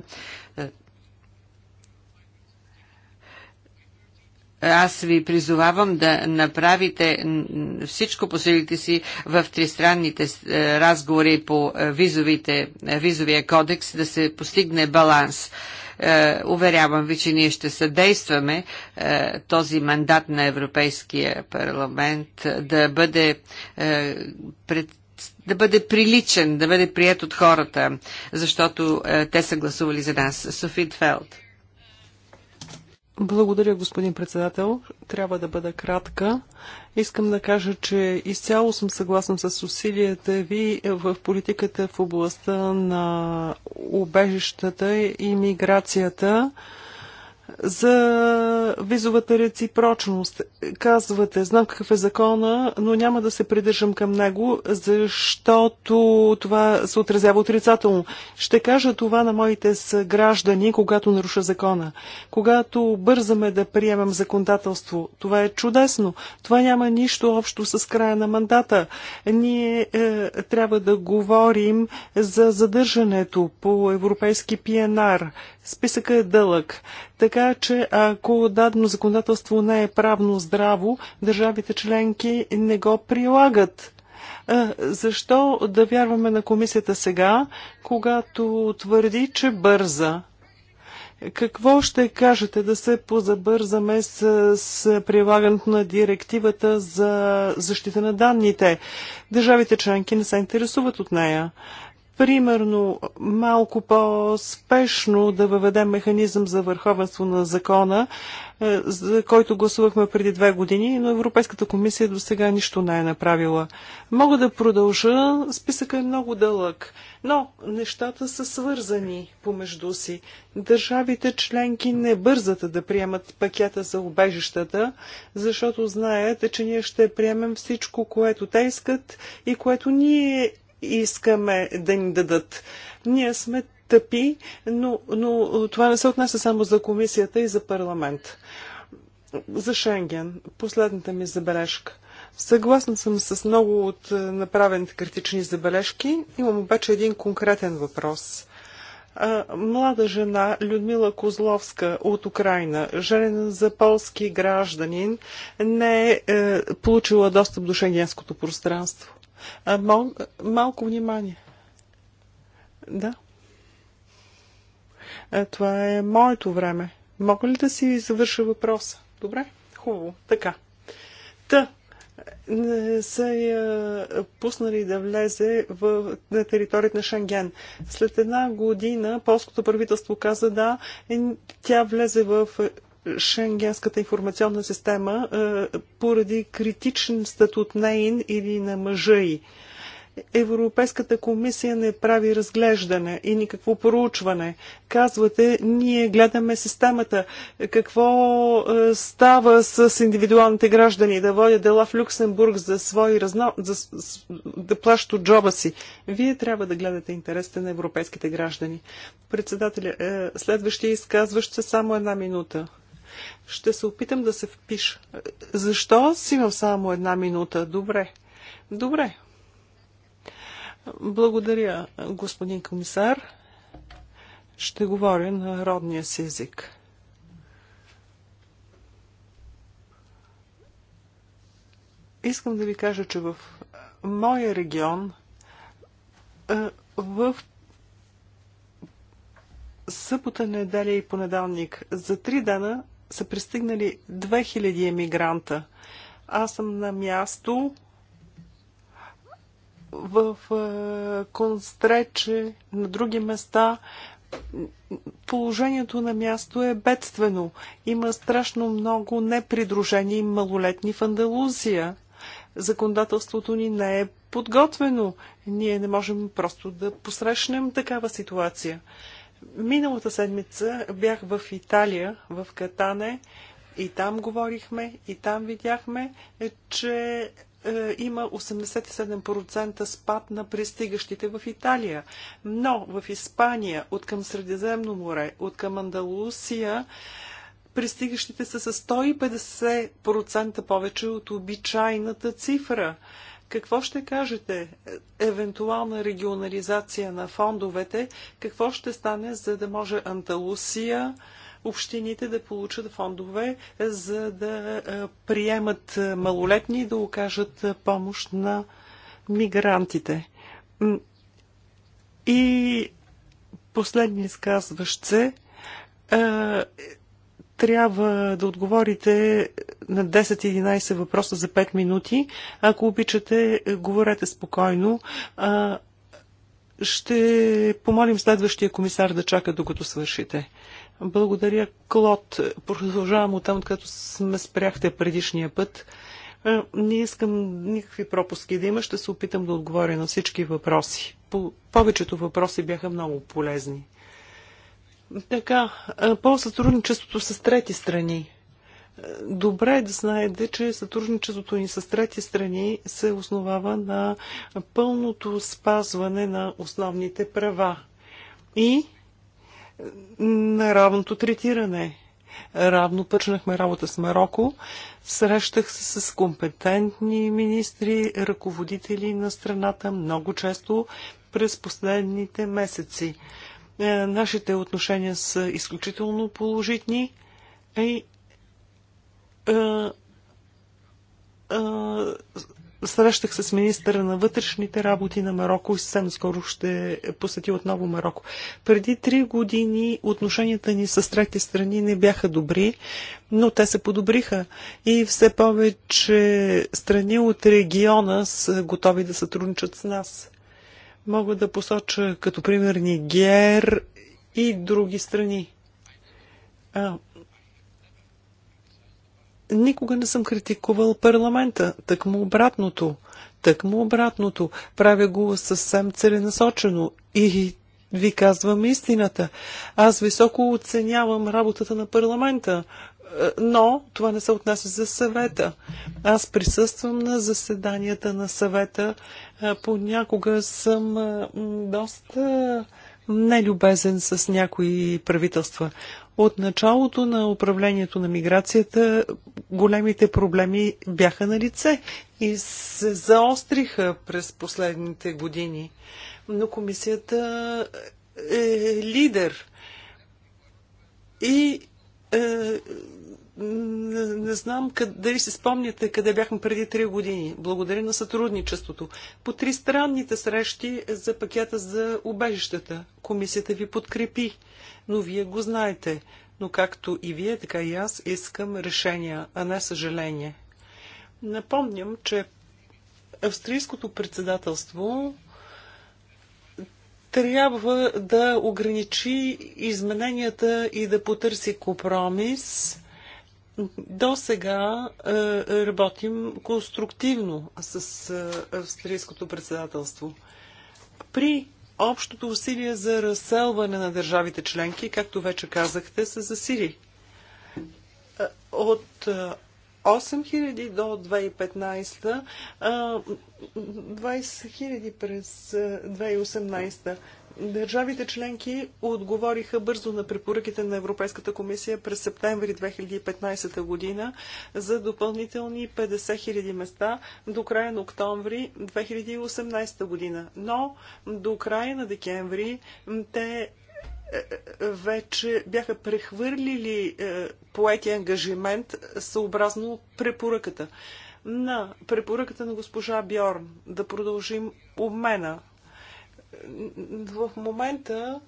аз ви призовавам да направите всичко по силите си в тристранните разговори по визовите, визовия кодекс, да се постигне баланс. Е, уверявам ви, че ние ще съдействаме е, този мандат на Европейския парламент е, да бъде пред да бъде приличен, да бъде прият от хората, защото те са гласували за нас. Софит Фелд. Благодаря, господин председател. Трябва да бъда кратка. Искам да кажа, че изцяло съм съгласна с усилията ви в политиката в областта на убежищата и миграцията за визовата реципрочност. Казвате, знам какъв е закона, но няма да се придържам към него, защото това се отразява отрицателно. Ще кажа това на моите граждани, когато наруша закона. Когато бързаме да приемам законодателство, това е чудесно. Това няма нищо общо с края на мандата. Ние е, трябва да говорим за задържането по европейски ПНР. Списъкът е дълъг. Така че ако дадено законодателство не е правно здраво, държавите членки не го прилагат. Защо да вярваме на комисията сега, когато твърди, че бърза? Какво ще кажете да се позабързаме с, с прилагането на директивата за защита на данните? Държавите членки не се интересуват от нея. Примерно, малко по-спешно да въведем механизъм за върховенство на закона, е, за който гласувахме преди две години, но Европейската комисия до сега нищо не е направила. Мога да продължа, списъка е много дълъг, но нещата са свързани помежду си. Държавите членки не бързат да приемат пакета за убежищата, защото знаят, че ние ще приемем всичко, което те искат и което ние искаме да ни дадат. Ние сме тъпи, но, но това не се отнася само за комисията и за парламент. За Шенген, последната ми забележка. Съгласна съм с много от направените критични забележки. Имам обаче един конкретен въпрос. Млада жена Людмила Козловска от Украина, женена за полски гражданин, не е, е получила достъп до шенгенското пространство. Мал, малко внимание. Да. Това е моето време. Мога ли да си завърша въпроса? Добре? Хубаво. Така. Та, не са я пуснали да влезе в, на територията на Шенген. След една година полското правителство каза да, е, тя влезе в Шенгенската информационна система е, поради критичен статут нейн или на мъжа й. Европейската комисия не прави разглеждане и никакво проучване. Казвате, ние гледаме системата. Какво е, става с индивидуалните граждани да водят дела в Люксембург за свои разно... за... да плащат джоба си? Вие трябва да гледате интересите на европейските граждани. Председателя, е, следващия изказващ се само една минута. Ще се опитам да се впиша. Защо си имам само една минута? Добре. Добре. Благодаря, господин комисар. Ще говоря на родния си език. Искам да ви кажа, че в моя регион е, в събота, неделя и понеделник за три дена са пристигнали 2000 емигранта. Аз съм на място в е, Констрече, на други места. Положението на място е бедствено. Има страшно много непридружени малолетни в Андалузия. Законодателството ни не е подготвено. Ние не можем просто да посрещнем такава ситуация. Миналата седмица бях в Италия, в Катане, и там говорихме, и там видяхме, че е, има 87% спад на пристигащите в Италия. Но в Испания, от към Средиземно море, от към Андалусия, пристигащите са с 150% повече от обичайната цифра. Какво ще кажете? Е, евентуална регионализация на фондовете, какво ще стане, за да може Анталусия, общините да получат фондове, за да е, приемат малолетни и да окажат помощ на мигрантите? И последния изказващ се е, трябва да отговорите на 10-11 въпроса за 5 минути. Ако обичате, говорете спокойно. Ще помолим следващия комисар да чака докато свършите. Благодаря, Клод. Продължавам от там, откъдето сме спряхте предишния път. Не искам никакви пропуски да има. Ще се опитам да отговоря на всички въпроси. По повечето въпроси бяха много полезни. Така, по сътрудничеството с трети страни. Е, добре е да знаете, че сътрудничеството ни с трети страни се основава на пълното спазване на основните права и на равното третиране. Равно пъчнахме работа с Марокко, срещах се с компетентни министри, ръководители на страната много често през последните месеци. Е, нашите отношения са изключително положитни и е, е, срещах се с министъра на вътрешните работи на Марокко и съвсем скоро ще посети отново Марокко. Преди три години отношенията ни с трети страни не бяха добри, но те се подобриха и все повече страни от региона са готови да сътрудничат с нас. Мога да посоча като пример Нигер и други страни. А, никога не съм критикувал парламента, так му обратното. Так му обратното. Правя го съвсем целенасочено и ви казвам истината. Аз високо оценявам работата на парламента, но това не се отнася за съвета. Аз присъствам на заседанията на съвета. Понякога съм доста нелюбезен с някои правителства. От началото на управлението на миграцията големите проблеми бяха на лице и се заостриха през последните години. Но комисията е лидер. И е, не, не знам къде, дали си спомняте къде бяхме преди 3 години. Благодаря на сътрудничеството. По три странните срещи за пакета за убежищата. Комисията ви подкрепи, но вие го знаете. Но както и вие, така и аз искам решения, а не съжаление. Напомням, че австрийското председателство трябва да ограничи измененията и да потърси компромис. До сега е, е, работим конструктивно с е, австрийското председателство. При общото усилие за разселване на държавите членки, както вече казахте, се засили. Е, от е, 8000 до 2015, 20 000 през 2018. Държавите членки отговориха бързо на препоръките на Европейската комисия през септември 2015 година за допълнителни 50 000 места до края на октомври 2018 година. Но до края на декември те вече бяха прехвърлили е, поети ангажимент съобразно препоръката. На препоръката на госпожа Бьорн да продължим обмена. В момента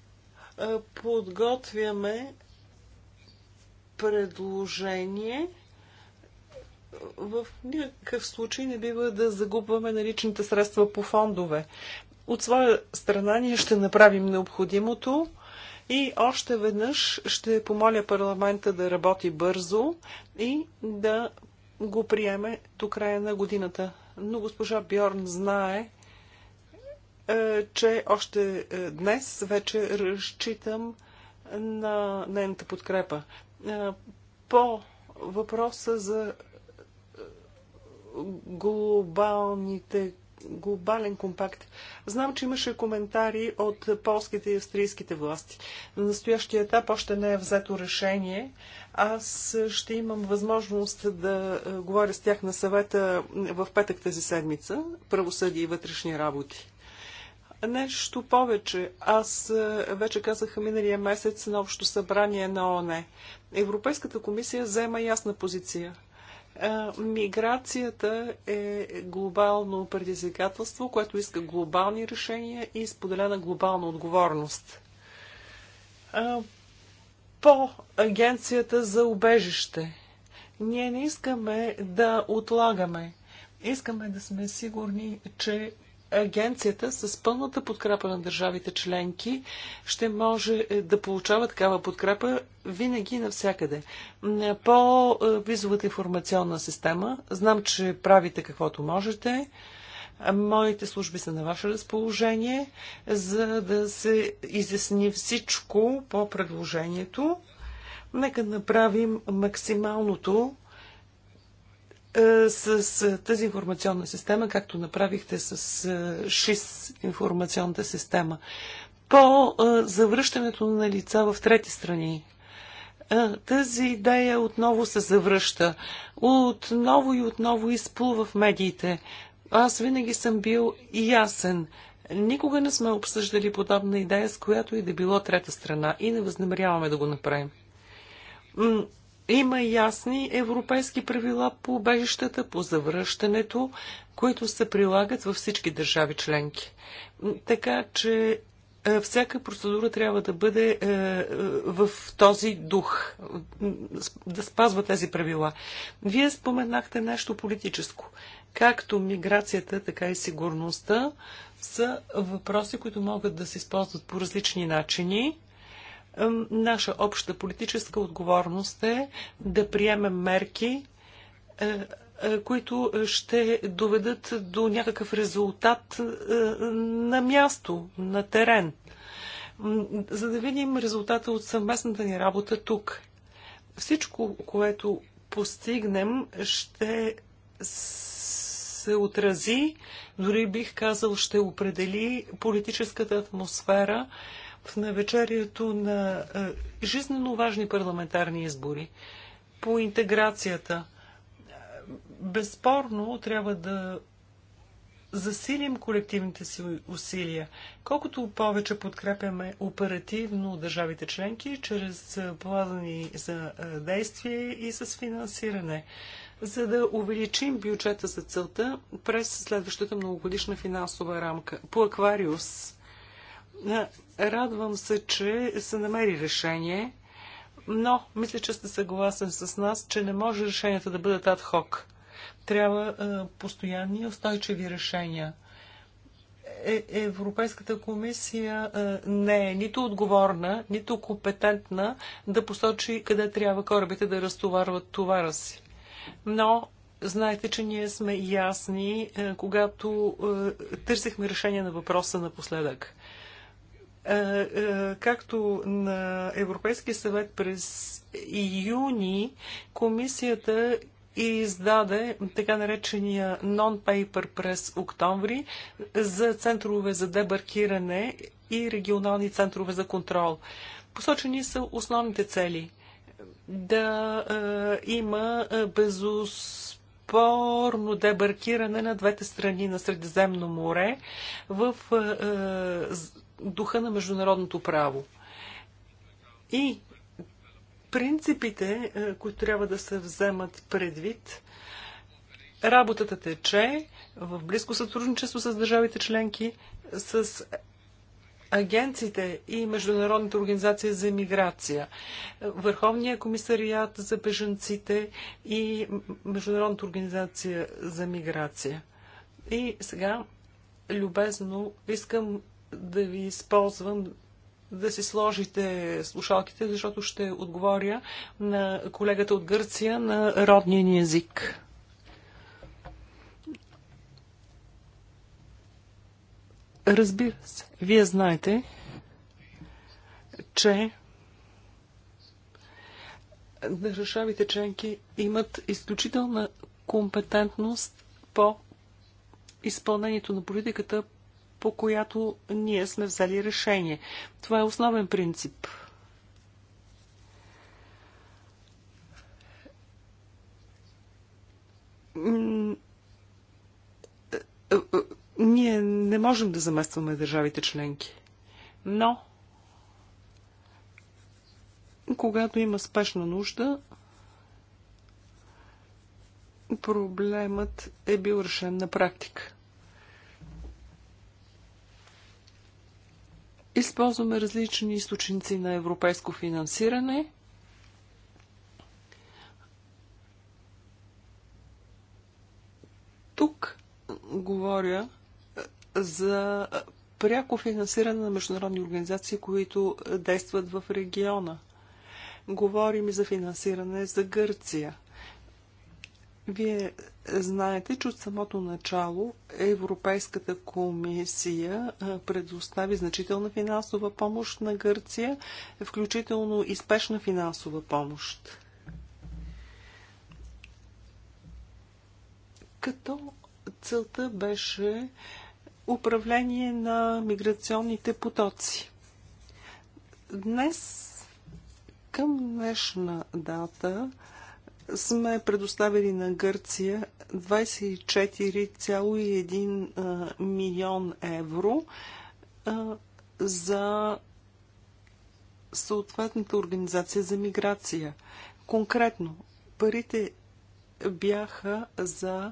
е, подготвяме предложение. В никакъв случай не бива да загубваме наличните средства по фондове. От своя страна ние ще направим необходимото и още веднъж ще помоля парламента да работи бързо и да го приеме до края на годината. Но госпожа Бьорн знае, е, че още е, днес вече разчитам на нейната подкрепа. Е, по въпроса за глобалните глобален компакт. Знам, че имаше коментари от полските и австрийските власти. На настоящия етап още не е взето решение. Аз ще имам възможност да е, говоря с тях на съвета в петък тази седмица, правосъдие и вътрешни работи. Нещо повече. Аз е, вече казах миналия месец на общо събрание на ОНЕ. Европейската комисия взема ясна позиция – Миграцията е глобално предизвикателство, което иска глобални решения и споделена глобална отговорност. По агенцията за убежище. Ние не искаме да отлагаме. Искаме да сме сигурни, че агенцията с пълната подкрепа на държавите членки ще може е, да получава такава подкрепа винаги и навсякъде. По визовата информационна система, знам, че правите каквото можете. Моите служби са на ваше разположение, за да се изясни всичко по предложението. Нека направим максималното, е, с тази информационна система, както направихте с е, ШИС информационната система. По е, завръщането на лица в трети страни. Тази идея отново се завръща. Отново и отново изплува в медиите. Аз винаги съм бил ясен. Никога не сме обсъждали подобна идея, с която и да било трета страна и не възнамеряваме да го направим. Има ясни европейски правила по убежищата, по завръщането, които се прилагат във всички държави членки. Така че е, всяка процедура трябва да бъде е, е, в този дух, да спазва тези правила. Вие споменахте нещо политическо. Както миграцията, така и сигурността са въпроси, които могат да се използват по различни начини. Наша обща политическа отговорност е да приемем мерки, е, е, които ще доведат до някакъв резултат е, на място, на терен. За да видим резултата от съвместната ни работа тук. Всичко, което постигнем, ще се отрази, дори бих казал, ще определи политическата атмосфера, в навечерието на е, жизненно важни парламентарни избори по интеграцията. Е, безспорно трябва да засилим колективните си усилия. Колкото повече подкрепяме оперативно държавите членки, чрез плазани за е, действие и с финансиране, за да увеличим бюджета за целта през следващата многогодишна финансова рамка. По Аквариус Радвам се, че се намери решение, но мисля, че сте съгласен с нас, че не може решенията да бъдат адхок. Трябва е, постоянни и устойчиви решения. Е, Европейската комисия е, не е нито отговорна, нито компетентна да посочи къде трябва корабите да разтоварват товара си. Но Знаете, че ние сме ясни, е, когато е, търсихме решение на въпроса напоследък. Е, е, както на Европейския съвет през юни, комисията и издаде така наречения нон-пейпер през октомври за центрове за дебаркиране и регионални центрове за контрол. Посочени са основните цели. Да е, има е, безуспорно дебаркиране на двете страни на Средиземно море в е, духа на международното право. И принципите, е, които трябва да се вземат предвид, работата тече в близко сътрудничество с държавите членки, с агенциите и Международната организация за миграция, Върховния комисариат за беженците и Международната организация за миграция. И сега любезно искам да ви използвам да си сложите слушалките, защото ще отговоря на колегата от Гърция на родния ни език. Разбира се, вие знаете, че държавите членки имат изключителна компетентност по изпълнението на политиката по която ние сме взели решение. Това е основен принцип. Ние не можем да заместваме държавите членки, но когато има спешна нужда, проблемът е бил решен на практика. Използваме различни източници на европейско финансиране. Тук говоря е, за е, пряко финансиране на международни организации, които действат в региона. Говорим и за финансиране за Гърция. Вие знаете, че от самото начало Европейската комисия предостави значителна финансова помощ на Гърция, включително и спешна финансова помощ. Като целта беше управление на миграционните потоци. Днес, към днешна дата, сме предоставили на Гърция 24,1 милион евро за съответната организация за миграция. Конкретно, парите бяха за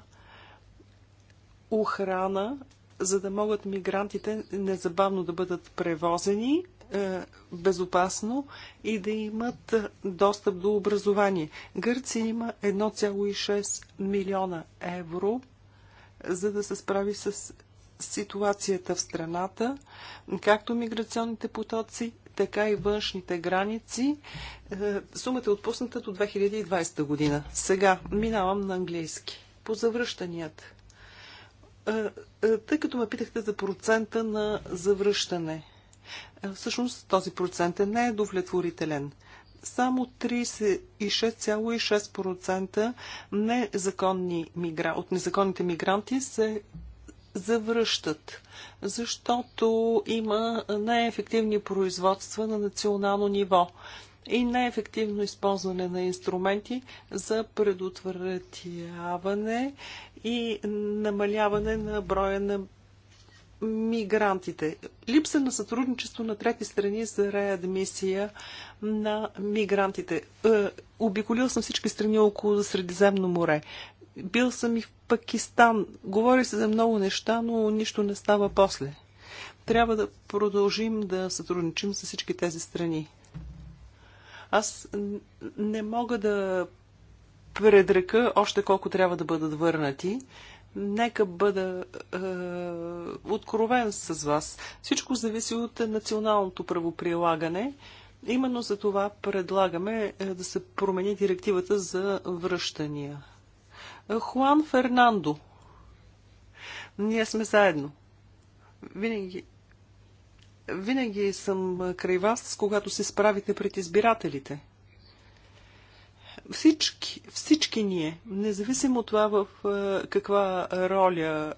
охрана, за да могат мигрантите незабавно да бъдат превозени е, безопасно и да имат достъп до образование. Гърция има 1,6 милиона евро, за да се справи с ситуацията в страната, както миграционните потоци, така и външните граници. Е, сумата е отпусната до 2020 година. Сега минавам на английски. По завръщанията. Е, тъй като ме питахте за процента на завръщане – е, всъщност този процент е довлетворителен. Само 36,6% незаконни мигра... от незаконните мигранти се завръщат, защото има неефективни производства на национално ниво и неефективно използване на инструменти за предотвратяване и намаляване на броя на мигрантите. Липса на сътрудничество на трети страни за реадмисия на мигрантите. Е, обиколил съм всички страни около Средиземно море. Бил съм и в Пакистан. Говори се за много неща, но нищо не става после. Трябва да продължим да сътрудничим с всички тези страни. Аз не мога да предрека още колко трябва да бъдат върнати, Нека бъда е, откровен с вас. Всичко зависи от националното правоприлагане. Именно за това предлагаме е, да се промени директивата за връщания. Хуан Фернандо. Ние сме заедно. Винаги винаги съм край вас, когато се справите пред избирателите. Всички, всички ние, независимо от това в е, каква роля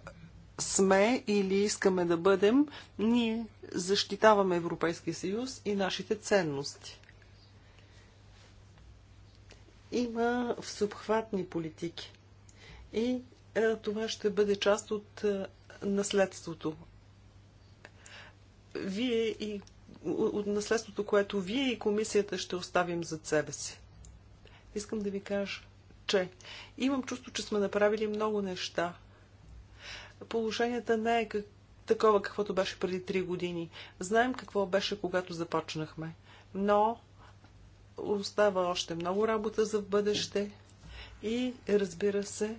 сме или искаме да бъдем, ние защитаваме Европейския съюз и нашите ценности. Има всеобхватни политики. И е, това ще бъде част от е, наследството. Вие и от наследството, което вие и комисията ще оставим зад себе си искам да ви кажа, че имам чувство, че сме направили много неща. Положението не е как... такова, каквото беше преди 3 години. Знаем какво беше, когато започнахме. Но остава още много работа за в бъдеще и разбира се,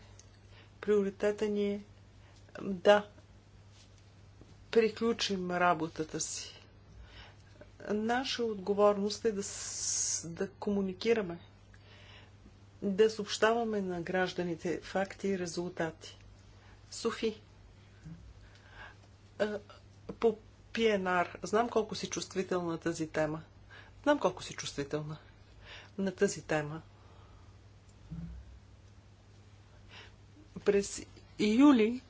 приоритета ни е да приключим работата си. Наша отговорност е да, да комуникираме, да съобщаваме на гражданите факти и резултати. Софи, по ПНР, знам колко си чувствителна тази тема. Знам колко си чувствителна на тази тема. През юли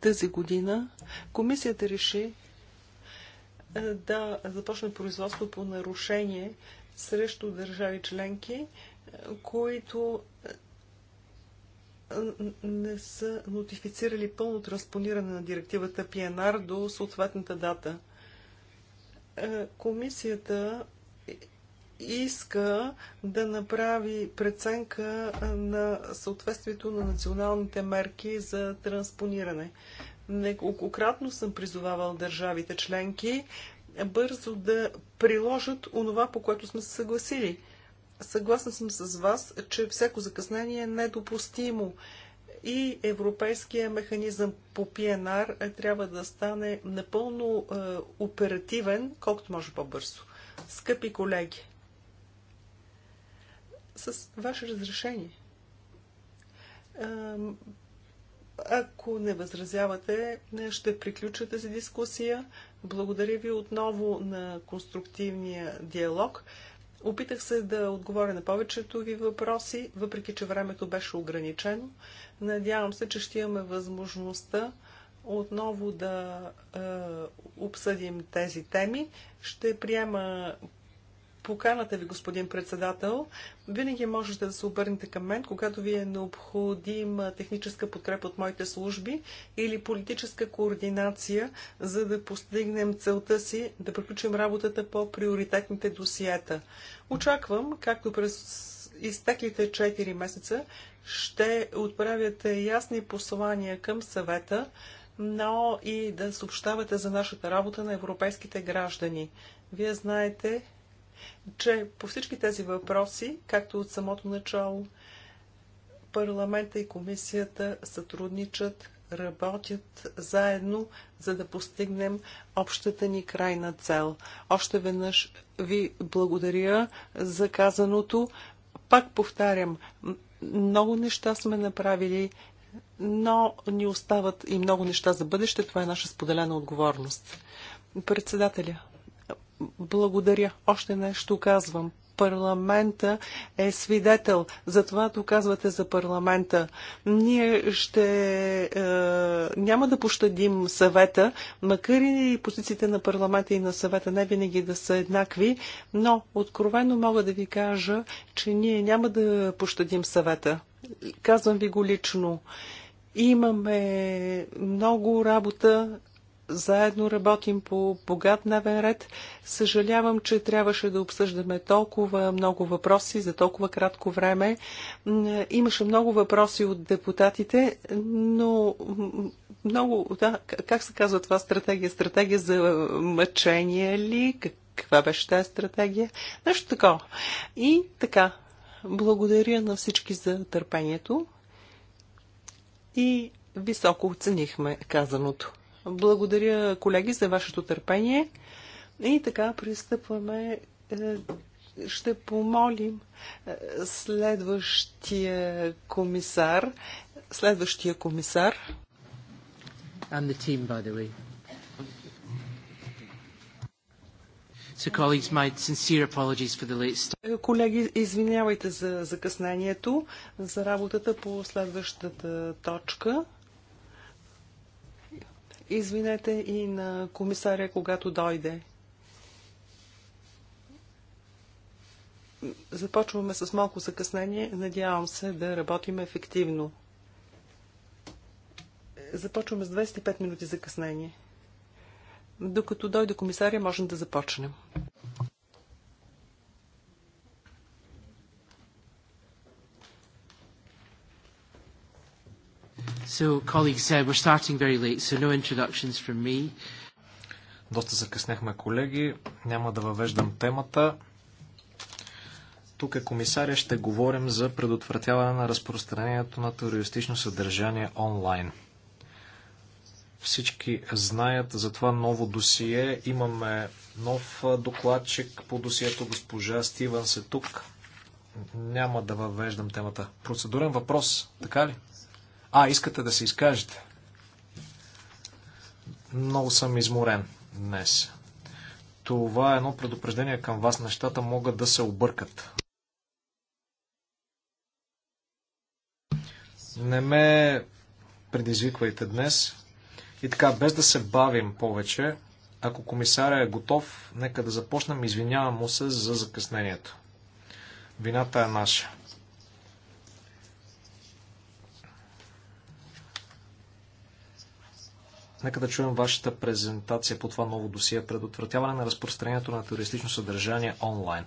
тази година комисията реши да започне производство по нарушение срещу държави членки, които не са нотифицирали пълно транспониране на директивата ПНР до съответната дата. Комисията иска да направи преценка на съответствието на националните мерки за транспониране. Неколкократно съм призовавал държавите членки бързо да приложат онова, по което сме се съгласили – Съгласна съм с вас, че всяко закъснение е недопустимо и европейския механизъм по ПНР е, трябва да стане напълно е, оперативен, колкото може по-бързо. Скъпи колеги, с ваше разрешение, е, ако не възразявате, ще приключа тази дискусия. Благодаря ви отново на конструктивния диалог. Опитах се да отговоря на повечето ви въпроси, въпреки че времето беше ограничено. Надявам се, че ще имаме възможността отново да е, обсъдим тези теми. Ще приема поканата ви, господин председател. Винаги можете да се обърнете към мен, когато ви е необходима техническа подкрепа от моите служби или политическа координация, за да постигнем целта си да приключим работата по приоритетните досиета. Очаквам, както през изтеклите 4 месеца, ще отправяте ясни послания към съвета, но и да съобщавате за нашата работа на европейските граждани. Вие знаете, че по всички тези въпроси, както от самото начало, парламента и комисията сътрудничат, работят заедно, за да постигнем общата ни крайна цел. Още веднъж ви благодаря за казаното. Пак повтарям, много неща сме направили, но ни остават и много неща за бъдеще. Това е наша споделена отговорност. Председателя. Благодаря. Още нещо казвам. Парламента е свидетел. За това доказвате за парламента. Ние ще е, няма да пощадим съвета, макар и позициите на парламента и на съвета не винаги да са еднакви, но откровено мога да ви кажа, че ние няма да пощадим съвета. Казвам ви го лично. Имаме много работа заедно работим по богат дневен ред. Съжалявам, че трябваше да обсъждаме толкова много въпроси за толкова кратко време. Имаше много въпроси от депутатите, но много, да, как се казва това стратегия? Стратегия за мъчение ли? Каква беше тази стратегия? Нещо такова. И така, благодаря на всички за търпението и високо оценихме казаното. Благодаря, колеги, за вашето търпение. И така пристъпваме. Е, ще помолим е, следващия комисар. Следващия комисар. And the team, by the way. Е, колеги, извинявайте за закъснението, за работата по следващата точка. Извинете и на комисаря, когато дойде. Започваме с малко закъснение. Надявам се да работим ефективно. Започваме с 25 минути закъснение. Докато дойде комисаря, можем да започнем. So, colleagues, uh, we're starting very late, so no introductions from me. Доста закъсняхме, колеги. Няма да въвеждам темата. Тук е комисаря. Ще говорим за предотвратяване на разпространението на терористично съдържание онлайн. Всички знаят за това ново досие. Имаме нов докладчик по досието. Госпожа Стивън се тук. Няма да въвеждам темата. Процедурен въпрос, така ли? А, искате да се изкажете? Много съм изморен днес. Това е едно предупреждение към вас. Нещата могат да се объркат. Не ме предизвиквайте днес. И така, без да се бавим повече, ако комисаря е готов, нека да започнем. Извинявам му се за закъснението. Вината е наша. Нека да чуем вашата презентация по това ново досие предотвратяване на разпространението на терористично съдържание онлайн.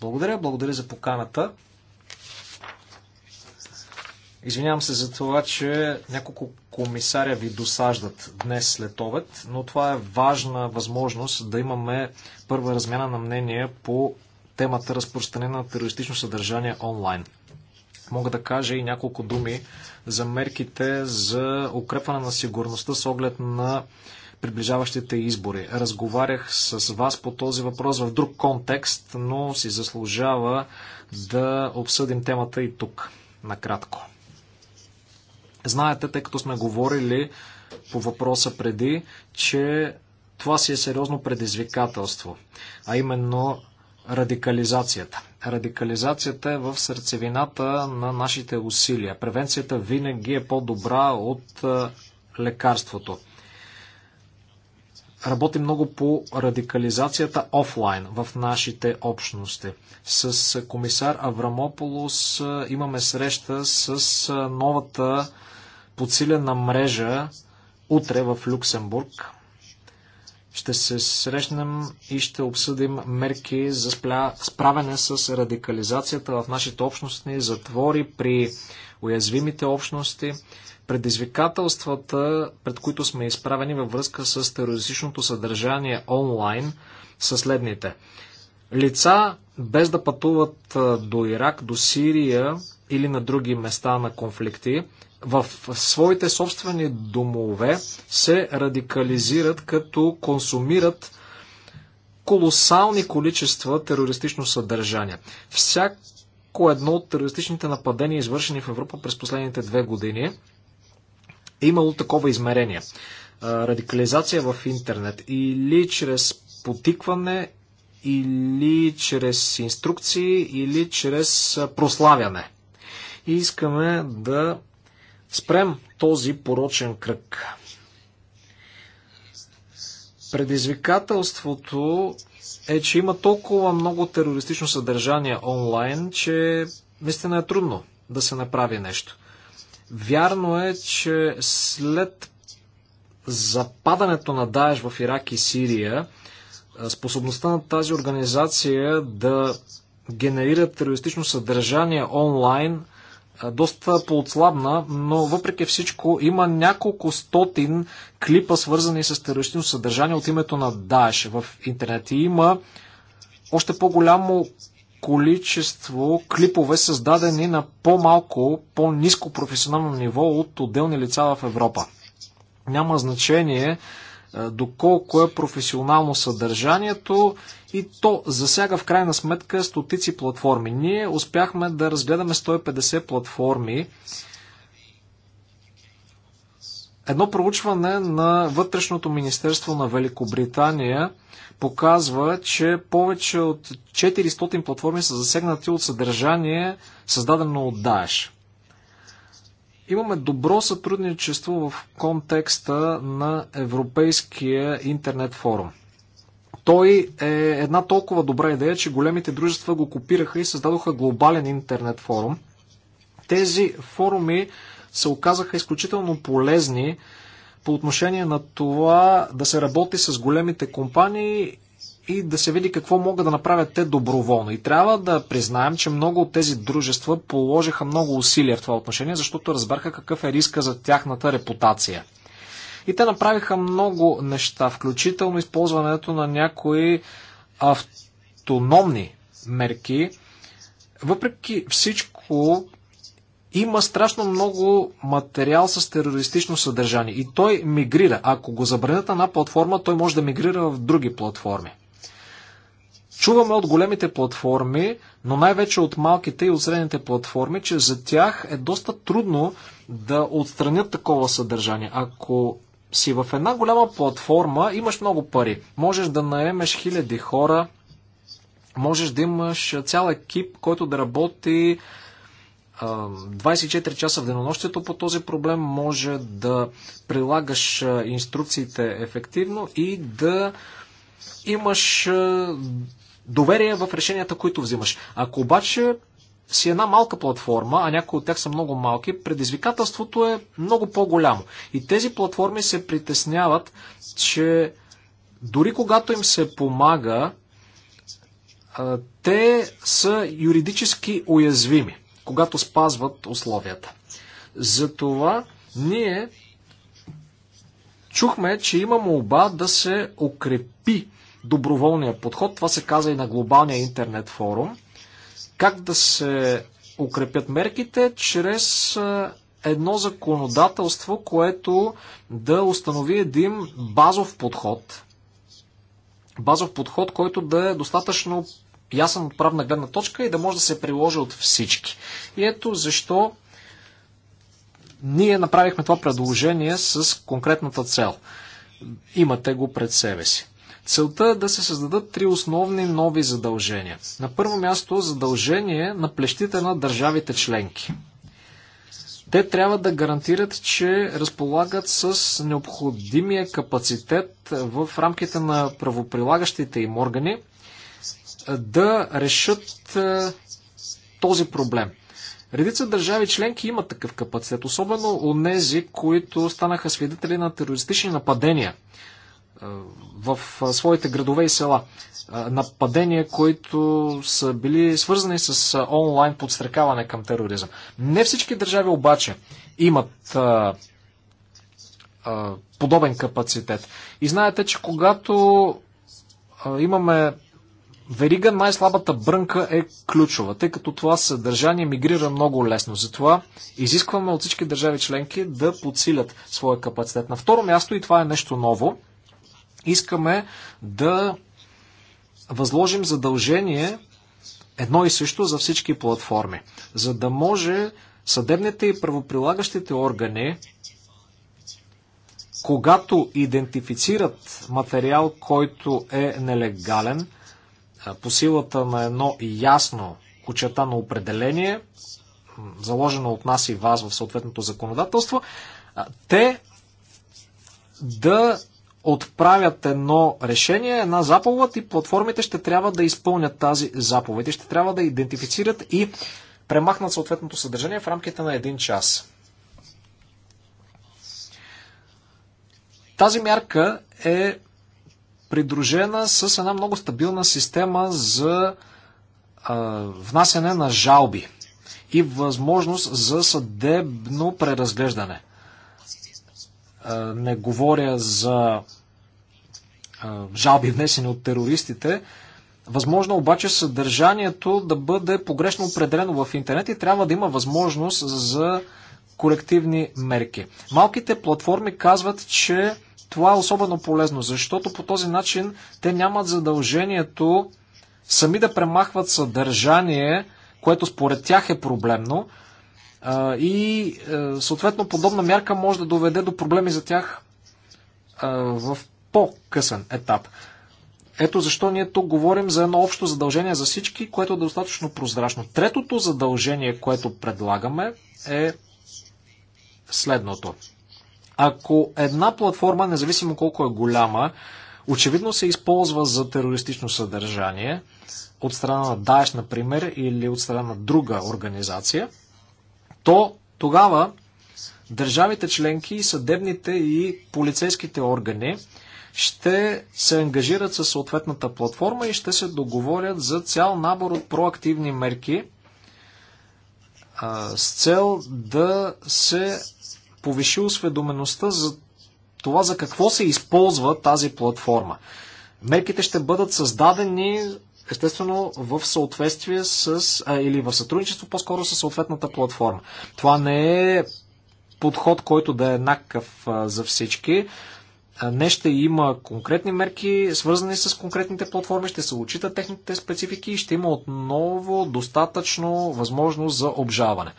Благодаря, благодаря за поканата. Извинявам се за това, че няколко комисаря ви досаждат днес след обед, но това е важна възможност да имаме първа размяна на мнения по темата разпространена на терористично съдържание онлайн мога да кажа и няколко думи за мерките за укрепване на сигурността с оглед на приближаващите избори. Разговарях с вас по този въпрос в друг контекст, но си заслужава да обсъдим темата и тук, накратко. Знаете, тъй като сме говорили по въпроса преди, че това си е сериозно предизвикателство, а именно радикализацията. Радикализацията е в сърцевината на нашите усилия. Превенцията винаги е по-добра от е, лекарството. Работи много по радикализацията офлайн в нашите общности. С комисар Аврамополос е, имаме среща с е, новата подсилена мрежа утре в Люксембург ще се срещнем и ще обсъдим мерки за справяне с радикализацията в нашите общностни затвори при уязвимите общности, предизвикателствата, пред които сме изправени във връзка с терористичното съдържание онлайн, са следните. Лица, без да пътуват до Ирак, до Сирия или на други места на конфликти, в своите собствени домове се радикализират, като консумират колосални количества терористично съдържание. Всяко едно от терористичните нападения, извършени в Европа през последните две години, е имало такова измерение. Радикализация в интернет или чрез потикване, или чрез инструкции, или чрез прославяне. И искаме да спрем този порочен кръг. Предизвикателството е, че има толкова много терористично съдържание онлайн, че наистина е трудно да се направи нещо. Вярно е, че след западането на Даеш в Ирак и Сирия, способността на тази организация да генерира терористично съдържание онлайн – доста поотслабна, но въпреки всичко има няколко стотин клипа, свързани с терористично съдържание от името на Даеш в интернет. И има още по-голямо количество клипове, създадени на по-малко, по-низко професионално ниво от отделни лица в Европа. Няма значение е, доколко е професионално съдържанието и то засяга в крайна сметка стотици платформи. Ние успяхме да разгледаме 150 платформи. Едно проучване на Вътрешното министерство на Великобритания показва, че повече от 400 платформи са засегнати от съдържание, създадено от Даеш. Имаме добро сътрудничество в контекста на Европейския интернет форум. Той е една толкова добра идея, че големите дружества го копираха и създадоха глобален интернет форум. Тези форуми се оказаха изключително полезни по отношение на това да се работи с големите компании и да се види какво могат да направят те доброволно. И трябва да признаем, че много от тези дружества положиха много усилия в това отношение, защото разбраха какъв е риска за тяхната репутация. И те направиха много неща, включително използването на някои автономни мерки. Въпреки всичко, има страшно много материал с терористично съдържание и той мигрира. Ако го забранят на една платформа, той може да мигрира в други платформи. Чуваме от големите платформи, но най-вече от малките и от средните платформи, че за тях е доста трудно да отстранят такова съдържание. Ако си в една голяма платформа, имаш много пари. Можеш да наемеш хиляди хора, можеш да имаш цял екип, който да работи 24 часа в денонощието по този проблем, може да прилагаш инструкциите ефективно и да имаш доверие в решенията, които взимаш. Ако обаче си една малка платформа, а някои от тях са много малки, предизвикателството е много по-голямо. И тези платформи се притесняват, че дори когато им се помага, те са юридически уязвими, когато спазват условията. Затова ние чухме, че има молба да се укрепи доброволния подход. Това се каза и на глобалния интернет форум. Как да се укрепят мерките чрез едно законодателство, което да установи един базов подход. Базов подход, който да е достатъчно ясен от правна гледна точка и да може да се приложи от всички. И ето защо ние направихме това предложение с конкретната цел. Имате го пред себе си. Целта е да се създадат три основни нови задължения. На първо място задължение на плещите на държавите членки. Те трябва да гарантират, че разполагат с необходимия капацитет в рамките на правоприлагащите им органи да решат този проблем. Редица държави членки имат такъв капацитет, особено у нези, които станаха свидетели на терористични нападения в своите градове и села. Нападения, които са били свързани с онлайн подстрекаване към тероризъм. Не всички държави обаче имат подобен капацитет. И знаете, че когато имаме верига, най-слабата брънка е ключова, тъй като това съдържание мигрира много лесно. Затова изискваме от всички държави членки да подсилят своя капацитет. На второ място, и това е нещо ново, Искаме да възложим задължение едно и също за всички платформи, за да може съдебните и правоприлагащите органи, когато идентифицират материал, който е нелегален, по силата на едно ясно очертано определение, заложено от нас и вас в съответното законодателство, те да отправят едно решение, една заповед и платформите ще трябва да изпълнят тази заповед и ще трябва да идентифицират и премахнат съответното съдържание в рамките на един час. Тази мярка е придружена с една много стабилна система за а, внасяне на жалби и възможност за съдебно преразглеждане. Е, не говоря за е, жалби внесени от терористите. Възможно обаче съдържанието да бъде погрешно определено в интернет и трябва да има възможност за колективни мерки. Малките платформи казват, че това е особено полезно, защото по този начин те нямат задължението сами да премахват съдържание, което според тях е проблемно, и е, съответно подобна мярка може да доведе до проблеми за тях в по-късен етап. Ето защо ние тук говорим за едно общо задължение за всички, което е достатъчно прозрачно. Третото задължение, което предлагаме е следното. Ако една платформа, независимо колко е голяма, очевидно се използва за терористично съдържание от страна на Даеш, например, или от страна на друга организация – то тогава държавите членки, съдебните и полицейските органи ще се ангажират със съответната платформа и ще се договорят за цял набор от проактивни мерки а, с цел да се повиши осведомеността за това за какво се използва тази платформа. Мерките ще бъдат създадени естествено в съответствие с, а, или в сътрудничество по-скоро с съответната платформа. Това не е подход, който да е еднакъв а, за всички. А, не ще има конкретни мерки, свързани с конкретните платформи, ще се учита техните специфики и ще има отново достатъчно възможност за обжаване.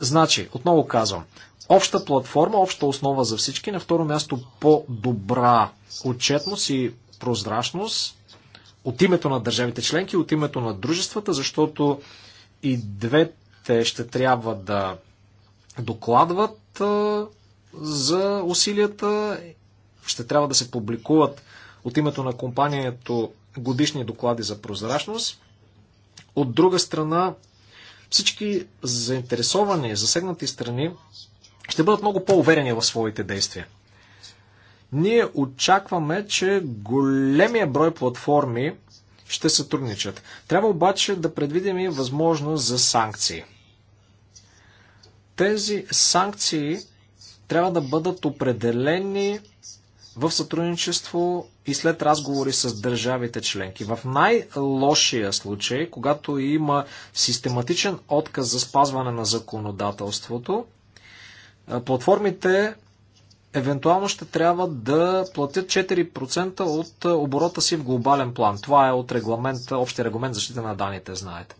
Значи, отново казвам, обща платформа, обща основа за всички, на второ място по-добра отчетност и прозрачност, от името на държавите членки, от името на дружествата, защото и двете ще трябва да докладват за усилията, ще трябва да се публикуват от името на компанието годишни доклади за прозрачност. От друга страна, всички заинтересовани, засегнати страни ще бъдат много по-уверени в своите действия. Ние очакваме, че големия брой платформи ще сътрудничат. Трябва обаче да предвидим и възможност за санкции. Тези санкции трябва да бъдат определени в сътрудничество и след разговори с държавите членки. В най-лошия случай, когато има систематичен отказ за спазване на законодателството, платформите евентуално ще трябва да платят 4% от оборота си в глобален план. Това е от регламент, общия регламент защита на данните, знаете.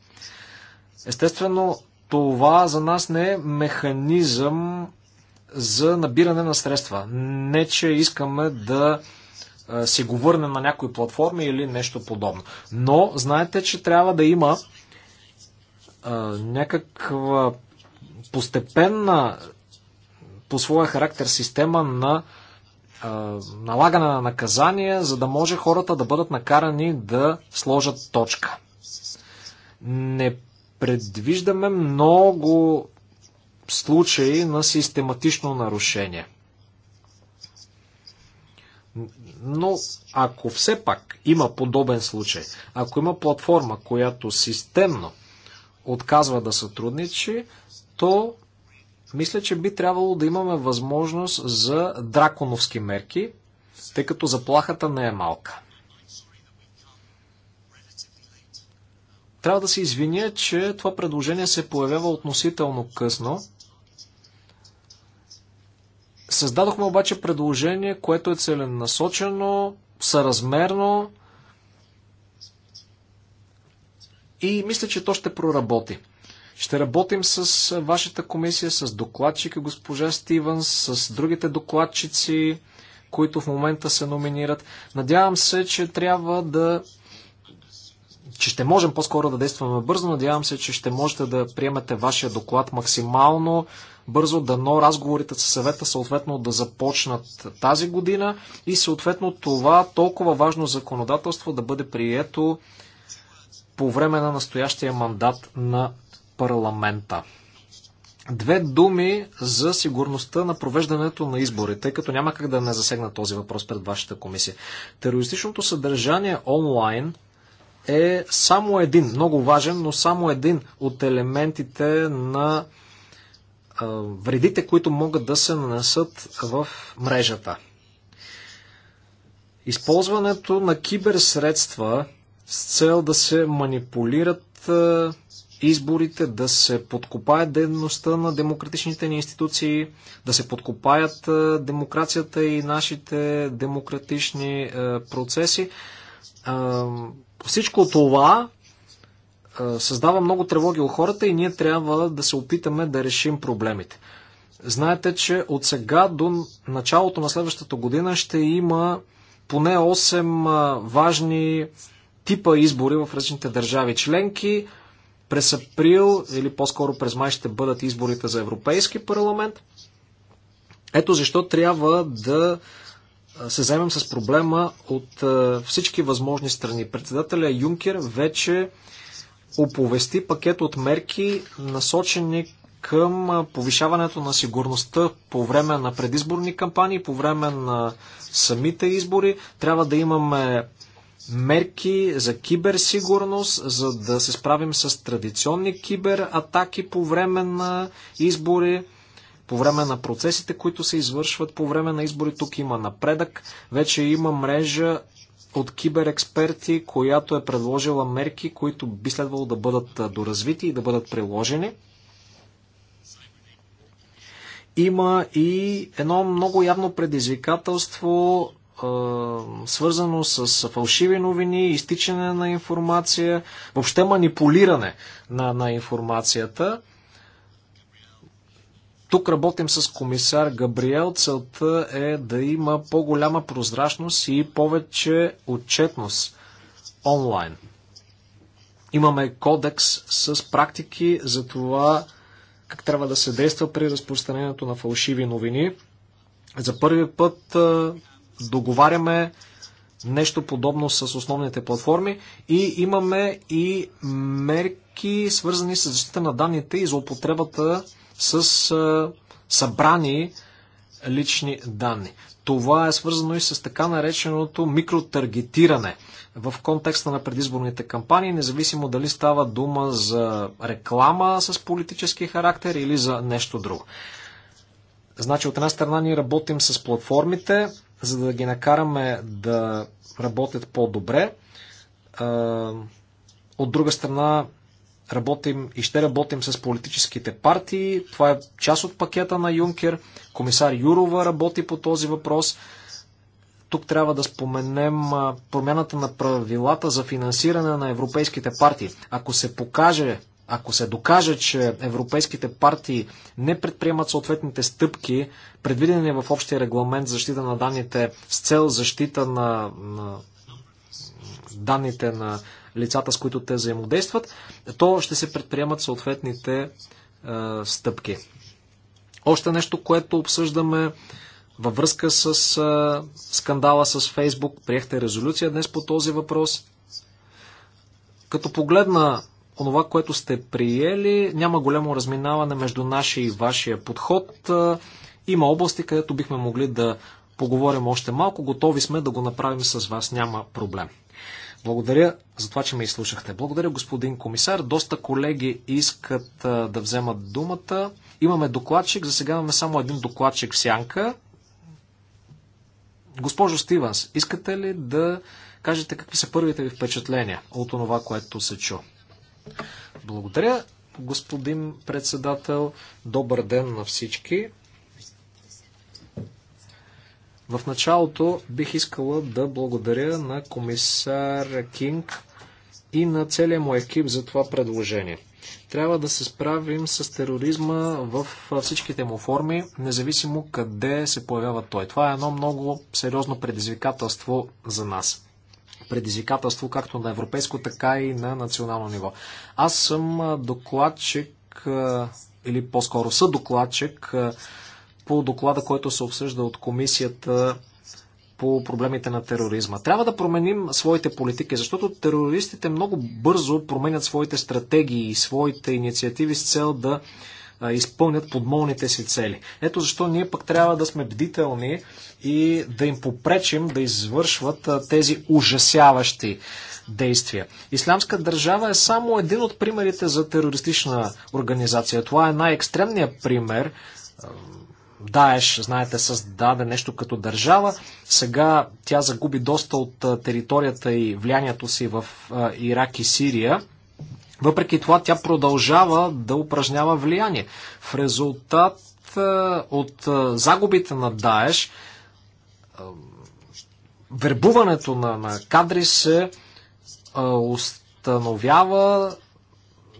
Естествено, това за нас не е механизъм за набиране на средства. Не, че искаме да си го върнем на някои платформи или нещо подобно. Но знаете, че трябва да има а, някаква постепенна по своя характер система на налагане на наказания, за да може хората да бъдат накарани да сложат точка. Не предвиждаме много случаи на систематично нарушение. Но ако все пак има подобен случай, ако има платформа, която системно отказва да сътрудничи, то мисля, че би трябвало да имаме възможност за драконовски мерки, тъй като заплахата не е малка. Трябва да се извиня, че това предложение се появява относително късно. Създадохме обаче предложение, което е целенасочено, съразмерно и мисля, че то ще проработи. Ще работим с вашата комисия, с докладчика госпожа Стивенс, с другите докладчици, които в момента се номинират. Надявам се, че трябва да че ще можем по-скоро да действаме бързо. Надявам се, че ще можете да приемете вашия доклад максимално бързо, дано разговорите с съвета съответно да започнат тази година и съответно това толкова важно законодателство да бъде прието по време на настоящия мандат на парламента. Две думи за сигурността на провеждането на избори, тъй като няма как да не засегна този въпрос пред вашата комисия. Терористичното съдържание онлайн е само един, много важен, но само един от елементите на а, вредите, които могат да се нанесат в мрежата. Използването на киберсредства с цел да се манипулират а, изборите, да се подкопаят дейността на демократичните ни институции, да се подкопаят е, демокрацията и нашите демократични е, процеси. Е, всичко това създава много тревоги у хората и ние трябва да се опитаме да решим проблемите. Знаете, че от сега до началото на следващата година ще има поне 8 важни типа избори в различните държави членки. През април или по-скоро през май ще бъдат изборите за Европейски парламент. Ето защо трябва да се займем с проблема от всички възможни страни. Председателя Юнкер вече оповести пакет от мерки, насочени към повишаването на сигурността по време на предизборни кампании, по време на самите избори. Трябва да имаме мерки за киберсигурност, за да се справим с традиционни кибератаки по време на избори, по време на процесите, които се извършват по време на избори. Тук има напредък. Вече има мрежа от киберексперти, която е предложила мерки, които би следвало да бъдат доразвити и да бъдат приложени. Има и едно много явно предизвикателство свързано с фалшиви новини, изтичане на информация, въобще манипулиране на, на информацията. Тук работим с комисар Габриел. Целта е да има по-голяма прозрачност и повече отчетност онлайн. Имаме кодекс с практики за това как трябва да се действа при разпространението на фалшиви новини. За първи път договаряме нещо подобно с основните платформи и имаме и мерки свързани с защита на данните и злоупотребата с събрани лични данни. Това е свързано и с така нареченото микротаргетиране в контекста на предизборните кампании, независимо дали става дума за реклама с политически характер или за нещо друго. Значи от една страна ние работим с платформите, за да ги накараме да работят по-добре. От друга страна, работим и ще работим с политическите партии. Това е част от пакета на Юнкер. Комисар Юрова работи по този въпрос. Тук трябва да споменем промяната на правилата за финансиране на европейските партии. Ако се покаже, ако се докаже, че европейските партии не предприемат съответните стъпки, предвидени в общия регламент защита на данните с цел защита на, на данните на лицата, с които те взаимодействат, то ще се предприемат съответните е, стъпки. Още нещо, което обсъждаме във връзка с е, скандала с Фейсбук, приехте резолюция днес по този въпрос. Като погледна онова, което сте приели, няма голямо разминаване между нашия и вашия подход. Има области, където бихме могли да поговорим още малко. Готови сме да го направим с вас. Няма проблем. Благодаря за това, че ме изслушахте. Благодаря, господин комисар. Доста колеги искат да вземат думата. Имаме докладчик. За сега имаме само един докладчик в сянка. Госпожо Стиванс, искате ли да кажете какви са първите ви впечатления от това, което се чу? Благодаря, господин председател. Добър ден на всички. В началото бих искала да благодаря на комисар Кинг и на целия му екип за това предложение. Трябва да се справим с тероризма в всичките му форми, независимо къде се появява той. Това е едно много сериозно предизвикателство за нас предизвикателство както на европейско, така и на национално ниво. Аз съм докладчик или по-скоро докладчик, по доклада, който се обсъжда от комисията по проблемите на тероризма. Трябва да променим своите политики, защото терористите много бързо променят своите стратегии и своите инициативи с цел да изпълнят подмолните си цели. Ето защо ние пък трябва да сме бдителни и да им попречим да извършват тези ужасяващи действия. Исламска държава е само един от примерите за терористична организация. Това е най-екстремният пример. Даеш, знаете, създаде нещо като държава. Сега тя загуби доста от територията и влиянието си в Ирак и Сирия. Въпреки това тя продължава да упражнява влияние. В резултат е, от е, загубите на Даеш, е, вербуването на, на кадри се установява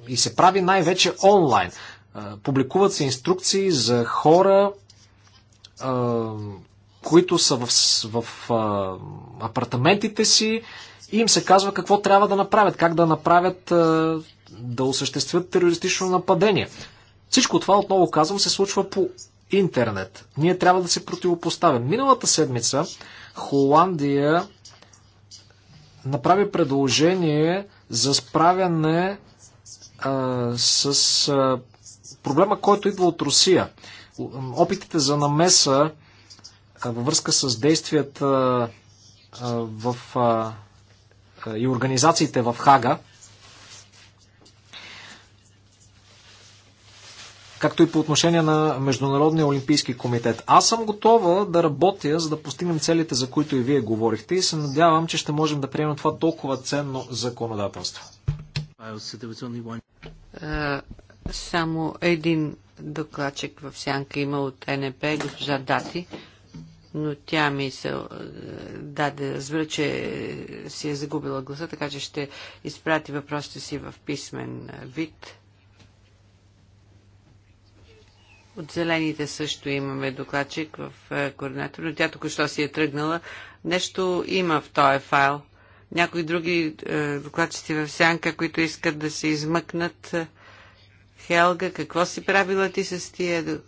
и се прави най-вече онлайн. Публикуват се инструкции за хора, които са в, в апартаментите си и им се казва какво трябва да направят, как да направят, е, да осъществят терористично нападение. Всичко това, отново казвам, се случва по интернет. Ние трябва да се противопоставим. Миналата седмица Холандия направи предложение за справяне а, е, с а, е, проблема, който идва от Русия. Опитите за намеса а, във връзка с действията а, в а, и организациите в Хага, както и по отношение на Международния олимпийски комитет. Аз съм готова да работя, за да постигнем целите, за които и вие говорихте и се надявам, че ще можем да приемем това толкова ценно законодателство. Е, само един докладчик в сянка има от НП, госпожа Дати но тя ми се е, даде, разбира, че си е загубила гласа, така че ще изпрати въпросите си в писмен вид. От зелените също имаме докладчик в е, координатор, но тя току-що си е тръгнала. Нещо има в този файл. Някои други е, докладчици в сянка, които искат да се измъкнат. Хелга, какво си правила ти с тия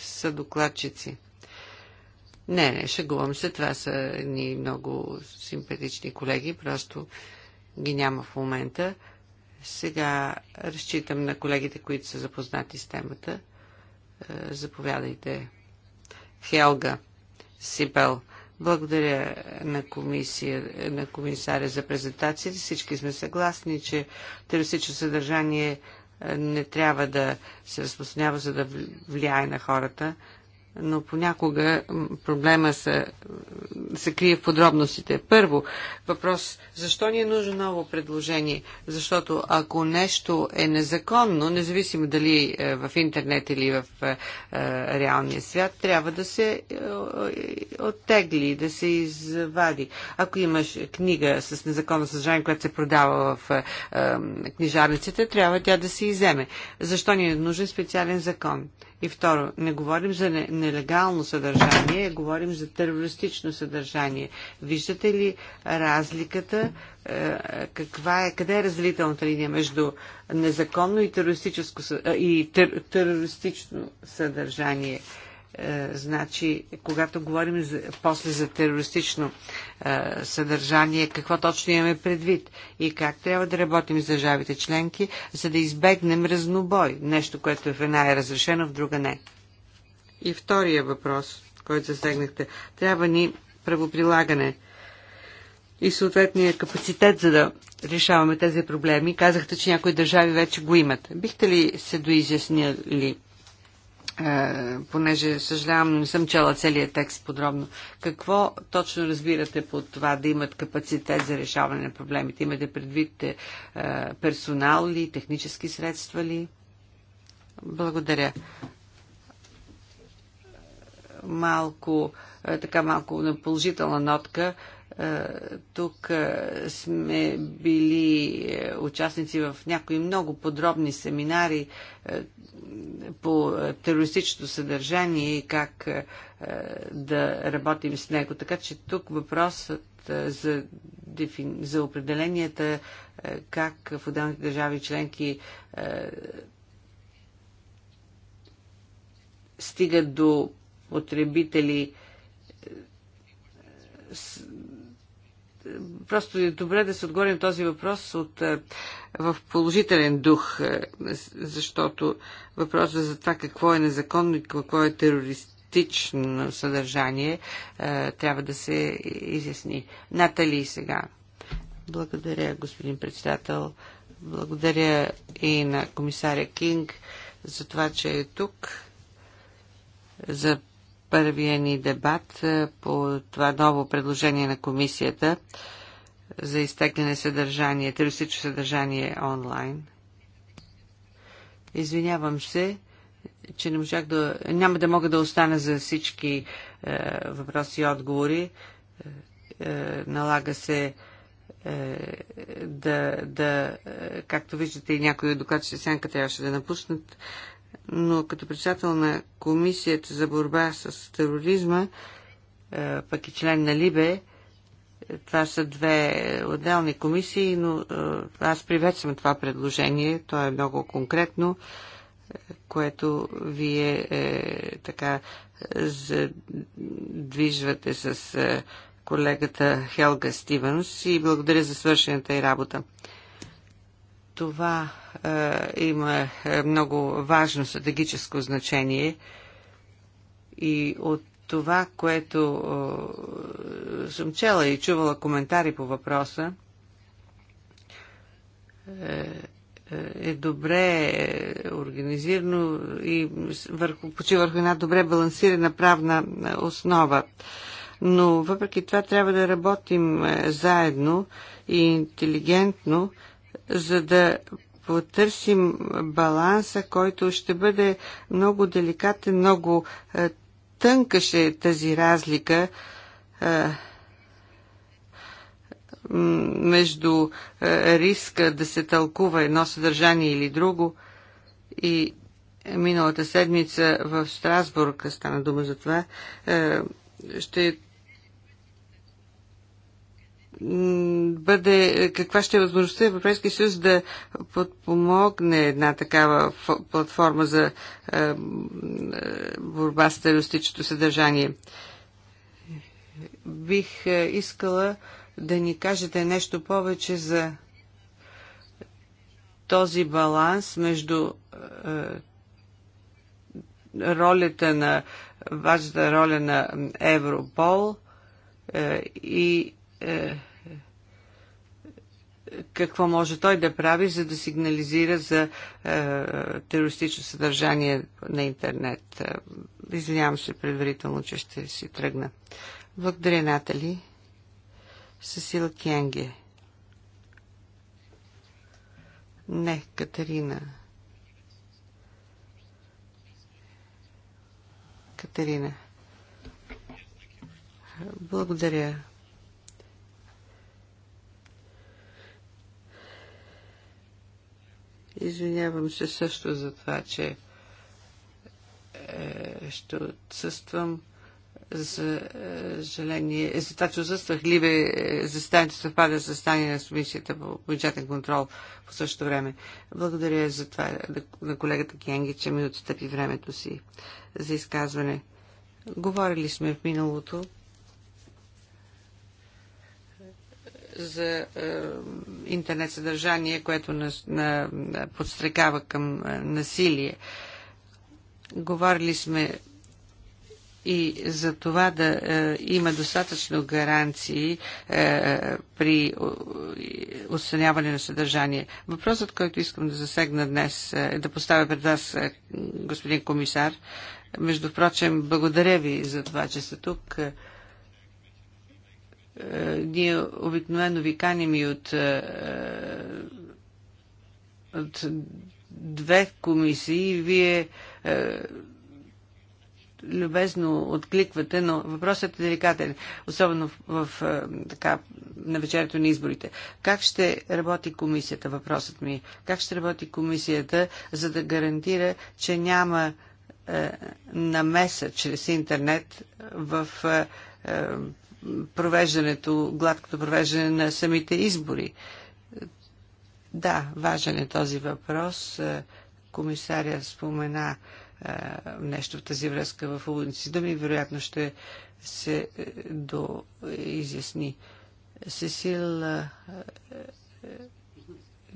са докладчици? Не, не, шегувам се. Това са ни много симпатични колеги. Просто ги няма в момента. Сега разчитам на колегите, които са запознати с темата. Е, заповядайте. Хелга Сипел. Благодаря на, комисия, на комисаря за презентацията. Всички сме съгласни, че терористично съдържание е, не трябва да се разпространява, за да влияе на хората но понякога проблема са, се крие в подробностите. Първо, въпрос, защо ни е нужно ново предложение? Защото ако нещо е незаконно, независимо дали е, е, в интернет или в е, реалния свят, трябва да се оттегли, да се извади. Ако имаш книга с незаконно съдържание, която се продава в книжарниците, трябва тя да се иземе. Защо ни е нужен специален закон? И второ, не говорим за нелегално съдържание, а говорим за терористично съдържание. Виждате ли разликата? Е, каква е, къде е разделителната линия между незаконно и, терористическо, е, и тер, терористично съдържание? Е, значи, когато говорим за, после за терористично е, съдържание, какво точно имаме предвид и как трябва да работим с държавите членки, за да избегнем разнобой, нещо, което в една е разрешено, в друга не. И втория въпрос, който засегнахте, трябва ни правоприлагане и съответния капацитет, за да решаваме тези проблеми. Казахте, че някои държави вече го имат. Бихте ли се доизяснили? Е, понеже съжалявам, но не съм чела целият текст подробно. Какво точно разбирате под това да имат капацитет за решаване на проблемите? Имате предвид е, персонал ли, технически средства ли? Благодаря. Малко, е, така малко на положителна нотка. Е, е, тук е, сме били е, участници в някои много подробни семинари по терористичното съдържание и как да работим с него. Така че тук въпросът за, за определенията как в отделните държави членки стигат до потребители просто е добре да се отговорим този въпрос от, е, в положителен дух, е, защото въпросът е за това какво е незаконно и какво е терористично съдържание трябва да се изясни. Натали сега. Благодаря, господин председател. Благодаря и на комисаря Кинг за това, че е тук за първия ни дебат по това ново предложение на комисията за изтегляне съдържание, терористично съдържание онлайн. Извинявам се, че не можах да, няма да мога да остана за всички е, въпроси и отговори. Е, налага се е, да, да, както виждате и някои от докладчите сянка трябваше да напуснат. Е, но като председател на Комисията за борба с тероризма, е, пък и член на Либе, е, това са две отделни комисии, но е, аз приветствам това предложение. То е много конкретно, което вие е, така задвижвате с колегата Хелга Стивенс и благодаря за свършената и работа. Това е, има е, много важно стратегическо значение и от това, което е, съм чела и чувала коментари по въпроса, е, е, е добре е, организирано и върху, почи върху една добре балансирана правна основа. Но въпреки това трябва да работим заедно и интелигентно, за да потърсим баланса, който ще бъде много деликатен, много е, тънка ще е тази разлика е, между е, риска да се тълкува едно съдържание или друго. И миналата седмица в Страсбург стана дума за това. Ще бъде, каква ще е възможността Европейския съюз да подпомогне една такава платформа за борба с терористичното съдържание. Бих е, искала да ни кажете нещо повече за този баланс между е, е, ролята на важната роля на Европол и е, е, какво може той да прави, за да сигнализира за е, терористично съдържание на интернет. Е, извинявам се предварително, че ще си тръгна. Благодаря, Натали. Сесила Кенге. Не, Катерина. Катерина. Благодаря. Извинявам се също за това, че е, ще отсъствам. За е, е за това, че отсъствах Либе, е, станите, съвпада с застание на Комисията по бюджетен контрол по същото време. Благодаря за това на колегата Кенги, че ми отстъпи времето си за изказване. Говорили сме в миналото за е, интернет съдържание, което на, на, подстрекава към е, насилие. Говорили сме и за това да е, има достатъчно гаранции е, при отстраняване на съдържание. Въпросът, който искам да засегна днес, е да поставя пред вас, е, господин комисар. Между прочим, благодаря ви за това, че сте тук. Е, е, ние обикновено ви каним и от, е, от две комисии. Вие е, любезно откликвате, но въпросът е деликатен, особено в, в така, на вечерято на изборите. Как ще работи комисията, въпросът ми? Как ще работи комисията, за да гарантира, че няма е, намеса чрез интернет в е, провеждането, гладкото провеждане на самите избори. Да, важен е този въпрос. Е, комисаря спомена е, нещо в тази връзка в уводници думи, вероятно ще се е, доизясни. Сесил,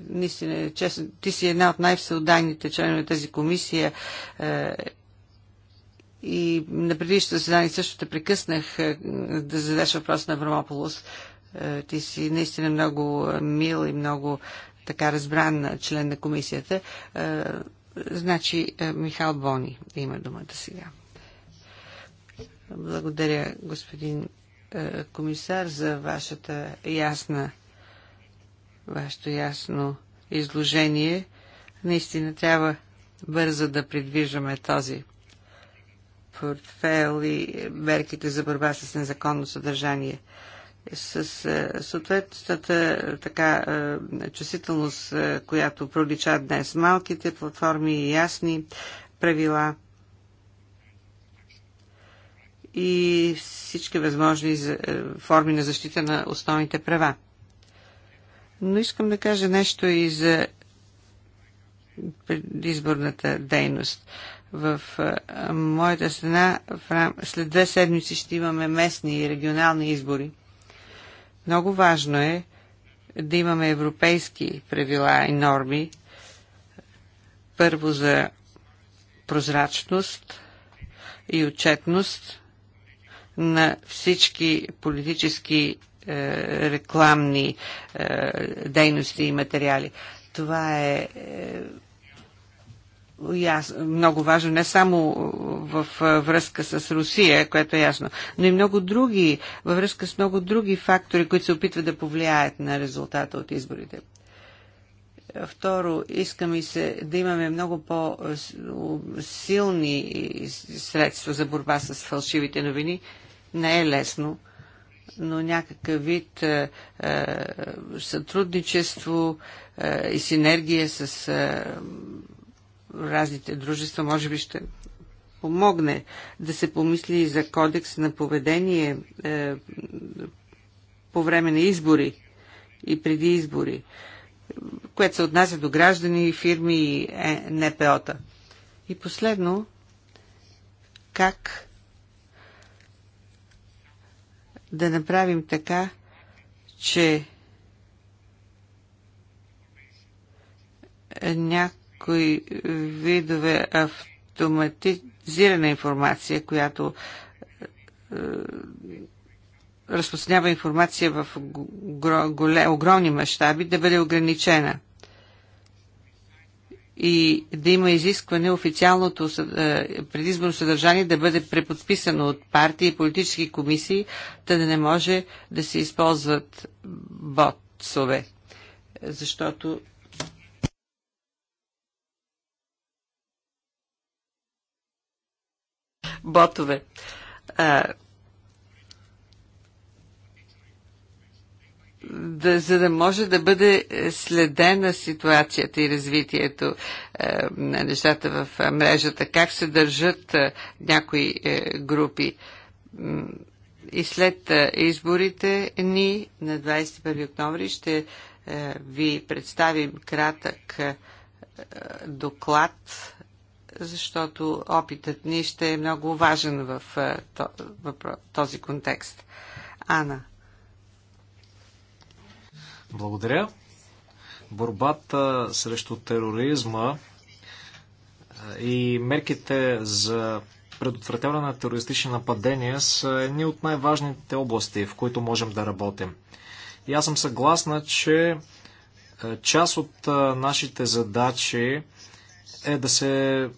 наистина, честно, ти си една от най-всеудайните членове на тази комисия и на предишното заседание също те прекъснах е, да зададеш въпрос на Аврамополос. Е, ти си наистина много е, мил и много така разбран член на комисията. Значи Михал Бони има думата сега. Благодаря, господин комисар, за вашата ясна, вашето ясно изложение. Наистина трябва бързо да придвижваме този портфел и мерките за борба с незаконно съдържание. С е, съответната така е, чувствителност, е, която пролича днес, малките платформи и ясни правила и всички възможни форми на защита на основните права. Но искам да кажа нещо и за предизборната дейност в моята страна след две седмици ще имаме местни и регионални избори. Много важно е да имаме европейски правила и норми. Първо за прозрачност и отчетност на всички политически е, рекламни е, дейности и материали. Това е, е много важно не само в връзка с Русия, което е ясно, но и много други, във връзка с много други фактори, които се опитват да повлияят на резултата от изборите. Второ, искаме се да имаме много по-силни средства за борба с фалшивите новини. Не е лесно, но някакъв вид е, е, сътрудничество е, и синергия с е, разните дружества може би ще помогне да се помисли за кодекс на поведение е, по време на избори и преди избори, което се отнася до граждани, фирми и е, НПО-та. И последно, как да направим така, че ня някои видове автоматизирана информация, която е, разпространява информация в огромни мащаби, да бъде ограничена и да има изискване официалното е, предизборно съдържание да бъде преподписано от партии и политически комисии, да не може да се използват ботсове, защото ботове. А, да, за да може да бъде следена ситуацията и развитието а, е, на нещата в е, мрежата, как се държат а, е, някои а, групи. И след а, изборите ни на 21 октомври ще а, ви представим кратък а, доклад защото опитът ни ще е много важен в е, този контекст. Ана. Благодаря. Борбата срещу тероризма е, и мерките за предотвратяване на терористични нападения са едни от най-важните области, в които можем да работим. И аз съм съгласна, че е, част от нашите задачи е да се е,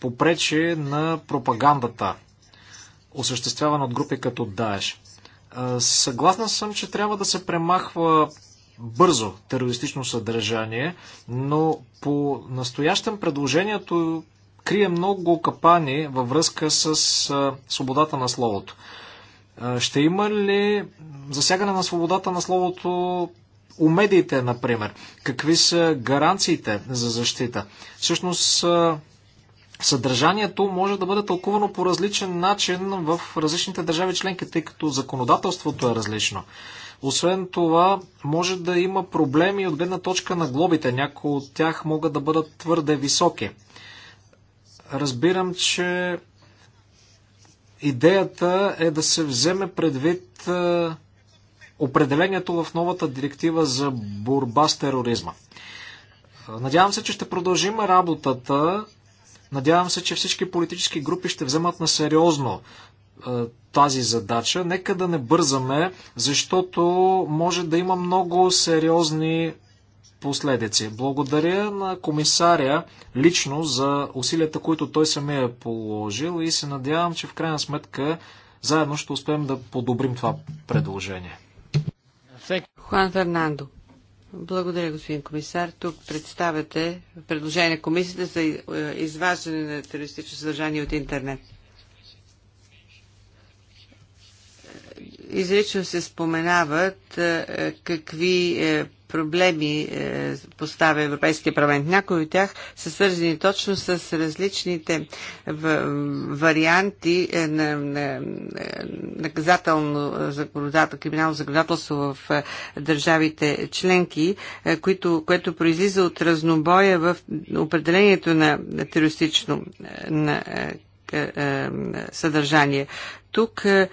попречи на пропагандата, осъществявана от групи като Даеш. Е, съгласна съм, че трябва да се премахва бързо терористично съдържание, но по настоящем предложението крие много капани във връзка с е, свободата на словото. Ще има ли засягане на свободата на словото у медиите, например. Какви са гаранциите за защита? Всъщност, съдържанието може да бъде тълкувано по различен начин в различните държави членки, тъй като законодателството е различно. Освен това, може да има проблеми от гледна точка на глобите. Някои от тях могат да бъдат твърде високи. Разбирам, че идеята е да се вземе предвид определението в новата директива за борба с тероризма. Надявам се, че ще продължим работата. Надявам се, че всички политически групи ще вземат на сериозно е, тази задача. Нека да не бързаме, защото може да има много сериозни последици. Благодаря на комисаря лично за усилията, които той самия е положил и се надявам, че в крайна сметка заедно ще успеем да подобрим това предложение. Хуан Фернандо. Благодаря, господин комисар. Тук представяте предложение на комисията за е, изваждане на терористично съдържание от интернет. изрично се споменават е, какви е, проблеми е, поставя Европейския парламент. Някои от тях са свързани точно с различните варианти на, наказателно законодателство, криминално законодателство в държавите членки, което, което произлиза от разнобоя в определението на терористично на е, е, съдържание. Тук е,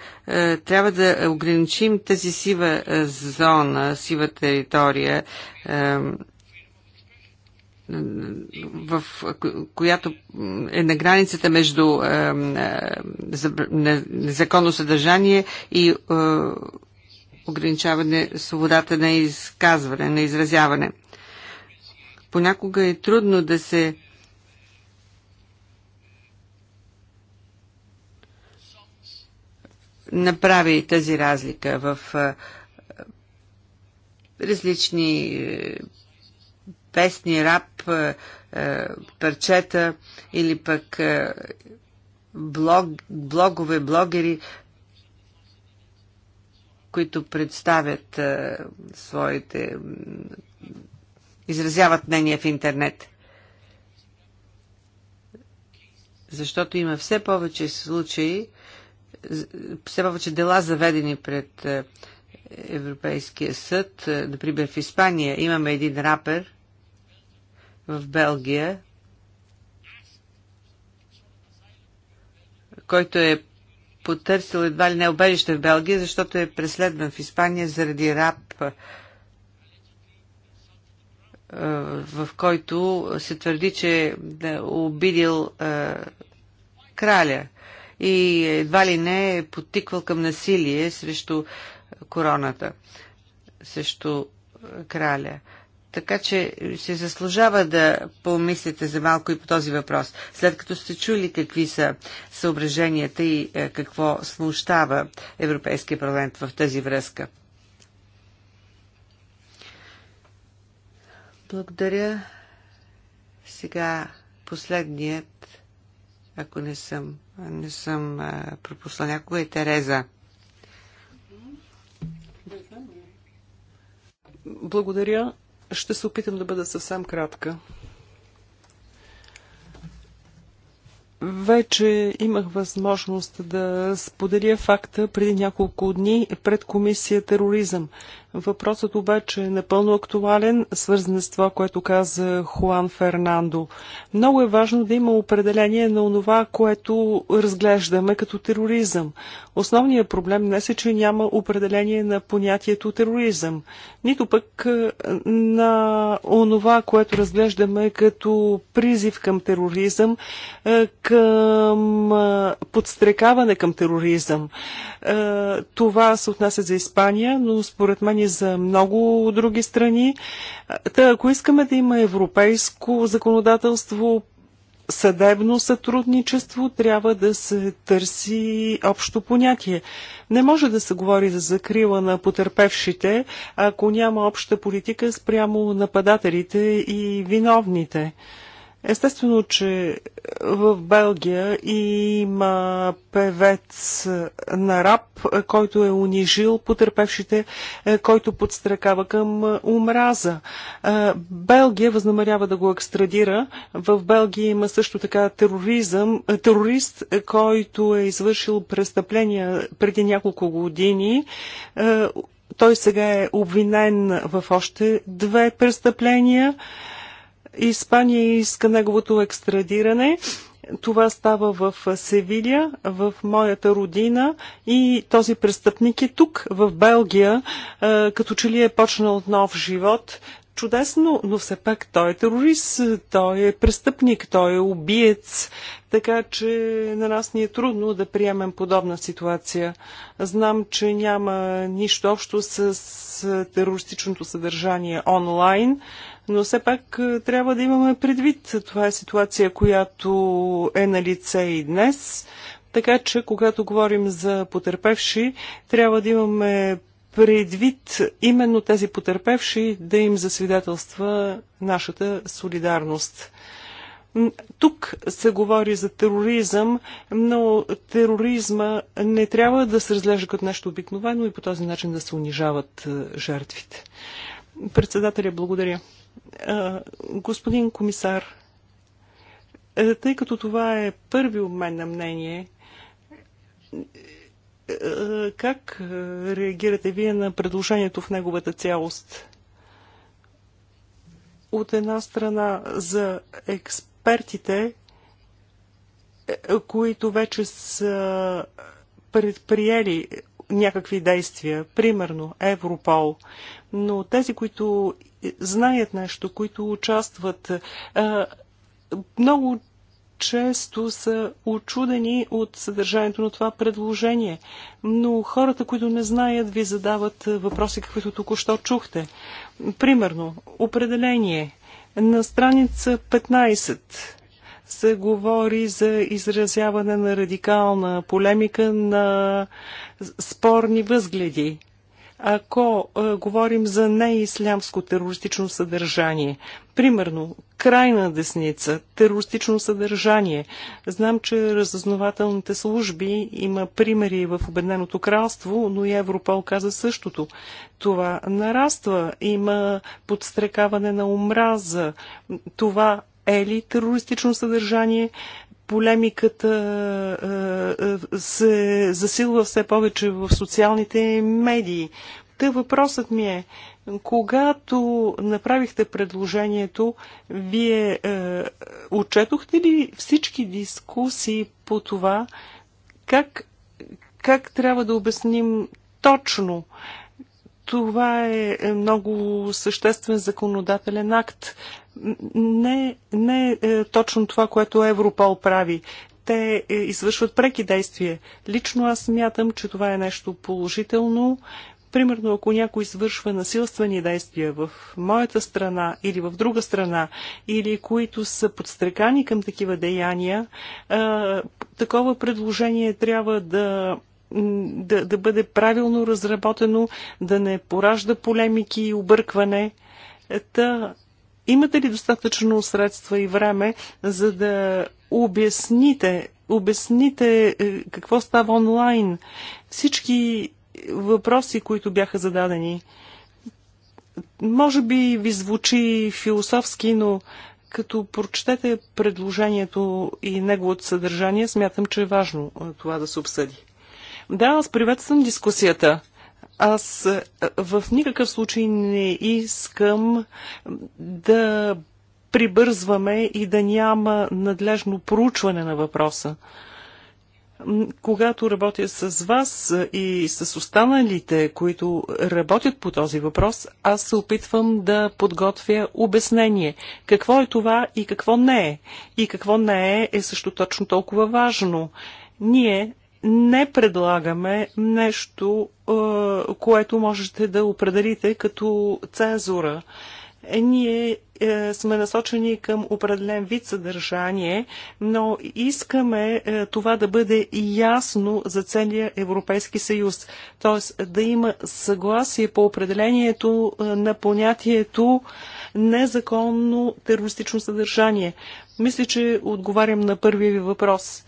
трябва да ограничим тази сива зона, сива територия, в която е на границата между незаконно съдържание и ограничаване свободата на изказване, на изразяване. Понякога е трудно да се направи тази разлика в различни песни, рап, парчета или пък блог, блогове, блогери, които представят своите изразяват мнение в интернет. Защото има все повече случаи, все повече дела заведени пред е, Европейския съд. Е, например, в Испания имаме един рапер в Белгия, който е потърсил едва ли не обежище в Белгия, защото е преследван в Испания заради рап, е, в който се твърди, че е обидил краля и едва ли не е подтиквал към насилие срещу короната, срещу е, краля. Така че се заслужава да помислите за малко и по този въпрос. След като сте чули какви са съображенията и е, какво смущава Европейския парламент в тази връзка. Благодаря. Сега последният, ако не съм не съм пропусла някога. Е Тереза. Благодаря. Ще се опитам да бъда съвсем кратка. Вече имах възможност да споделя факта преди няколко дни пред комисия тероризъм. Въпросът обаче е напълно актуален, свързан с това, което каза Хуан Фернандо. Много е важно да има определение на онова, което разглеждаме като тероризъм. Основният проблем не е, че няма определение на понятието тероризъм, нито пък е, на онова, което разглеждаме като призив към тероризъм, е, към е, подстрекаване към тероризъм. Това се отнася за Испания, но според мен валидни за много други страни. Та, ако искаме да има европейско законодателство, съдебно сътрудничество, трябва да се търси общо понятие. Не може да се говори за закрила на потерпевшите, ако няма обща политика спрямо нападателите и виновните. Естествено, че в Белгия има певец на рап, който е унижил потерпевшите, е, който подстракава към е, омраза. Е, Белгия възнамерява да го екстрадира. В Белгия има също така тероризъм, терорист, който е извършил престъпления преди няколко години. Той сега е обвинен в още две престъпления. Испания иска неговото екстрадиране. Това става в Севилия, в моята родина и този престъпник е тук, в Белгия, като че ли е почнал нов живот. Чудесно, но все пак той е терорист, той е престъпник, той е убиец, така че на нас ни е трудно да приемем подобна ситуация. Знам, че няма нищо общо с терористичното съдържание онлайн но все пак е, трябва да имаме предвид. Това е ситуация, която е на лице и днес. Така че, когато говорим за потерпевши, трябва да имаме предвид именно тези потерпевши да им засвидетелства нашата солидарност. Тук се говори за тероризъм, но тероризма не трябва да се разглежда като нещо обикновено и по този начин да се унижават е, жертвите. Председателя, благодаря. Господин комисар, е, тъй като това е първи обмен на мнение, е, е, как реагирате вие на предложението в неговата цялост? От една страна за експертите, които вече са предприели някакви действия, примерно Европол, но тези, които знаят нещо, които участват, е, много често са очудени от съдържанието на това предложение. Но хората, които не знаят, ви задават въпроси, каквито току-що чухте. Примерно, определение. На страница 15 се говори за изразяване на радикална полемика на спорни възгледи ако е, говорим за неислямско терористично съдържание. Примерно, крайна десница, терористично съдържание. Знам, че разъзнавателните служби има примери в Обедненото кралство, но и Европол каза същото. Това нараства, има подстрекаване на омраза. Това е ли терористично съдържание? полемиката се засилва все повече в социалните медии. Та въпросът ми е, когато направихте предложението, вие е, отчетохте ли всички дискусии по това, как, как трябва да обясним точно? Това е много съществен законодателен акт не, не е точно това, което Европол прави. Те е, извършват преки действия. Лично аз мятам, че това е нещо положително. Примерно, ако някой извършва насилствени действия в моята страна или в друга страна, или които са подстрекани към такива деяния, е, такова предложение трябва да да, да бъде правилно разработено, да не поражда полемики и объркване. Та, Имате ли достатъчно средства и време, за да обясните, обясните е, какво става онлайн? Всички въпроси, които бяха зададени. Може би ви звучи философски, но като прочетете предложението и неговото съдържание, смятам, че е важно е, това да се обсъди. Да, аз приветствам дискусията. Аз е, в никакъв случай не искам да прибързваме и да няма надлежно проучване на въпроса. Когато работя с вас е, и с останалите, които работят по този въпрос, аз се опитвам да подготвя обяснение. Какво е това и какво не е. И какво не е е също точно толкова важно. Ние не предлагаме нещо, е, което можете да определите като цензура. Е, ние е, сме насочени към определен вид съдържание, но искаме това да бъде ясно за целия Европейски съюз. Т.е. да има съгласие по определението на понятието незаконно терористично съдържание. Мисля, че отговарям на първия ви въпрос.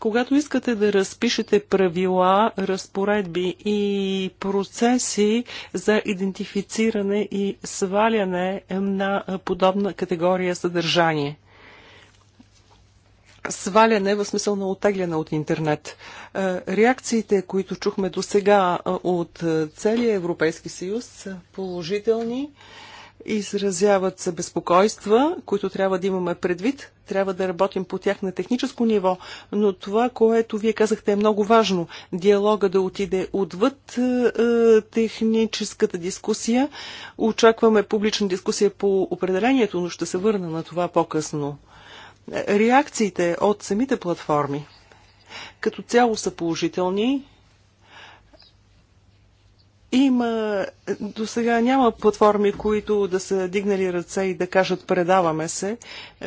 Когато искате да разпишете правила, разпоредби и процеси за идентифициране и сваляне на подобна категория съдържание, сваляне в смисъл на отегляне от интернет. Е, реакциите, които чухме до сега е, от е, целия Европейски съюз, са положителни. Изразяват се безпокойства, които трябва да имаме предвид. Трябва да работим по тях на техническо ниво, но това, което вие казахте е много важно. Диалога да отиде отвъд е, е, техническата дискусия. Очакваме публична дискусия по определението, но ще се върна на това по-късно. Реакциите от самите платформи като цяло са положителни има, до сега няма платформи, които да са дигнали ръце и да кажат предаваме се.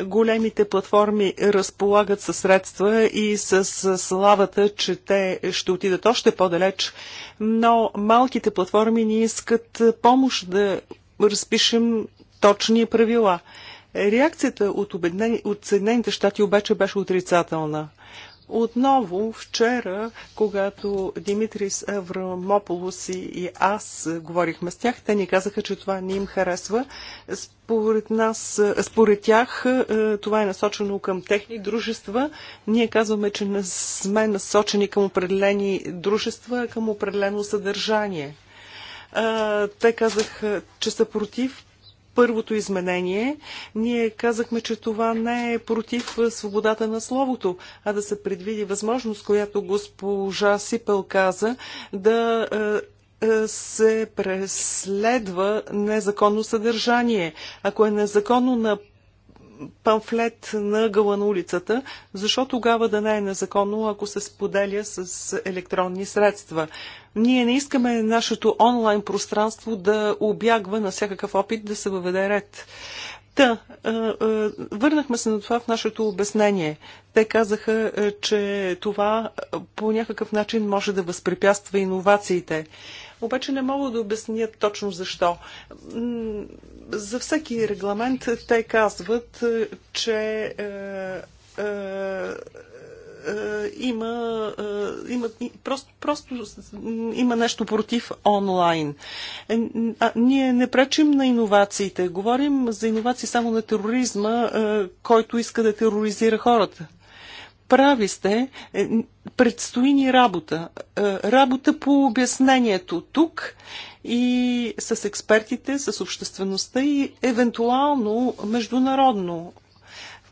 Големите платформи разполагат със средства и с славата, че те ще отидат още по-далеч, но малките платформи ни искат помощ да разпишем точни правила. Реакцията от, от Съединените щати обаче беше отрицателна. Отново вчера, когато Димитрис Аврамополос и аз говорихме с тях, те ни казаха, че това не им харесва. Според нас, според тях, е, това е насочено към техни дружества. Ние казваме, че не сме насочени към определени дружества, към определено съдържание. Е, те казаха, че са против първото изменение, ние казахме, че това не е против свободата на словото, а да се предвиди възможност, която госпожа Сипел каза, да е, е, се преследва незаконно съдържание. Ако е незаконно на памфлет на ъгъла на улицата, защо тогава да не е незаконно, ако се споделя с електронни средства. Ние не искаме нашето онлайн пространство да обягва на всякакъв опит да се въведе ред. Та, да, върнахме се на това в нашето обяснение. Те казаха, че това по някакъв начин може да възпрепятства иновациите обаче не мога да обясня точно защо. За всеки регламент те казват, е, че е, е, има, има просто, просто има нещо против онлайн. А, ние не пречим на иновациите. Говорим за иновации само на тероризма, който иска да тероризира хората. Прави сте, е, предстои ни работа. Е, работа по обяснението тук и с експертите, с обществеността и евентуално международно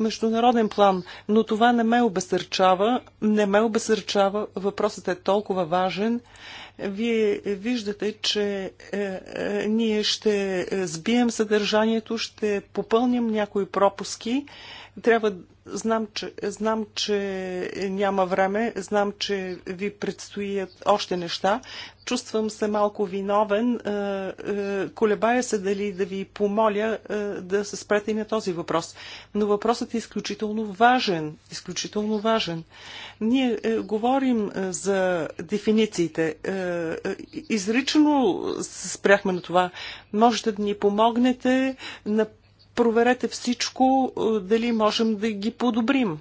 международен план, но това не ме обесърчава. Не ме обесърчава. Въпросът е толкова важен. Вие виждате, че е, е, ние ще сбием съдържанието, ще попълним някои пропуски. Трябва Знам че, знам, че няма време, знам, че ви предстоят още неща. Чувствам се малко виновен. Е, е, колебая се дали да ви помоля е, да се спрете и на този въпрос. Но въпросът е изключително важен. Изключително важен. Ние говорим за дефинициите. Изрично се спряхме на това. Можете да ни помогнете на проверете всичко, е, дали можем да ги подобрим.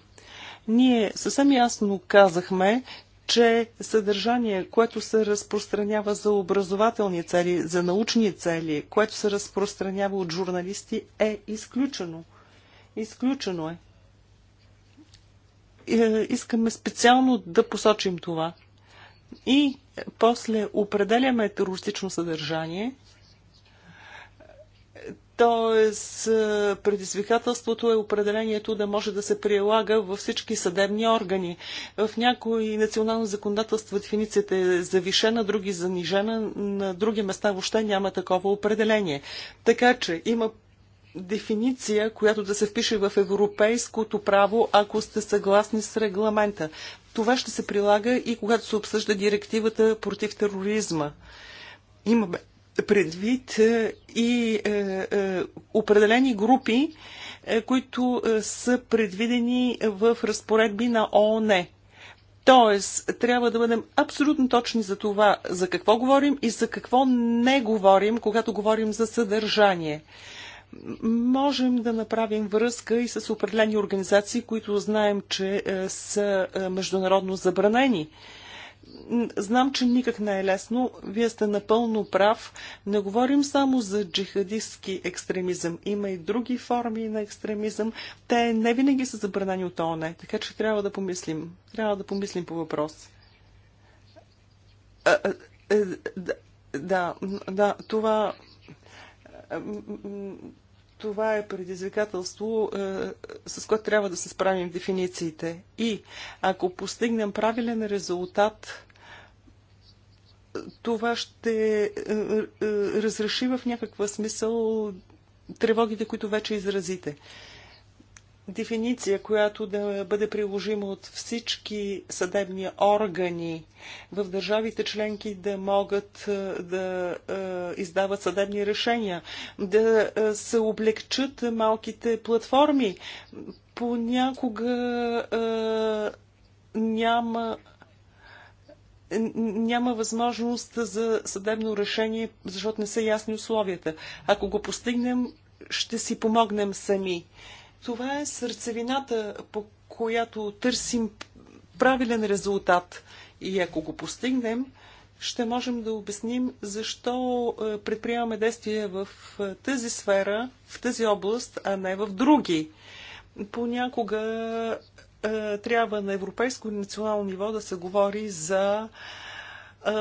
Ние съвсем ясно казахме, че съдържание, което се разпространява за образователни цели, за научни цели, което се разпространява от журналисти, е изключено. Изключено е. е искаме специално да посочим това. И после определяме терористично съдържание – Тоест, е, предизвикателството е определението да може да се прилага във всички съдебни органи. В някои национално законодателство дефиницията е завишена, други занижена, на други места въобще няма такова определение. Така че има дефиниция, която да се впише в европейското право, ако сте съгласни с регламента. Това ще се прилага и когато се обсъжда директивата против тероризма. Имаме предвид е, и е, е, определени групи, които са предвидени в разпоредби на ООН. Тоест, трябва да бъдем абсолютно точни за това, за какво говорим и за какво не говорим, когато говорим за съдържание. Можем да направим връзка и с определени организации, които знаем, че са международно забранени. Знам, че никак не е лесно. Вие сте напълно прав. Не говорим само за джихадистски екстремизъм. Има и други форми на екстремизъм. Те не винаги са забранени от ООН. Така че трябва да помислим. Трябва да помислим по въпрос. Е, да, да, това това е предизвикателство, е, с което трябва да се справим дефинициите. И ако постигнем правилен резултат, това ще е, е, разреши в някаква смисъл тревогите, които вече изразите дефиниция, която да бъде приложима от всички съдебни органи в държавите членки да могат е, да е, издават съдебни решения, да е, се облегчат малките платформи. Понякога няма няма възможност за съдебно решение, защото не са ясни условията. Ако го постигнем, ще си помогнем сами. Това е сърцевината, по която търсим правилен резултат. И ако го постигнем, ще можем да обясним защо е, предприемаме действия в е, тази сфера, в тази област, а не в други. Понякога е, трябва на европейско и национално ниво да се говори за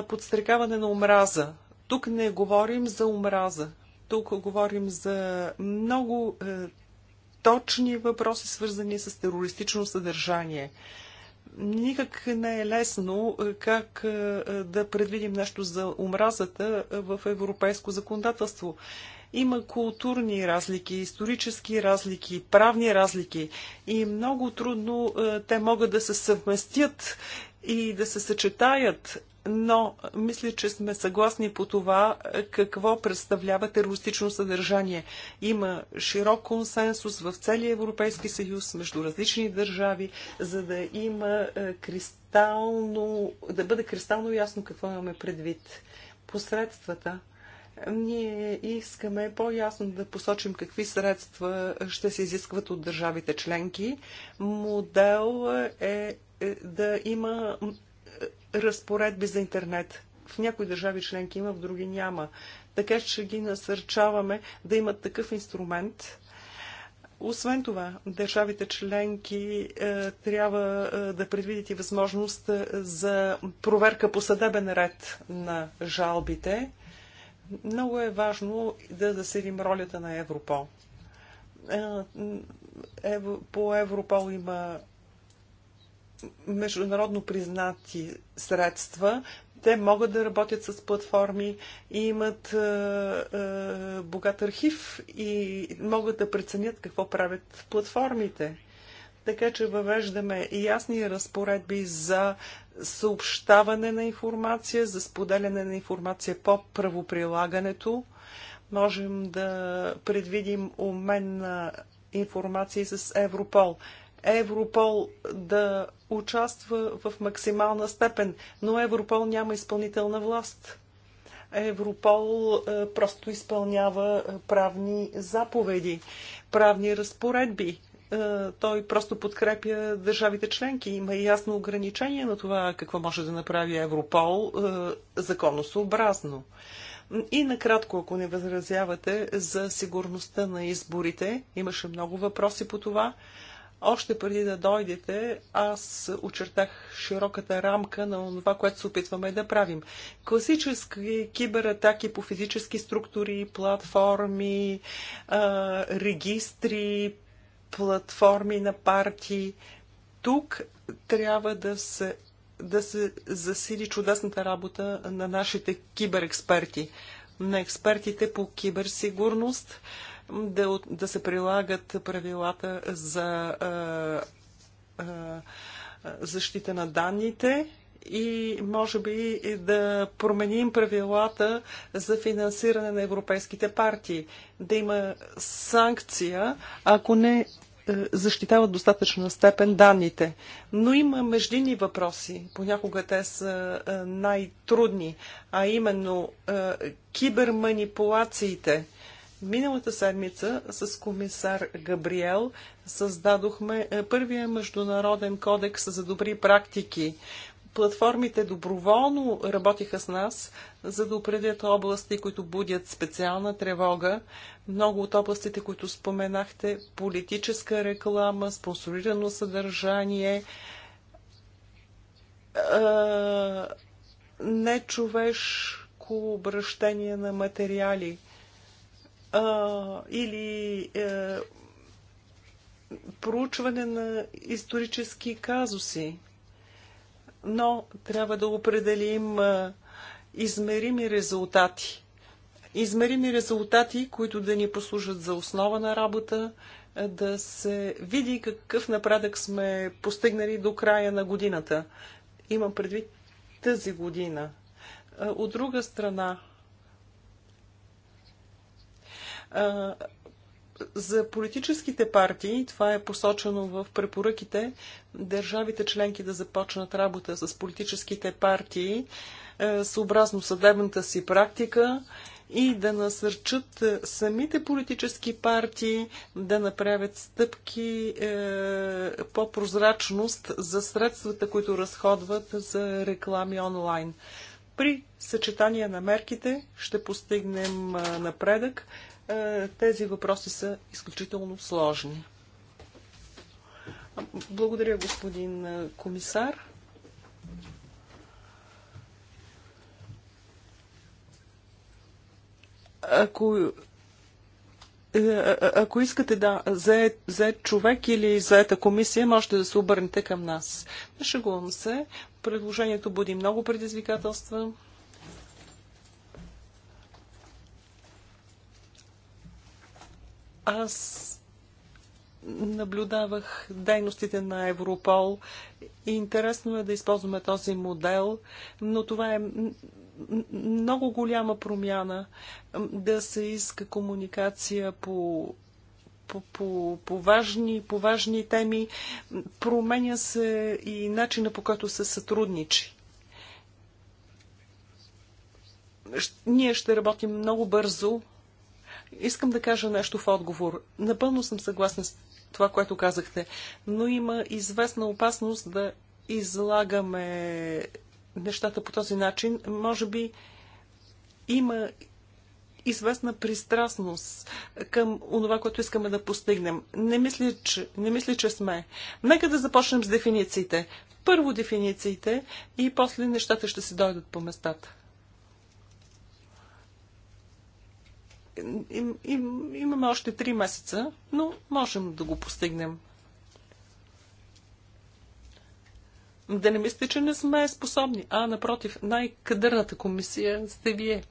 подстрекаване на омраза. Тук не говорим за омраза. Тук говорим за много точни въпроси, свързани с терористично съдържание. Никак не е лесно е, как е, е, да предвидим нещо за омразата в европейско законодателство. Има културни разлики, исторически разлики, правни разлики и много трудно те могат да се съвместят и да се съчетаят но мисля, че сме съгласни по това какво представлява терористично съдържание. Има широк консенсус в целия Европейски съюз между различни държави, за да има е, кристално, да бъде кристално ясно какво имаме предвид. Посредствата ние искаме по-ясно да посочим какви средства ще се изискват от държавите членки. Модел е, е да има разпоредби за интернет. В някои държави членки има, в други няма. Така че ги насърчаваме да имат такъв инструмент. Освен това, държавите членки е, трябва е, да предвидят и възможност е, за проверка по съдебен ред на жалбите. Много е важно да заседим ролята на Европол. Е, е, по Европол има международно признати средства. Те могат да работят с платформи и имат е, е, богат архив и могат да преценят какво правят платформите. Така че въвеждаме ясни разпоредби за съобщаване на информация, за споделяне на информация по правоприлагането. Можем да предвидим умен на информация с Европол. Европол да участва в максимална степен, но Европол няма изпълнителна власт. Европол е, просто изпълнява е, правни заповеди, правни разпоредби. Е, той просто подкрепя държавите членки. Има и ясно ограничение на това какво може да направи Европол законосообразно. И накратко, ако не възразявате за сигурността на изборите, имаше много въпроси по това. Още преди да дойдете, аз очертах широката рамка на това, което се опитваме да правим. Класически кибератаки по физически структури, платформи, регистри, платформи на партии. Тук трябва да се, да се засили чудесната работа на нашите киберексперти, на експертите по киберсигурност, да, да се прилагат правилата за а, а, защита на данните и може би да променим правилата за финансиране на европейските партии. Да има санкция, ако не е, защитават достатъчна степен данните. Но има междинни въпроси. Понякога те са е, най-трудни, а именно е, киберманипулациите – Миналата седмица с комисар Габриел създадохме е, първия международен кодекс за добри практики. Платформите доброволно работиха с нас, за да определят области, които будят специална тревога. Много от областите, които споменахте, политическа реклама, спонсорирано съдържание, е, нечовешко обращение на материали – а, или е, проучване на исторически казуси. Но трябва да определим а, е, измерими резултати. Измерими резултати, които да ни послужат за основа на работа, е, да се види какъв напредък сме постигнали до края на годината. Имам предвид тази година. Е, от друга страна, за политическите партии, това е посочено в препоръките, държавите членки да започнат работа с политическите партии е, съобразно съдебната си практика и да насърчат е, самите политически партии да направят стъпки е, по прозрачност за средствата, които разходват за реклами онлайн. При съчетание на мерките ще постигнем напредък е, тези въпроси са изключително сложни. Благодаря, господин е, комисар. Ако е, ако искате да заед, за човек или заета комисия, можете да се обърнете към нас. Шегувам се. Предложението буди много предизвикателства. Аз наблюдавах дейностите на Европол. Интересно е да използваме този модел, но това е много голяма промяна да се иска комуникация по по, по, по, важни, по важни теми. Променя се и начина по който се сътрудничи. Ние ще работим много бързо Искам да кажа нещо в отговор. Напълно съм съгласна с това, което казахте, но има известна опасност да излагаме нещата по този начин. Може би има известна пристрастност към онова, което искаме да постигнем. Не мисля, че, не мисля, че сме. Нека да започнем с дефинициите. Първо дефинициите и после нещата ще си дойдат по местата. им, им, имаме още 3 месеца, но можем да го постигнем. Да не мислите, че не сме способни, а напротив, най-кадърната комисия сте вие.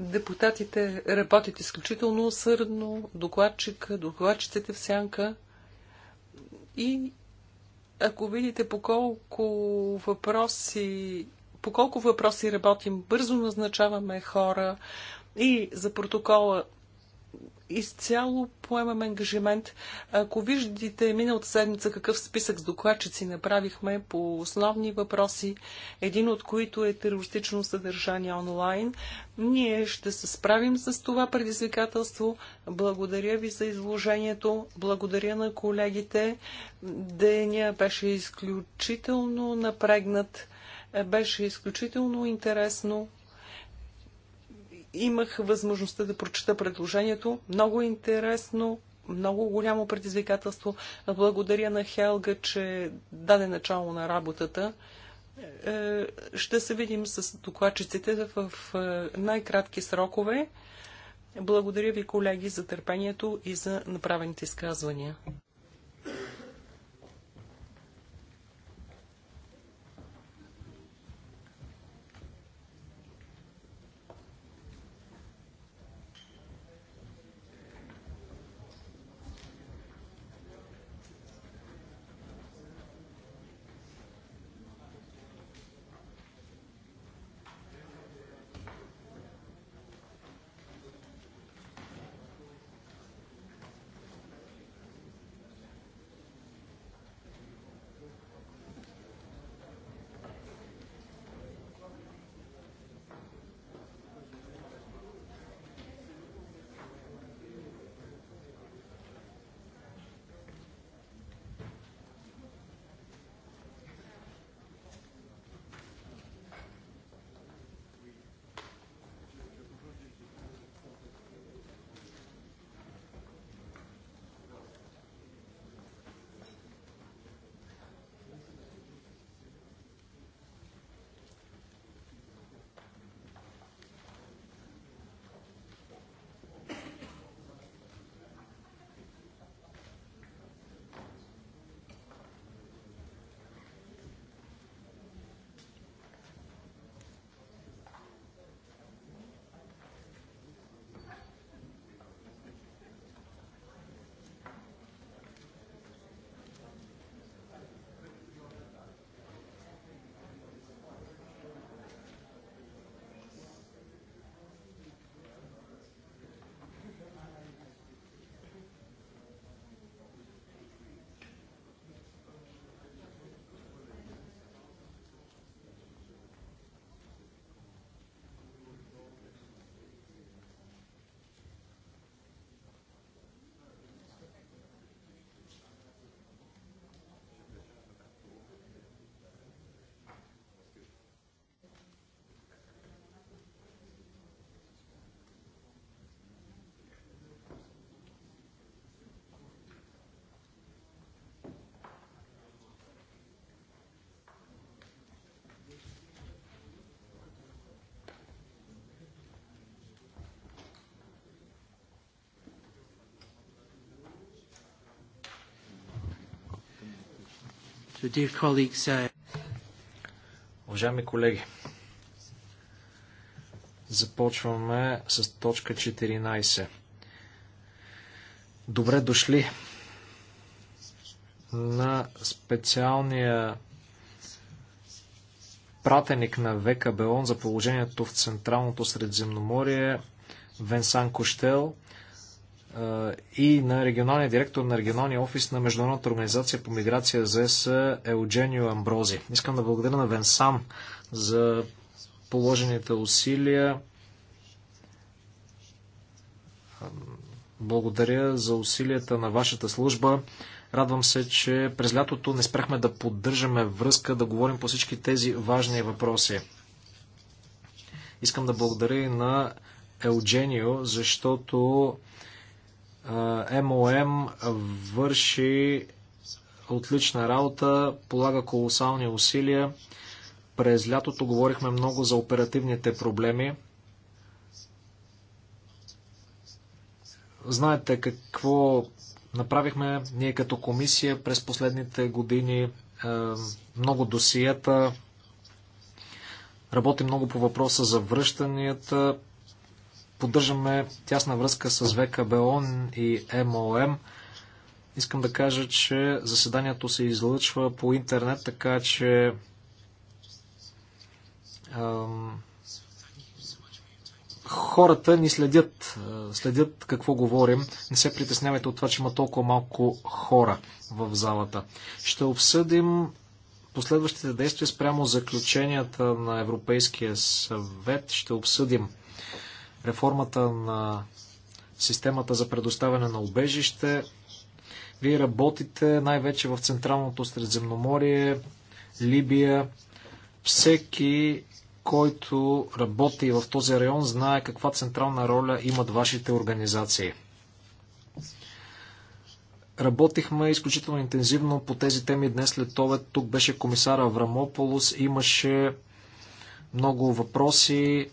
Депутатите работят изключително усърдно, докладчика, докладчиците в сянка и ако видите по колко въпроси по колко въпроси работим, бързо назначаваме хора и за протокола изцяло поемам ангажимент. Ако виждате миналата седмица какъв списък с докладчици направихме по основни въпроси, един от които е терористично съдържание онлайн, ние ще се справим с това предизвикателство. Благодаря ви за изложението, благодаря на колегите. Деня беше изключително напрегнат. Беше изключително интересно. Имах възможността да прочета предложението. Много интересно, много голямо предизвикателство. Благодаря на Хелга, че даде начало на работата. Е, ще се видим с докладчиците в най-кратки срокове. Благодаря ви, колеги, за търпението и за направените изказвания. Uh, Уважаеми колеги, започваме с точка 14. Добре дошли на специалния пратеник на ВКБОН за положението в Централното Средиземноморие Венсан Коштел и на регионалния директор на регионалния офис на Международната организация по миграция за ЕС Елдженио Амбрози. Искам да благодаря на Венсам за положените усилия. Благодаря за усилията на вашата служба. Радвам се, че през лятото не спряхме да поддържаме връзка, да говорим по всички тези важни въпроси. Искам да благодаря и на Елдженио, защото МОМ върши отлична работа, полага колосални усилия. През лятото говорихме много за оперативните проблеми. Знаете какво направихме ние като комисия през последните години. Много досиета. работим много по въпроса за връщанията поддържаме тясна връзка с ВКБОН и МОМ. Искам да кажа, че заседанието се излъчва по интернет, така че хората ни следят, следят какво говорим. Не се притеснявайте от това, че има толкова малко хора в залата. Ще обсъдим последващите действия спрямо заключенията на Европейския съвет. Ще обсъдим реформата на системата за предоставяне на убежище. Вие работите най-вече в Централното Средземноморие, Либия. Всеки, който работи в този район, знае каква централна роля имат вашите организации. Работихме изключително интензивно по тези теми днес след обед. Тук беше комисара Аврамополос, имаше много въпроси.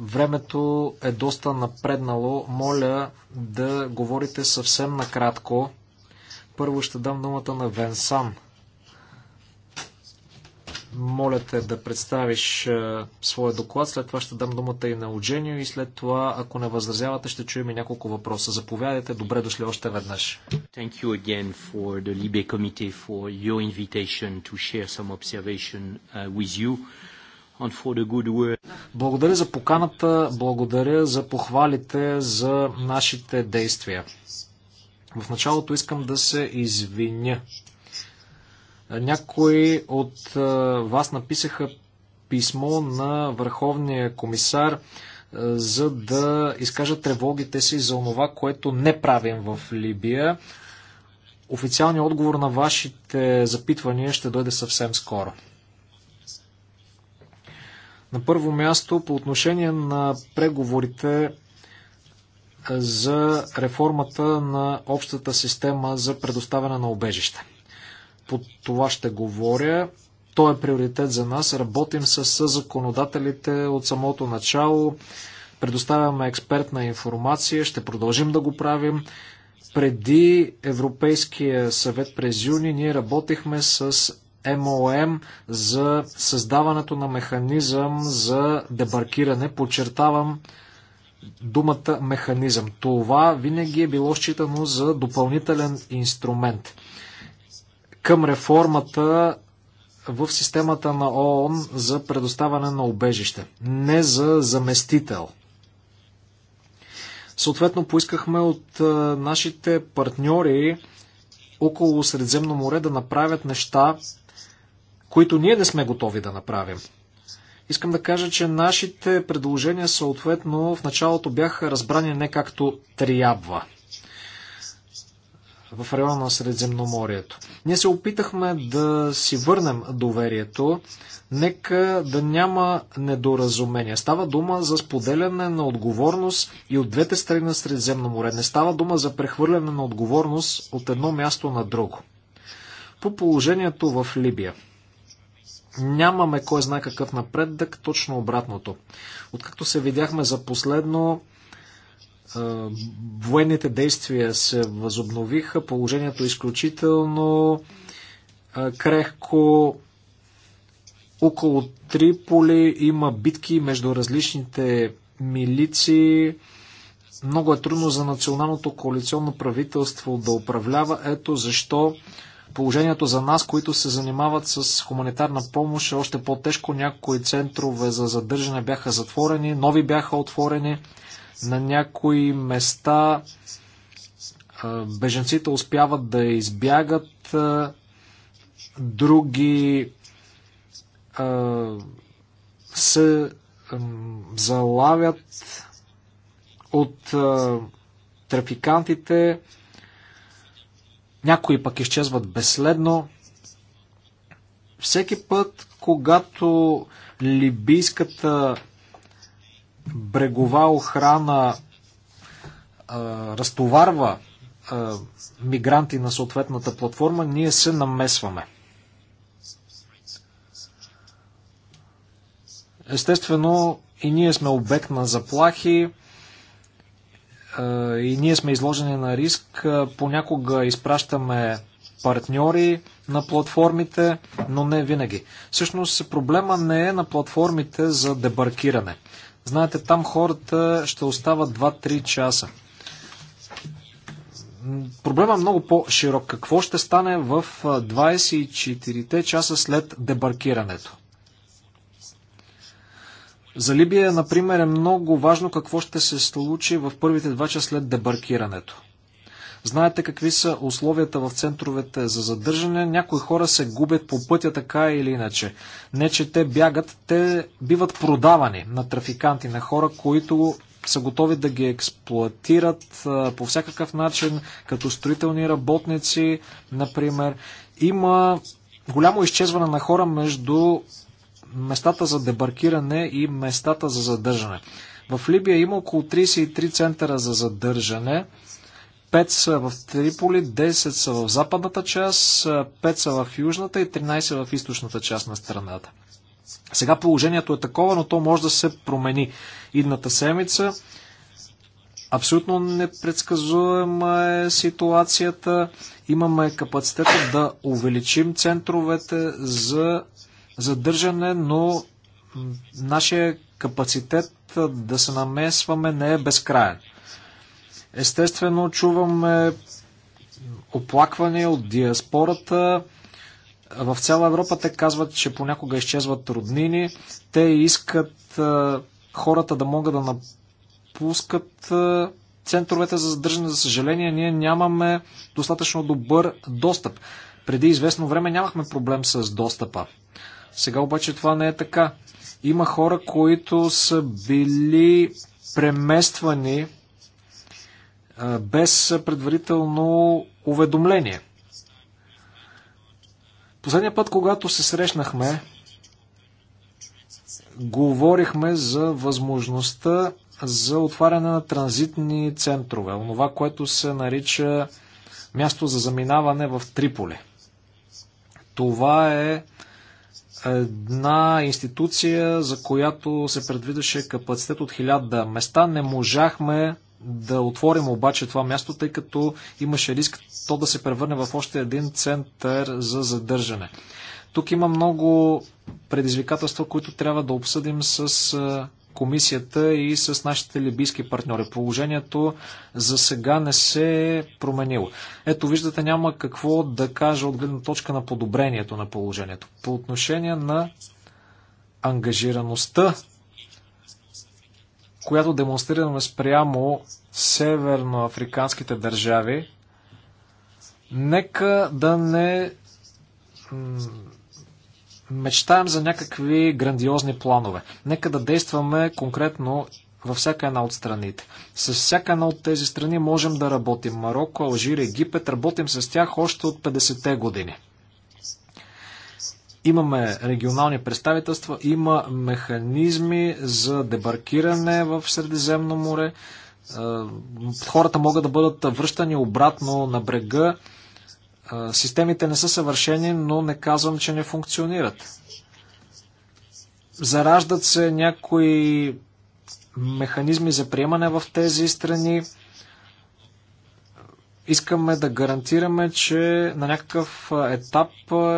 Времето е доста напреднало. Моля да говорите съвсем накратко. Първо ще дам думата на Венсан. Моля те да представиш е, своя доклад, след това ще дам думата и на Одженио и след това, ако не възразявате, ще чуем и няколко въпроса. Заповядайте, добре дошли още веднъж. Thank you again for the Libe Committee for your invitation to share some observation uh, with you. Благодаря за поканата, благодаря за похвалите за нашите действия. В началото искам да се извиня. Някои от вас написаха писмо на Върховния комисар, за да изкажат тревогите си за това, което не правим в Либия. Официалният отговор на вашите запитвания ще дойде съвсем скоро. На първо място, по отношение на преговорите е, за реформата на общата система за предоставяне на обежище. По това ще говоря. Той е приоритет за нас. Работим с законодателите от самото начало. Предоставяме експертна информация. Ще продължим да го правим. Преди Европейския съвет през юни ние работихме с МОМ за създаването на механизъм за дебаркиране. Подчертавам думата механизъм. Това винаги е било считано за допълнителен инструмент към реформата в системата на ООН за предоставяне на обежище, не за заместител. Съответно, поискахме от нашите партньори около Средземно море да направят неща които ние не сме готови да направим. Искам да кажа, че нашите предложения съответно в началото бяха разбрани не както трябва в района на Средземноморието. Ние се опитахме да си върнем доверието, нека да няма недоразумение. Става дума за споделяне на отговорност и от двете страни на Средземно море. Не става дума за прехвърляне на отговорност от едно място на друго. По положението в Либия. Нямаме кой знае какъв напредък, точно обратното. Откакто се видяхме за последно, военните действия се възобновиха, положението е изключително крехко. Около Триполи има битки между различните милиции. Много е трудно за националното коалиционно правителство да управлява. Ето защо Положението за нас, които се занимават с хуманитарна помощ е още по-тежко. Някои центрове за задържане бяха затворени, нови бяха отворени. На някои места беженците успяват да избягат, други се залавят от трафикантите. Някои пък изчезват безследно. Всеки път, когато либийската брегова охрана а, разтоварва а, мигранти на съответната платформа, ние се намесваме. Естествено, и ние сме обект на заплахи и ние сме изложени на риск. Понякога изпращаме партньори на платформите, но не винаги. Всъщност проблема не е на платформите за дебаркиране. Знаете, там хората ще остават 2-3 часа. Проблема е много по-широк. Какво ще стане в 24 часа след дебаркирането? За Либия, например, е много важно какво ще се случи в първите два часа след дебаркирането. Знаете какви са условията в центровете за задържане. Някои хора се губят по пътя така или иначе. Не, че те бягат, те биват продавани на трафиканти, на хора, които са готови да ги експлуатират по всякакъв начин, като строителни работници, например. Има голямо изчезване на хора между местата за дебаркиране и местата за задържане. В Либия има около 33 центъра за задържане. 5 са в Триполи, 10 са в западната част, 5 са в южната и 13 в източната част на страната. Сега положението е такова, но то може да се промени. Идната седмица абсолютно непредсказуема е ситуацията. Имаме капацитета да увеличим центровете за задържане, но нашия капацитет да се намесваме не е безкраен. Естествено, чуваме оплаквания от диаспората. В цяла Европа те казват, че понякога изчезват роднини. Те искат хората да могат да напускат центровете за задържане. За съжаление, ние нямаме достатъчно добър достъп. Преди известно време нямахме проблем с достъпа. Сега обаче това не е така. Има хора, които са били премествани без предварително уведомление. Последния път, когато се срещнахме, говорихме за възможността за отваряне на транзитни центрове, онова, което се нарича място за заминаване в Триполи. Това е една институция, за която се предвидеше капацитет от 1000 места. Не можахме да отворим обаче това място, тъй като имаше риск то да се превърне в още един център за задържане. Тук има много предизвикателства, които трябва да обсъдим с комисията и с нашите либийски партньори. Положението за сега не се е променило. Ето, виждате, няма какво да кажа от гледна точка на подобрението на положението. По отношение на ангажираността, която демонстрираме спрямо северноафриканските държави, нека да не мечтаем за някакви грандиозни планове. Нека да действаме конкретно във всяка една от страните. С всяка една от тези страни можем да работим. Марокко, Алжир, Египет, работим с тях още от 50-те години. Имаме регионални представителства, има механизми за дебаркиране в Средиземно море. Е, хората могат да бъдат връщани обратно на брега Системите не са съвършени, но не казвам, че не функционират. Зараждат се някои механизми за приемане в тези страни. Искаме да гарантираме, че на някакъв етап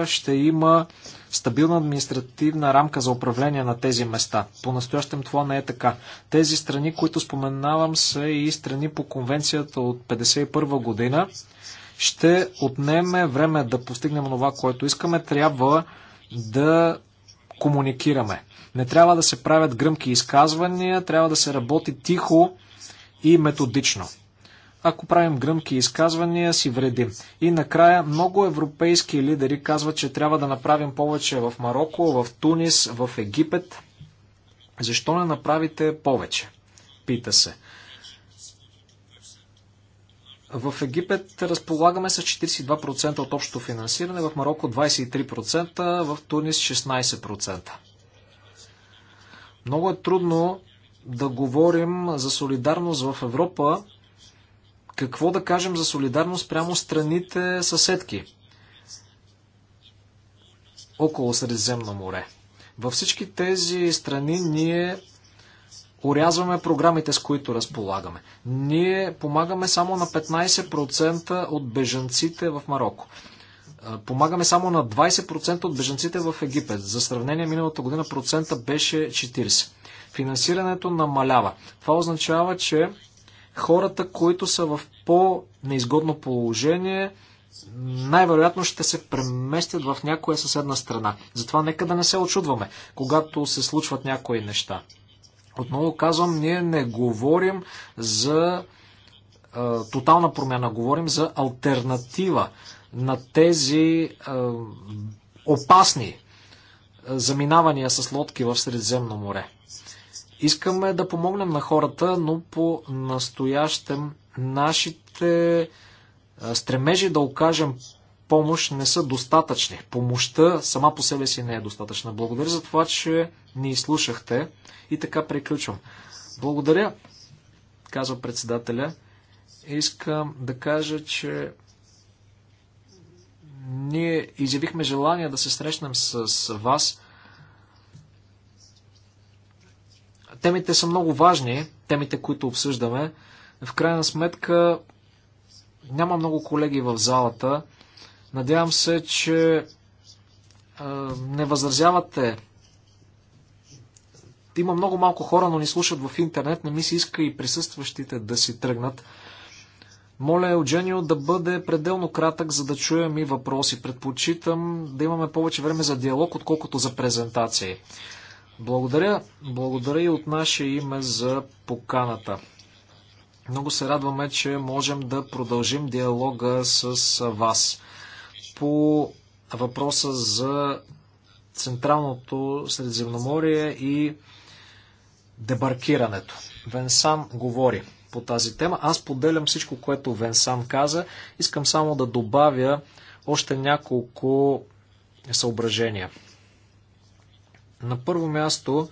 ще има стабилна административна рамка за управление на тези места. По-настоящем това не е така. Тези страни, които споменавам, са и страни по конвенцията от 1951 година ще отнеме време да постигнем това, което искаме. Трябва да комуникираме. Не трябва да се правят гръмки изказвания, трябва да се работи тихо и методично. Ако правим гръмки изказвания, си вредим. И накрая много европейски лидери казват, че трябва да направим повече в Марокко, в Тунис, в Египет. Защо не направите повече? Пита се. В Египет разполагаме с 42% от общото финансиране, в Марокко 23%, в Тунис 16%. Много е трудно да говорим за солидарност в Европа. Какво да кажем за солидарност прямо страните съседки около Средиземно море? Във всички тези страни ние Орязваме програмите, с които разполагаме. Ние помагаме само на 15% от бежанците в Марокко. Помагаме само на 20% от бежанците в Египет. За сравнение, миналата година процента беше 40. Финансирането намалява. Това означава, че хората, които са в по-неизгодно положение, най-вероятно ще се преместят в някоя съседна страна. Затова нека да не се очудваме, когато се случват някои неща. Отново казвам, ние не говорим за а, тотална промяна, говорим за альтернатива на тези а, опасни заминавания с лодки в Средиземно море. Искаме да помогнем на хората, но по настоящем нашите стремежи да окажем помощ не са достатъчни. Помощта сама по себе си не е достатъчна. Благодаря за това, че ни изслушахте и така приключвам. Благодаря, казва председателя. Искам да кажа, че ние изявихме желание да се срещнем с вас. Темите са много важни, темите, които обсъждаме. В крайна сметка няма много колеги в залата. Надявам се, че не възразявате. Има много малко хора, но ни слушат в интернет. Не ми се иска и присъстващите да си тръгнат. Моля Евгенио да бъде пределно кратък, за да чуем и въпроси. Предпочитам да имаме повече време за диалог, отколкото за презентации. Благодаря, благодаря и от наше име за поканата. Много се радваме, че можем да продължим диалога с вас по въпроса за Централното Средиземноморие и дебаркирането. Венсан говори по тази тема. Аз поделям всичко, което Венсан каза. Искам само да добавя още няколко съображения. На първо място,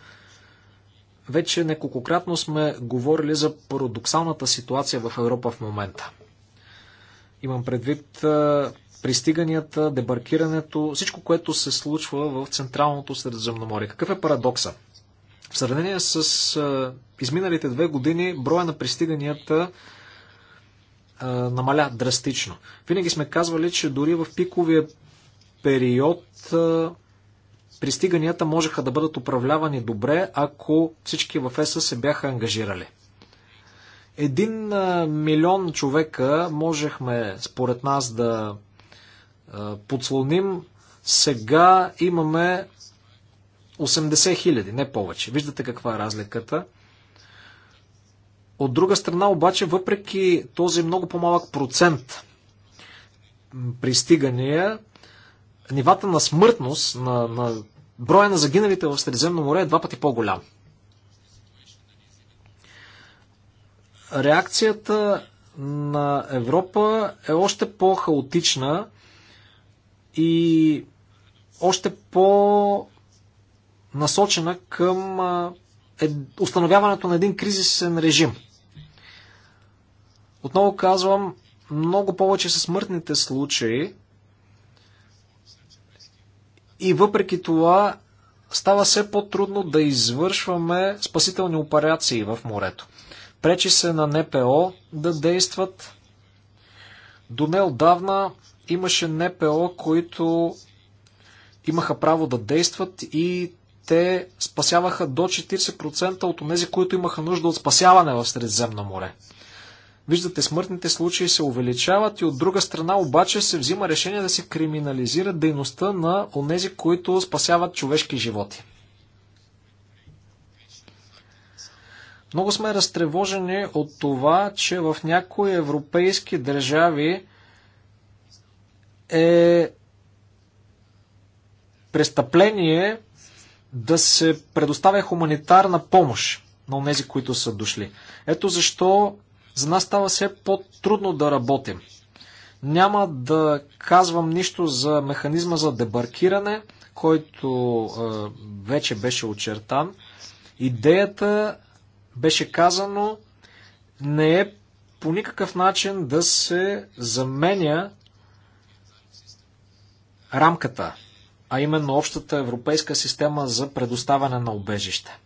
вече неколкократно сме говорили за парадоксалната ситуация в Европа в момента. Имам предвид пристиганията, дебаркирането, всичко, което се случва в Централното Средиземноморие. Какъв е парадокса? В сравнение с а, изминалите две години, броя на пристиганията а, намаля драстично. Винаги сме казвали, че дори в пиковия период а, пристиганията можеха да бъдат управлявани добре, ако всички в ЕСА се бяха ангажирали. Един милион човека можехме, според нас, да подслоним, сега имаме 80 хиляди, не повече. Виждате каква е разликата. От друга страна обаче, въпреки този много по-малък процент пристигания, нивата на смъртност, на, на броя на загиналите в Средиземно море е два пъти по-голям. Реакцията на Европа е още по-хаотична и още по насочена към е установяването на един кризисен режим. Отново казвам, много повече са смъртните случаи и въпреки това става все по-трудно да извършваме спасителни операции в морето. Пречи се на НПО да действат. До неодавна имаше НПО, които имаха право да действат и те спасяваха до 40% от тези, които имаха нужда от спасяване в Средиземно море. Виждате, смъртните случаи се увеличават и от друга страна обаче се взима решение да се криминализира дейността на онези, които спасяват човешки животи. Много сме разтревожени от това, че в някои европейски държави е престъпление да се предоставя хуманитарна помощ на тези, които са дошли. Ето защо за нас става все по-трудно да работим. Няма да казвам нищо за механизма за дебаркиране, който е, вече беше очертан. Идеята беше казано не е по никакъв начин да се заменя рамката, а именно общата европейска система за предоставяне на убежище.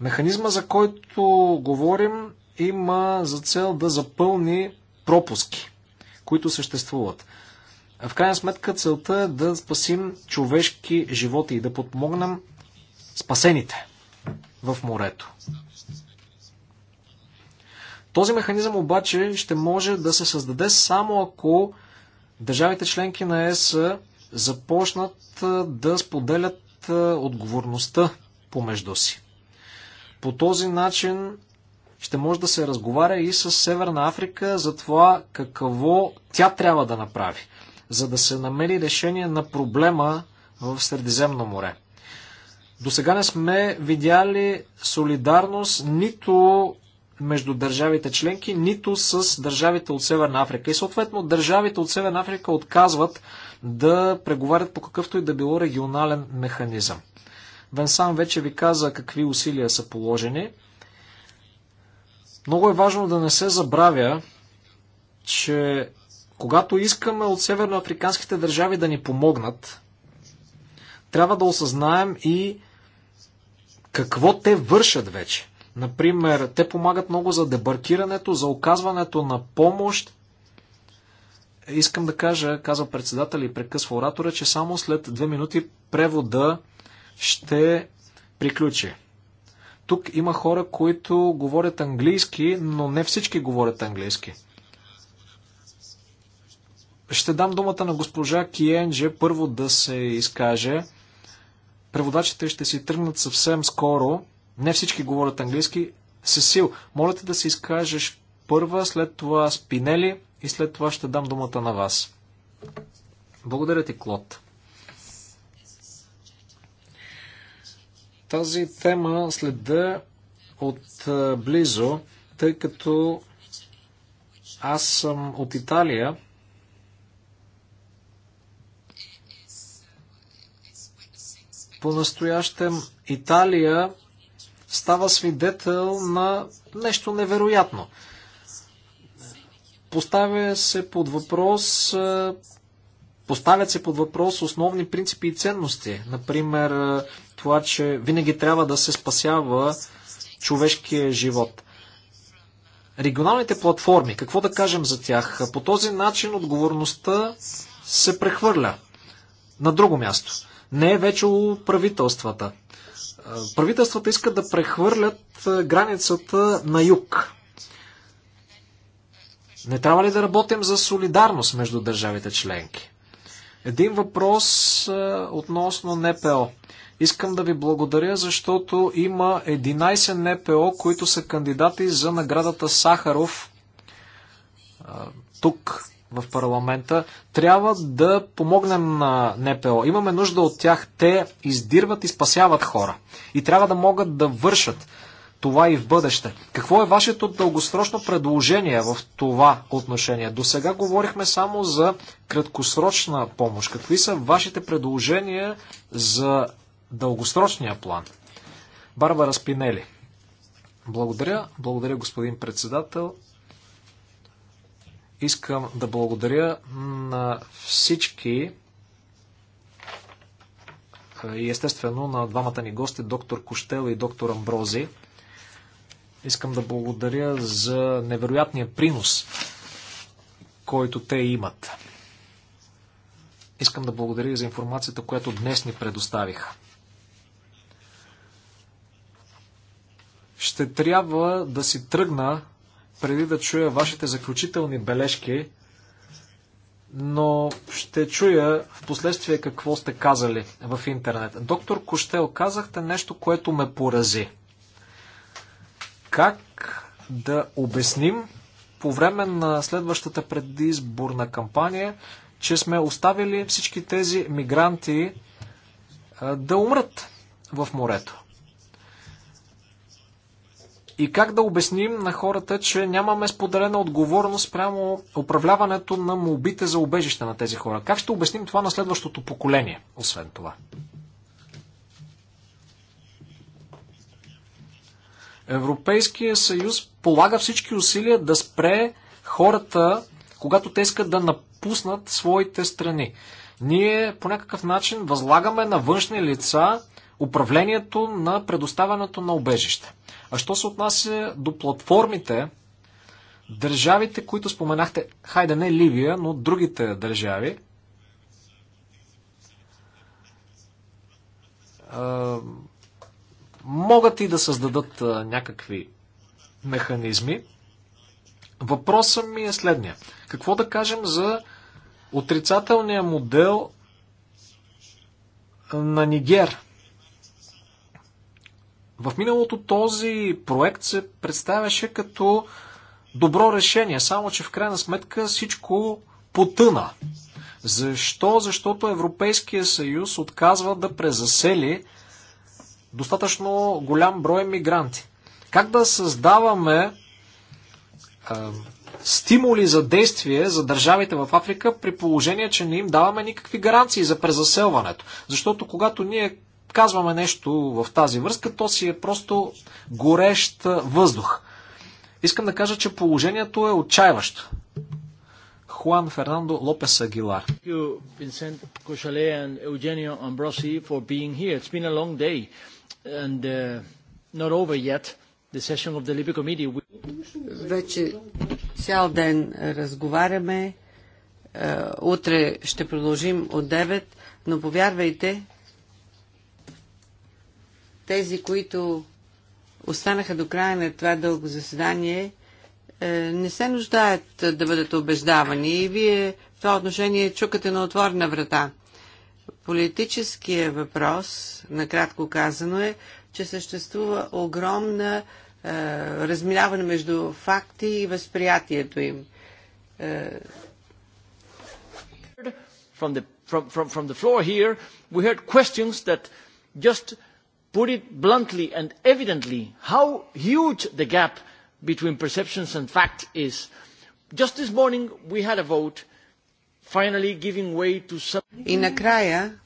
Механизма, за който говорим, има за цел да запълни пропуски, които съществуват. В крайна сметка целта е да спасим човешки животи и да подпомогнем спасените в морето. Този механизъм обаче ще може да се създаде само ако Държавите членки на ЕС започнат да споделят отговорността помежду си. По този начин ще може да се разговаря и с Северна Африка за това какво тя трябва да направи, за да се намери решение на проблема в Средиземно море. До сега не сме видяли солидарност нито между държавите членки, нито с държавите от Северна Африка. И съответно държавите от Северна Африка отказват да преговарят по какъвто и да било регионален механизъм. Венсан вече ви каза какви усилия са положени. Много е важно да не се забравя, че когато искаме от северноафриканските държави да ни помогнат, трябва да осъзнаем и какво те вършат вече. Например, те помагат много за дебаркирането, за оказването на помощ. Искам да кажа, казва председател и прекъсва оратора, че само след две минути превода ще приключи. Тук има хора, които говорят английски, но не всички говорят английски. Ще дам думата на госпожа Киенже първо да се изкаже. Преводачите ще си тръгнат съвсем скоро. Не всички говорят английски. Сесил, моля те да се изкажеш първа, след това Спинели и след това ще дам думата на вас. Благодаря ти, Клод. Тази тема следа от близо, тъй като аз съм от Италия. По-настоящем Италия става свидетел на нещо невероятно. Поставя се под въпрос е, Поставят се под въпрос основни принципи и ценности. Например, е, това, че винаги трябва да се спасява човешкия живот. Регионалните платформи, какво да кажем за тях? По този начин отговорността се прехвърля на друго място. Не е вече у правителствата. Правителствата искат да прехвърлят границата на юг. Не трябва ли да работим за солидарност между държавите членки? Един въпрос относно НПО. Искам да ви благодаря, защото има 11 НПО, които са кандидати за наградата Сахаров тук в парламента, трябва да помогнем на НПО. Имаме нужда от тях. Те издирват и спасяват хора. И трябва да могат да вършат това и в бъдеще. Какво е вашето дългосрочно предложение в това отношение? До сега говорихме само за краткосрочна помощ. Какви са вашите предложения за дългосрочния план? Барбара Спинели. Благодаря. Благодаря, господин председател. Искам да благодаря на всички и естествено на двамата ни гости, доктор Коштел и доктор Амбрози. Искам да благодаря за невероятния принос, който те имат. Искам да благодаря и за информацията, която днес ни предоставиха. Ще трябва да си тръгна преди да чуя вашите заключителни бележки, но ще чуя в последствие какво сте казали в интернет. Доктор Коштел, казахте нещо, което ме порази. Как да обясним по време на следващата предизборна кампания, че сме оставили всички тези мигранти да умрат в морето? И как да обясним на хората, че нямаме споделена отговорност прямо управляването на молбите за убежище на тези хора? Как ще обясним това на следващото поколение, освен това? Европейския съюз полага всички усилия да спре хората, когато те искат да напуснат своите страни. Ние по някакъв начин възлагаме на външни лица управлението на предоставянето на обежище. А що се отнася до платформите, държавите, които споменахте, хайде не Ливия, но другите държави, могат и да създадат някакви механизми. Въпросът ми е следния. Какво да кажем за отрицателния модел на Нигер? В миналото този проект се представяше като добро решение, само че в крайна сметка всичко потъна. Защо? Защото Европейския съюз отказва да презасели достатъчно голям брой мигранти. Как да създаваме е, стимули за действие за държавите в Африка при положение, че не им даваме никакви гаранции за презаселването? Защото когато ние казваме нещо в тази връзка, то си е просто горещ въздух. Искам да кажа, че положението е отчаиващо. Хуан Фернандо Лопес Агилар. Uh, Вече цял ден разговаряме. Е, утре ще продължим от 9, но повярвайте, тези, които останаха до края на това дълго заседание, е, не се нуждаят е, да бъдат убеждавани и вие в това отношение чукате на отворена врата. Политическия въпрос, накратко казано е, че съществува огромна е, разминаване между факти и възприятието им. Е... From the, from, from, from the floor here, we heard questions that just put it bluntly and evidently how huge the gap between perceptions and fact is. Just this morning we had a vote finally giving way to some... И накрая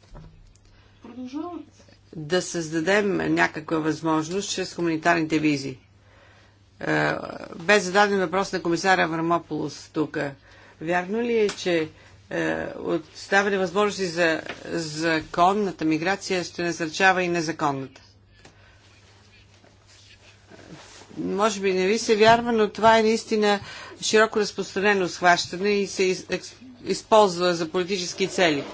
да създадем някаква възможност чрез хуманитарните визи. Бе зададен въпрос на комисаря Вармополос тук. Вярно ли е, че е, отставяне възможности за законната миграция ще насърчава и незаконната. Може би не ви се вярва, но това е наистина широко разпространено схващане и се използва за политически цели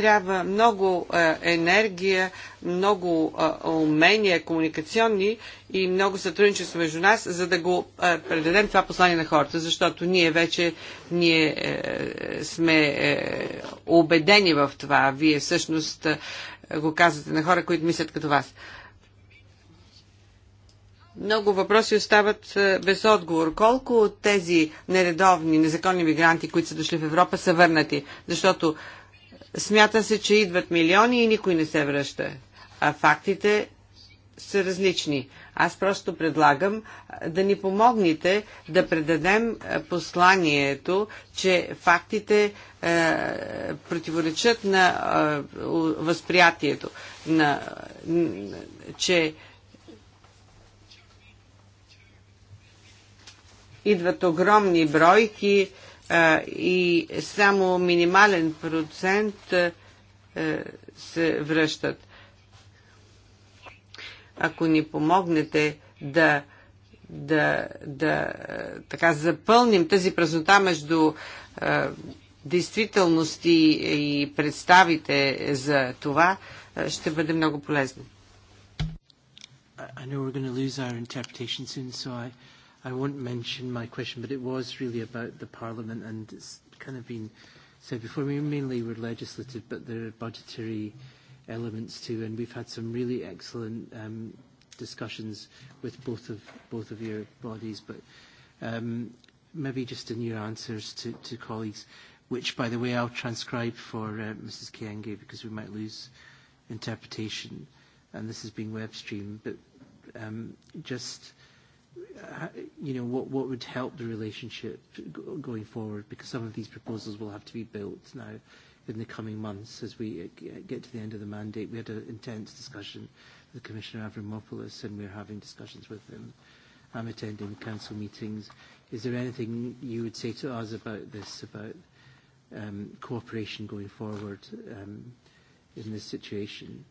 трябва много е, енергия, много е, умения комуникационни и много сътрудничество между нас, за да го е, предадем това послание на хората, защото ние вече ние сме убедени в това. Вие всъщност го казвате на хора, които мислят като вас. Много въпроси остават без отговор. Колко от тези нередовни, незаконни мигранти, които са дошли в Европа, са върнати? Защото Смята се, че идват милиони и никой не се връща. А фактите са различни. Аз просто предлагам да ни помогнете да предадем посланието, че фактите е, противоречат на е, възприятието, на, че идват огромни бройки, и само минимален процент е, се връщат. Ако ни помогнете да да, да е, така запълним тази празнота между е, действителност и, и представите за това, ще бъде много полезно. I know we're going to lose our interpretation soon, so I, I won't mention my question, but it was really about the Parliament, and it's kind of been said before. We mainly were legislative, but there are budgetary elements too, and we've had some really excellent um, discussions with both of both of your bodies. But um, maybe just in your answers to, to colleagues, which, by the way, I'll transcribe for uh, Mrs. Kienge because we might lose interpretation, and this is being web streamed. But um, just you know, what, what would help the relationship going forward? Because some of these proposals will have to be built now in the coming months as we get to the end of the mandate. We had an intense discussion with Commissioner Avramopoulos, and we're having discussions with him. I'm attending council meetings. Is there anything you would say to us about this, about um, cooperation going forward um, in this situation?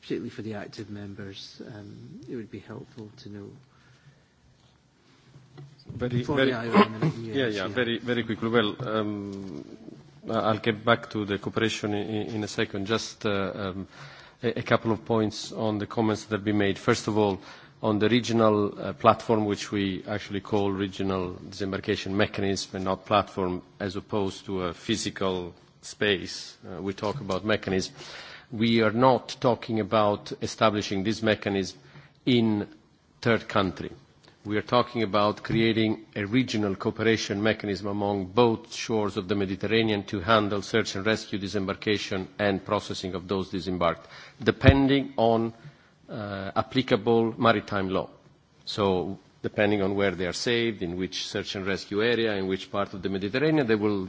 Particularly for the active members, um, it would be helpful to know. Very, very, yeah, yeah, very, very quickly. Well, um, I'll get back to the cooperation in, in a second. Just uh, um, a, a couple of points on the comments that have been made. First of all, on the regional uh, platform, which we actually call regional disembarkation mechanism and not platform, as opposed to a physical space. Uh, we talk about mechanism. We are not talking about establishing this mechanism in third country we are talking about creating a regional cooperation mechanism among both shores of the Mediterranean to handle search and rescue, disembarkation and processing of those disembarked, depending on uh, applicable maritime law. So depending on where they are saved, in which search and rescue area, in which part of the Mediterranean, they will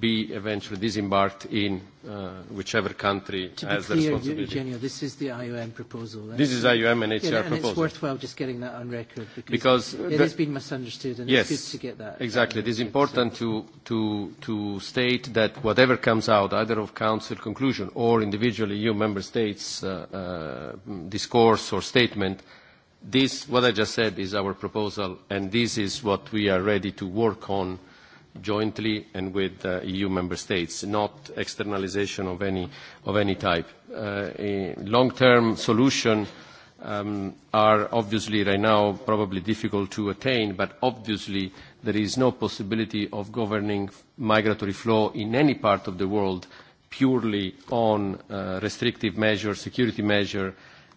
be eventually disembarked in uh, whichever country to has the responsibility. Eugenio, this is the IOM proposal. This is IOM and HCR yeah, and proposal. it's worthwhile just getting that on record because, because it has been misunderstood and yes, it's good to get that. Exactly. It is important to, to, to state that whatever comes out, either of Council conclusion or individual EU member states uh, uh, discourse or statement, this, what I just said, is our proposal and this is what we are ready to work on uh, jointly and with EU member states, not externalization of any type. A long-term solution are obviously right now probably difficult to attain, but obviously there is no possibility of governing migratory flow in any part of the world purely on restrictive measures, security measures,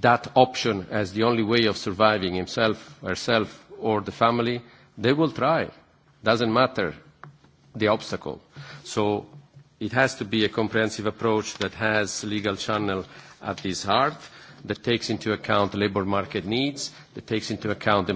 that option as the only way of surviving himself, herself, or the family, they will try. Doesn't matter the obstacle. So it has to be a comprehensive approach that has legal channel at its heart, that takes into account labour market needs, that takes into account the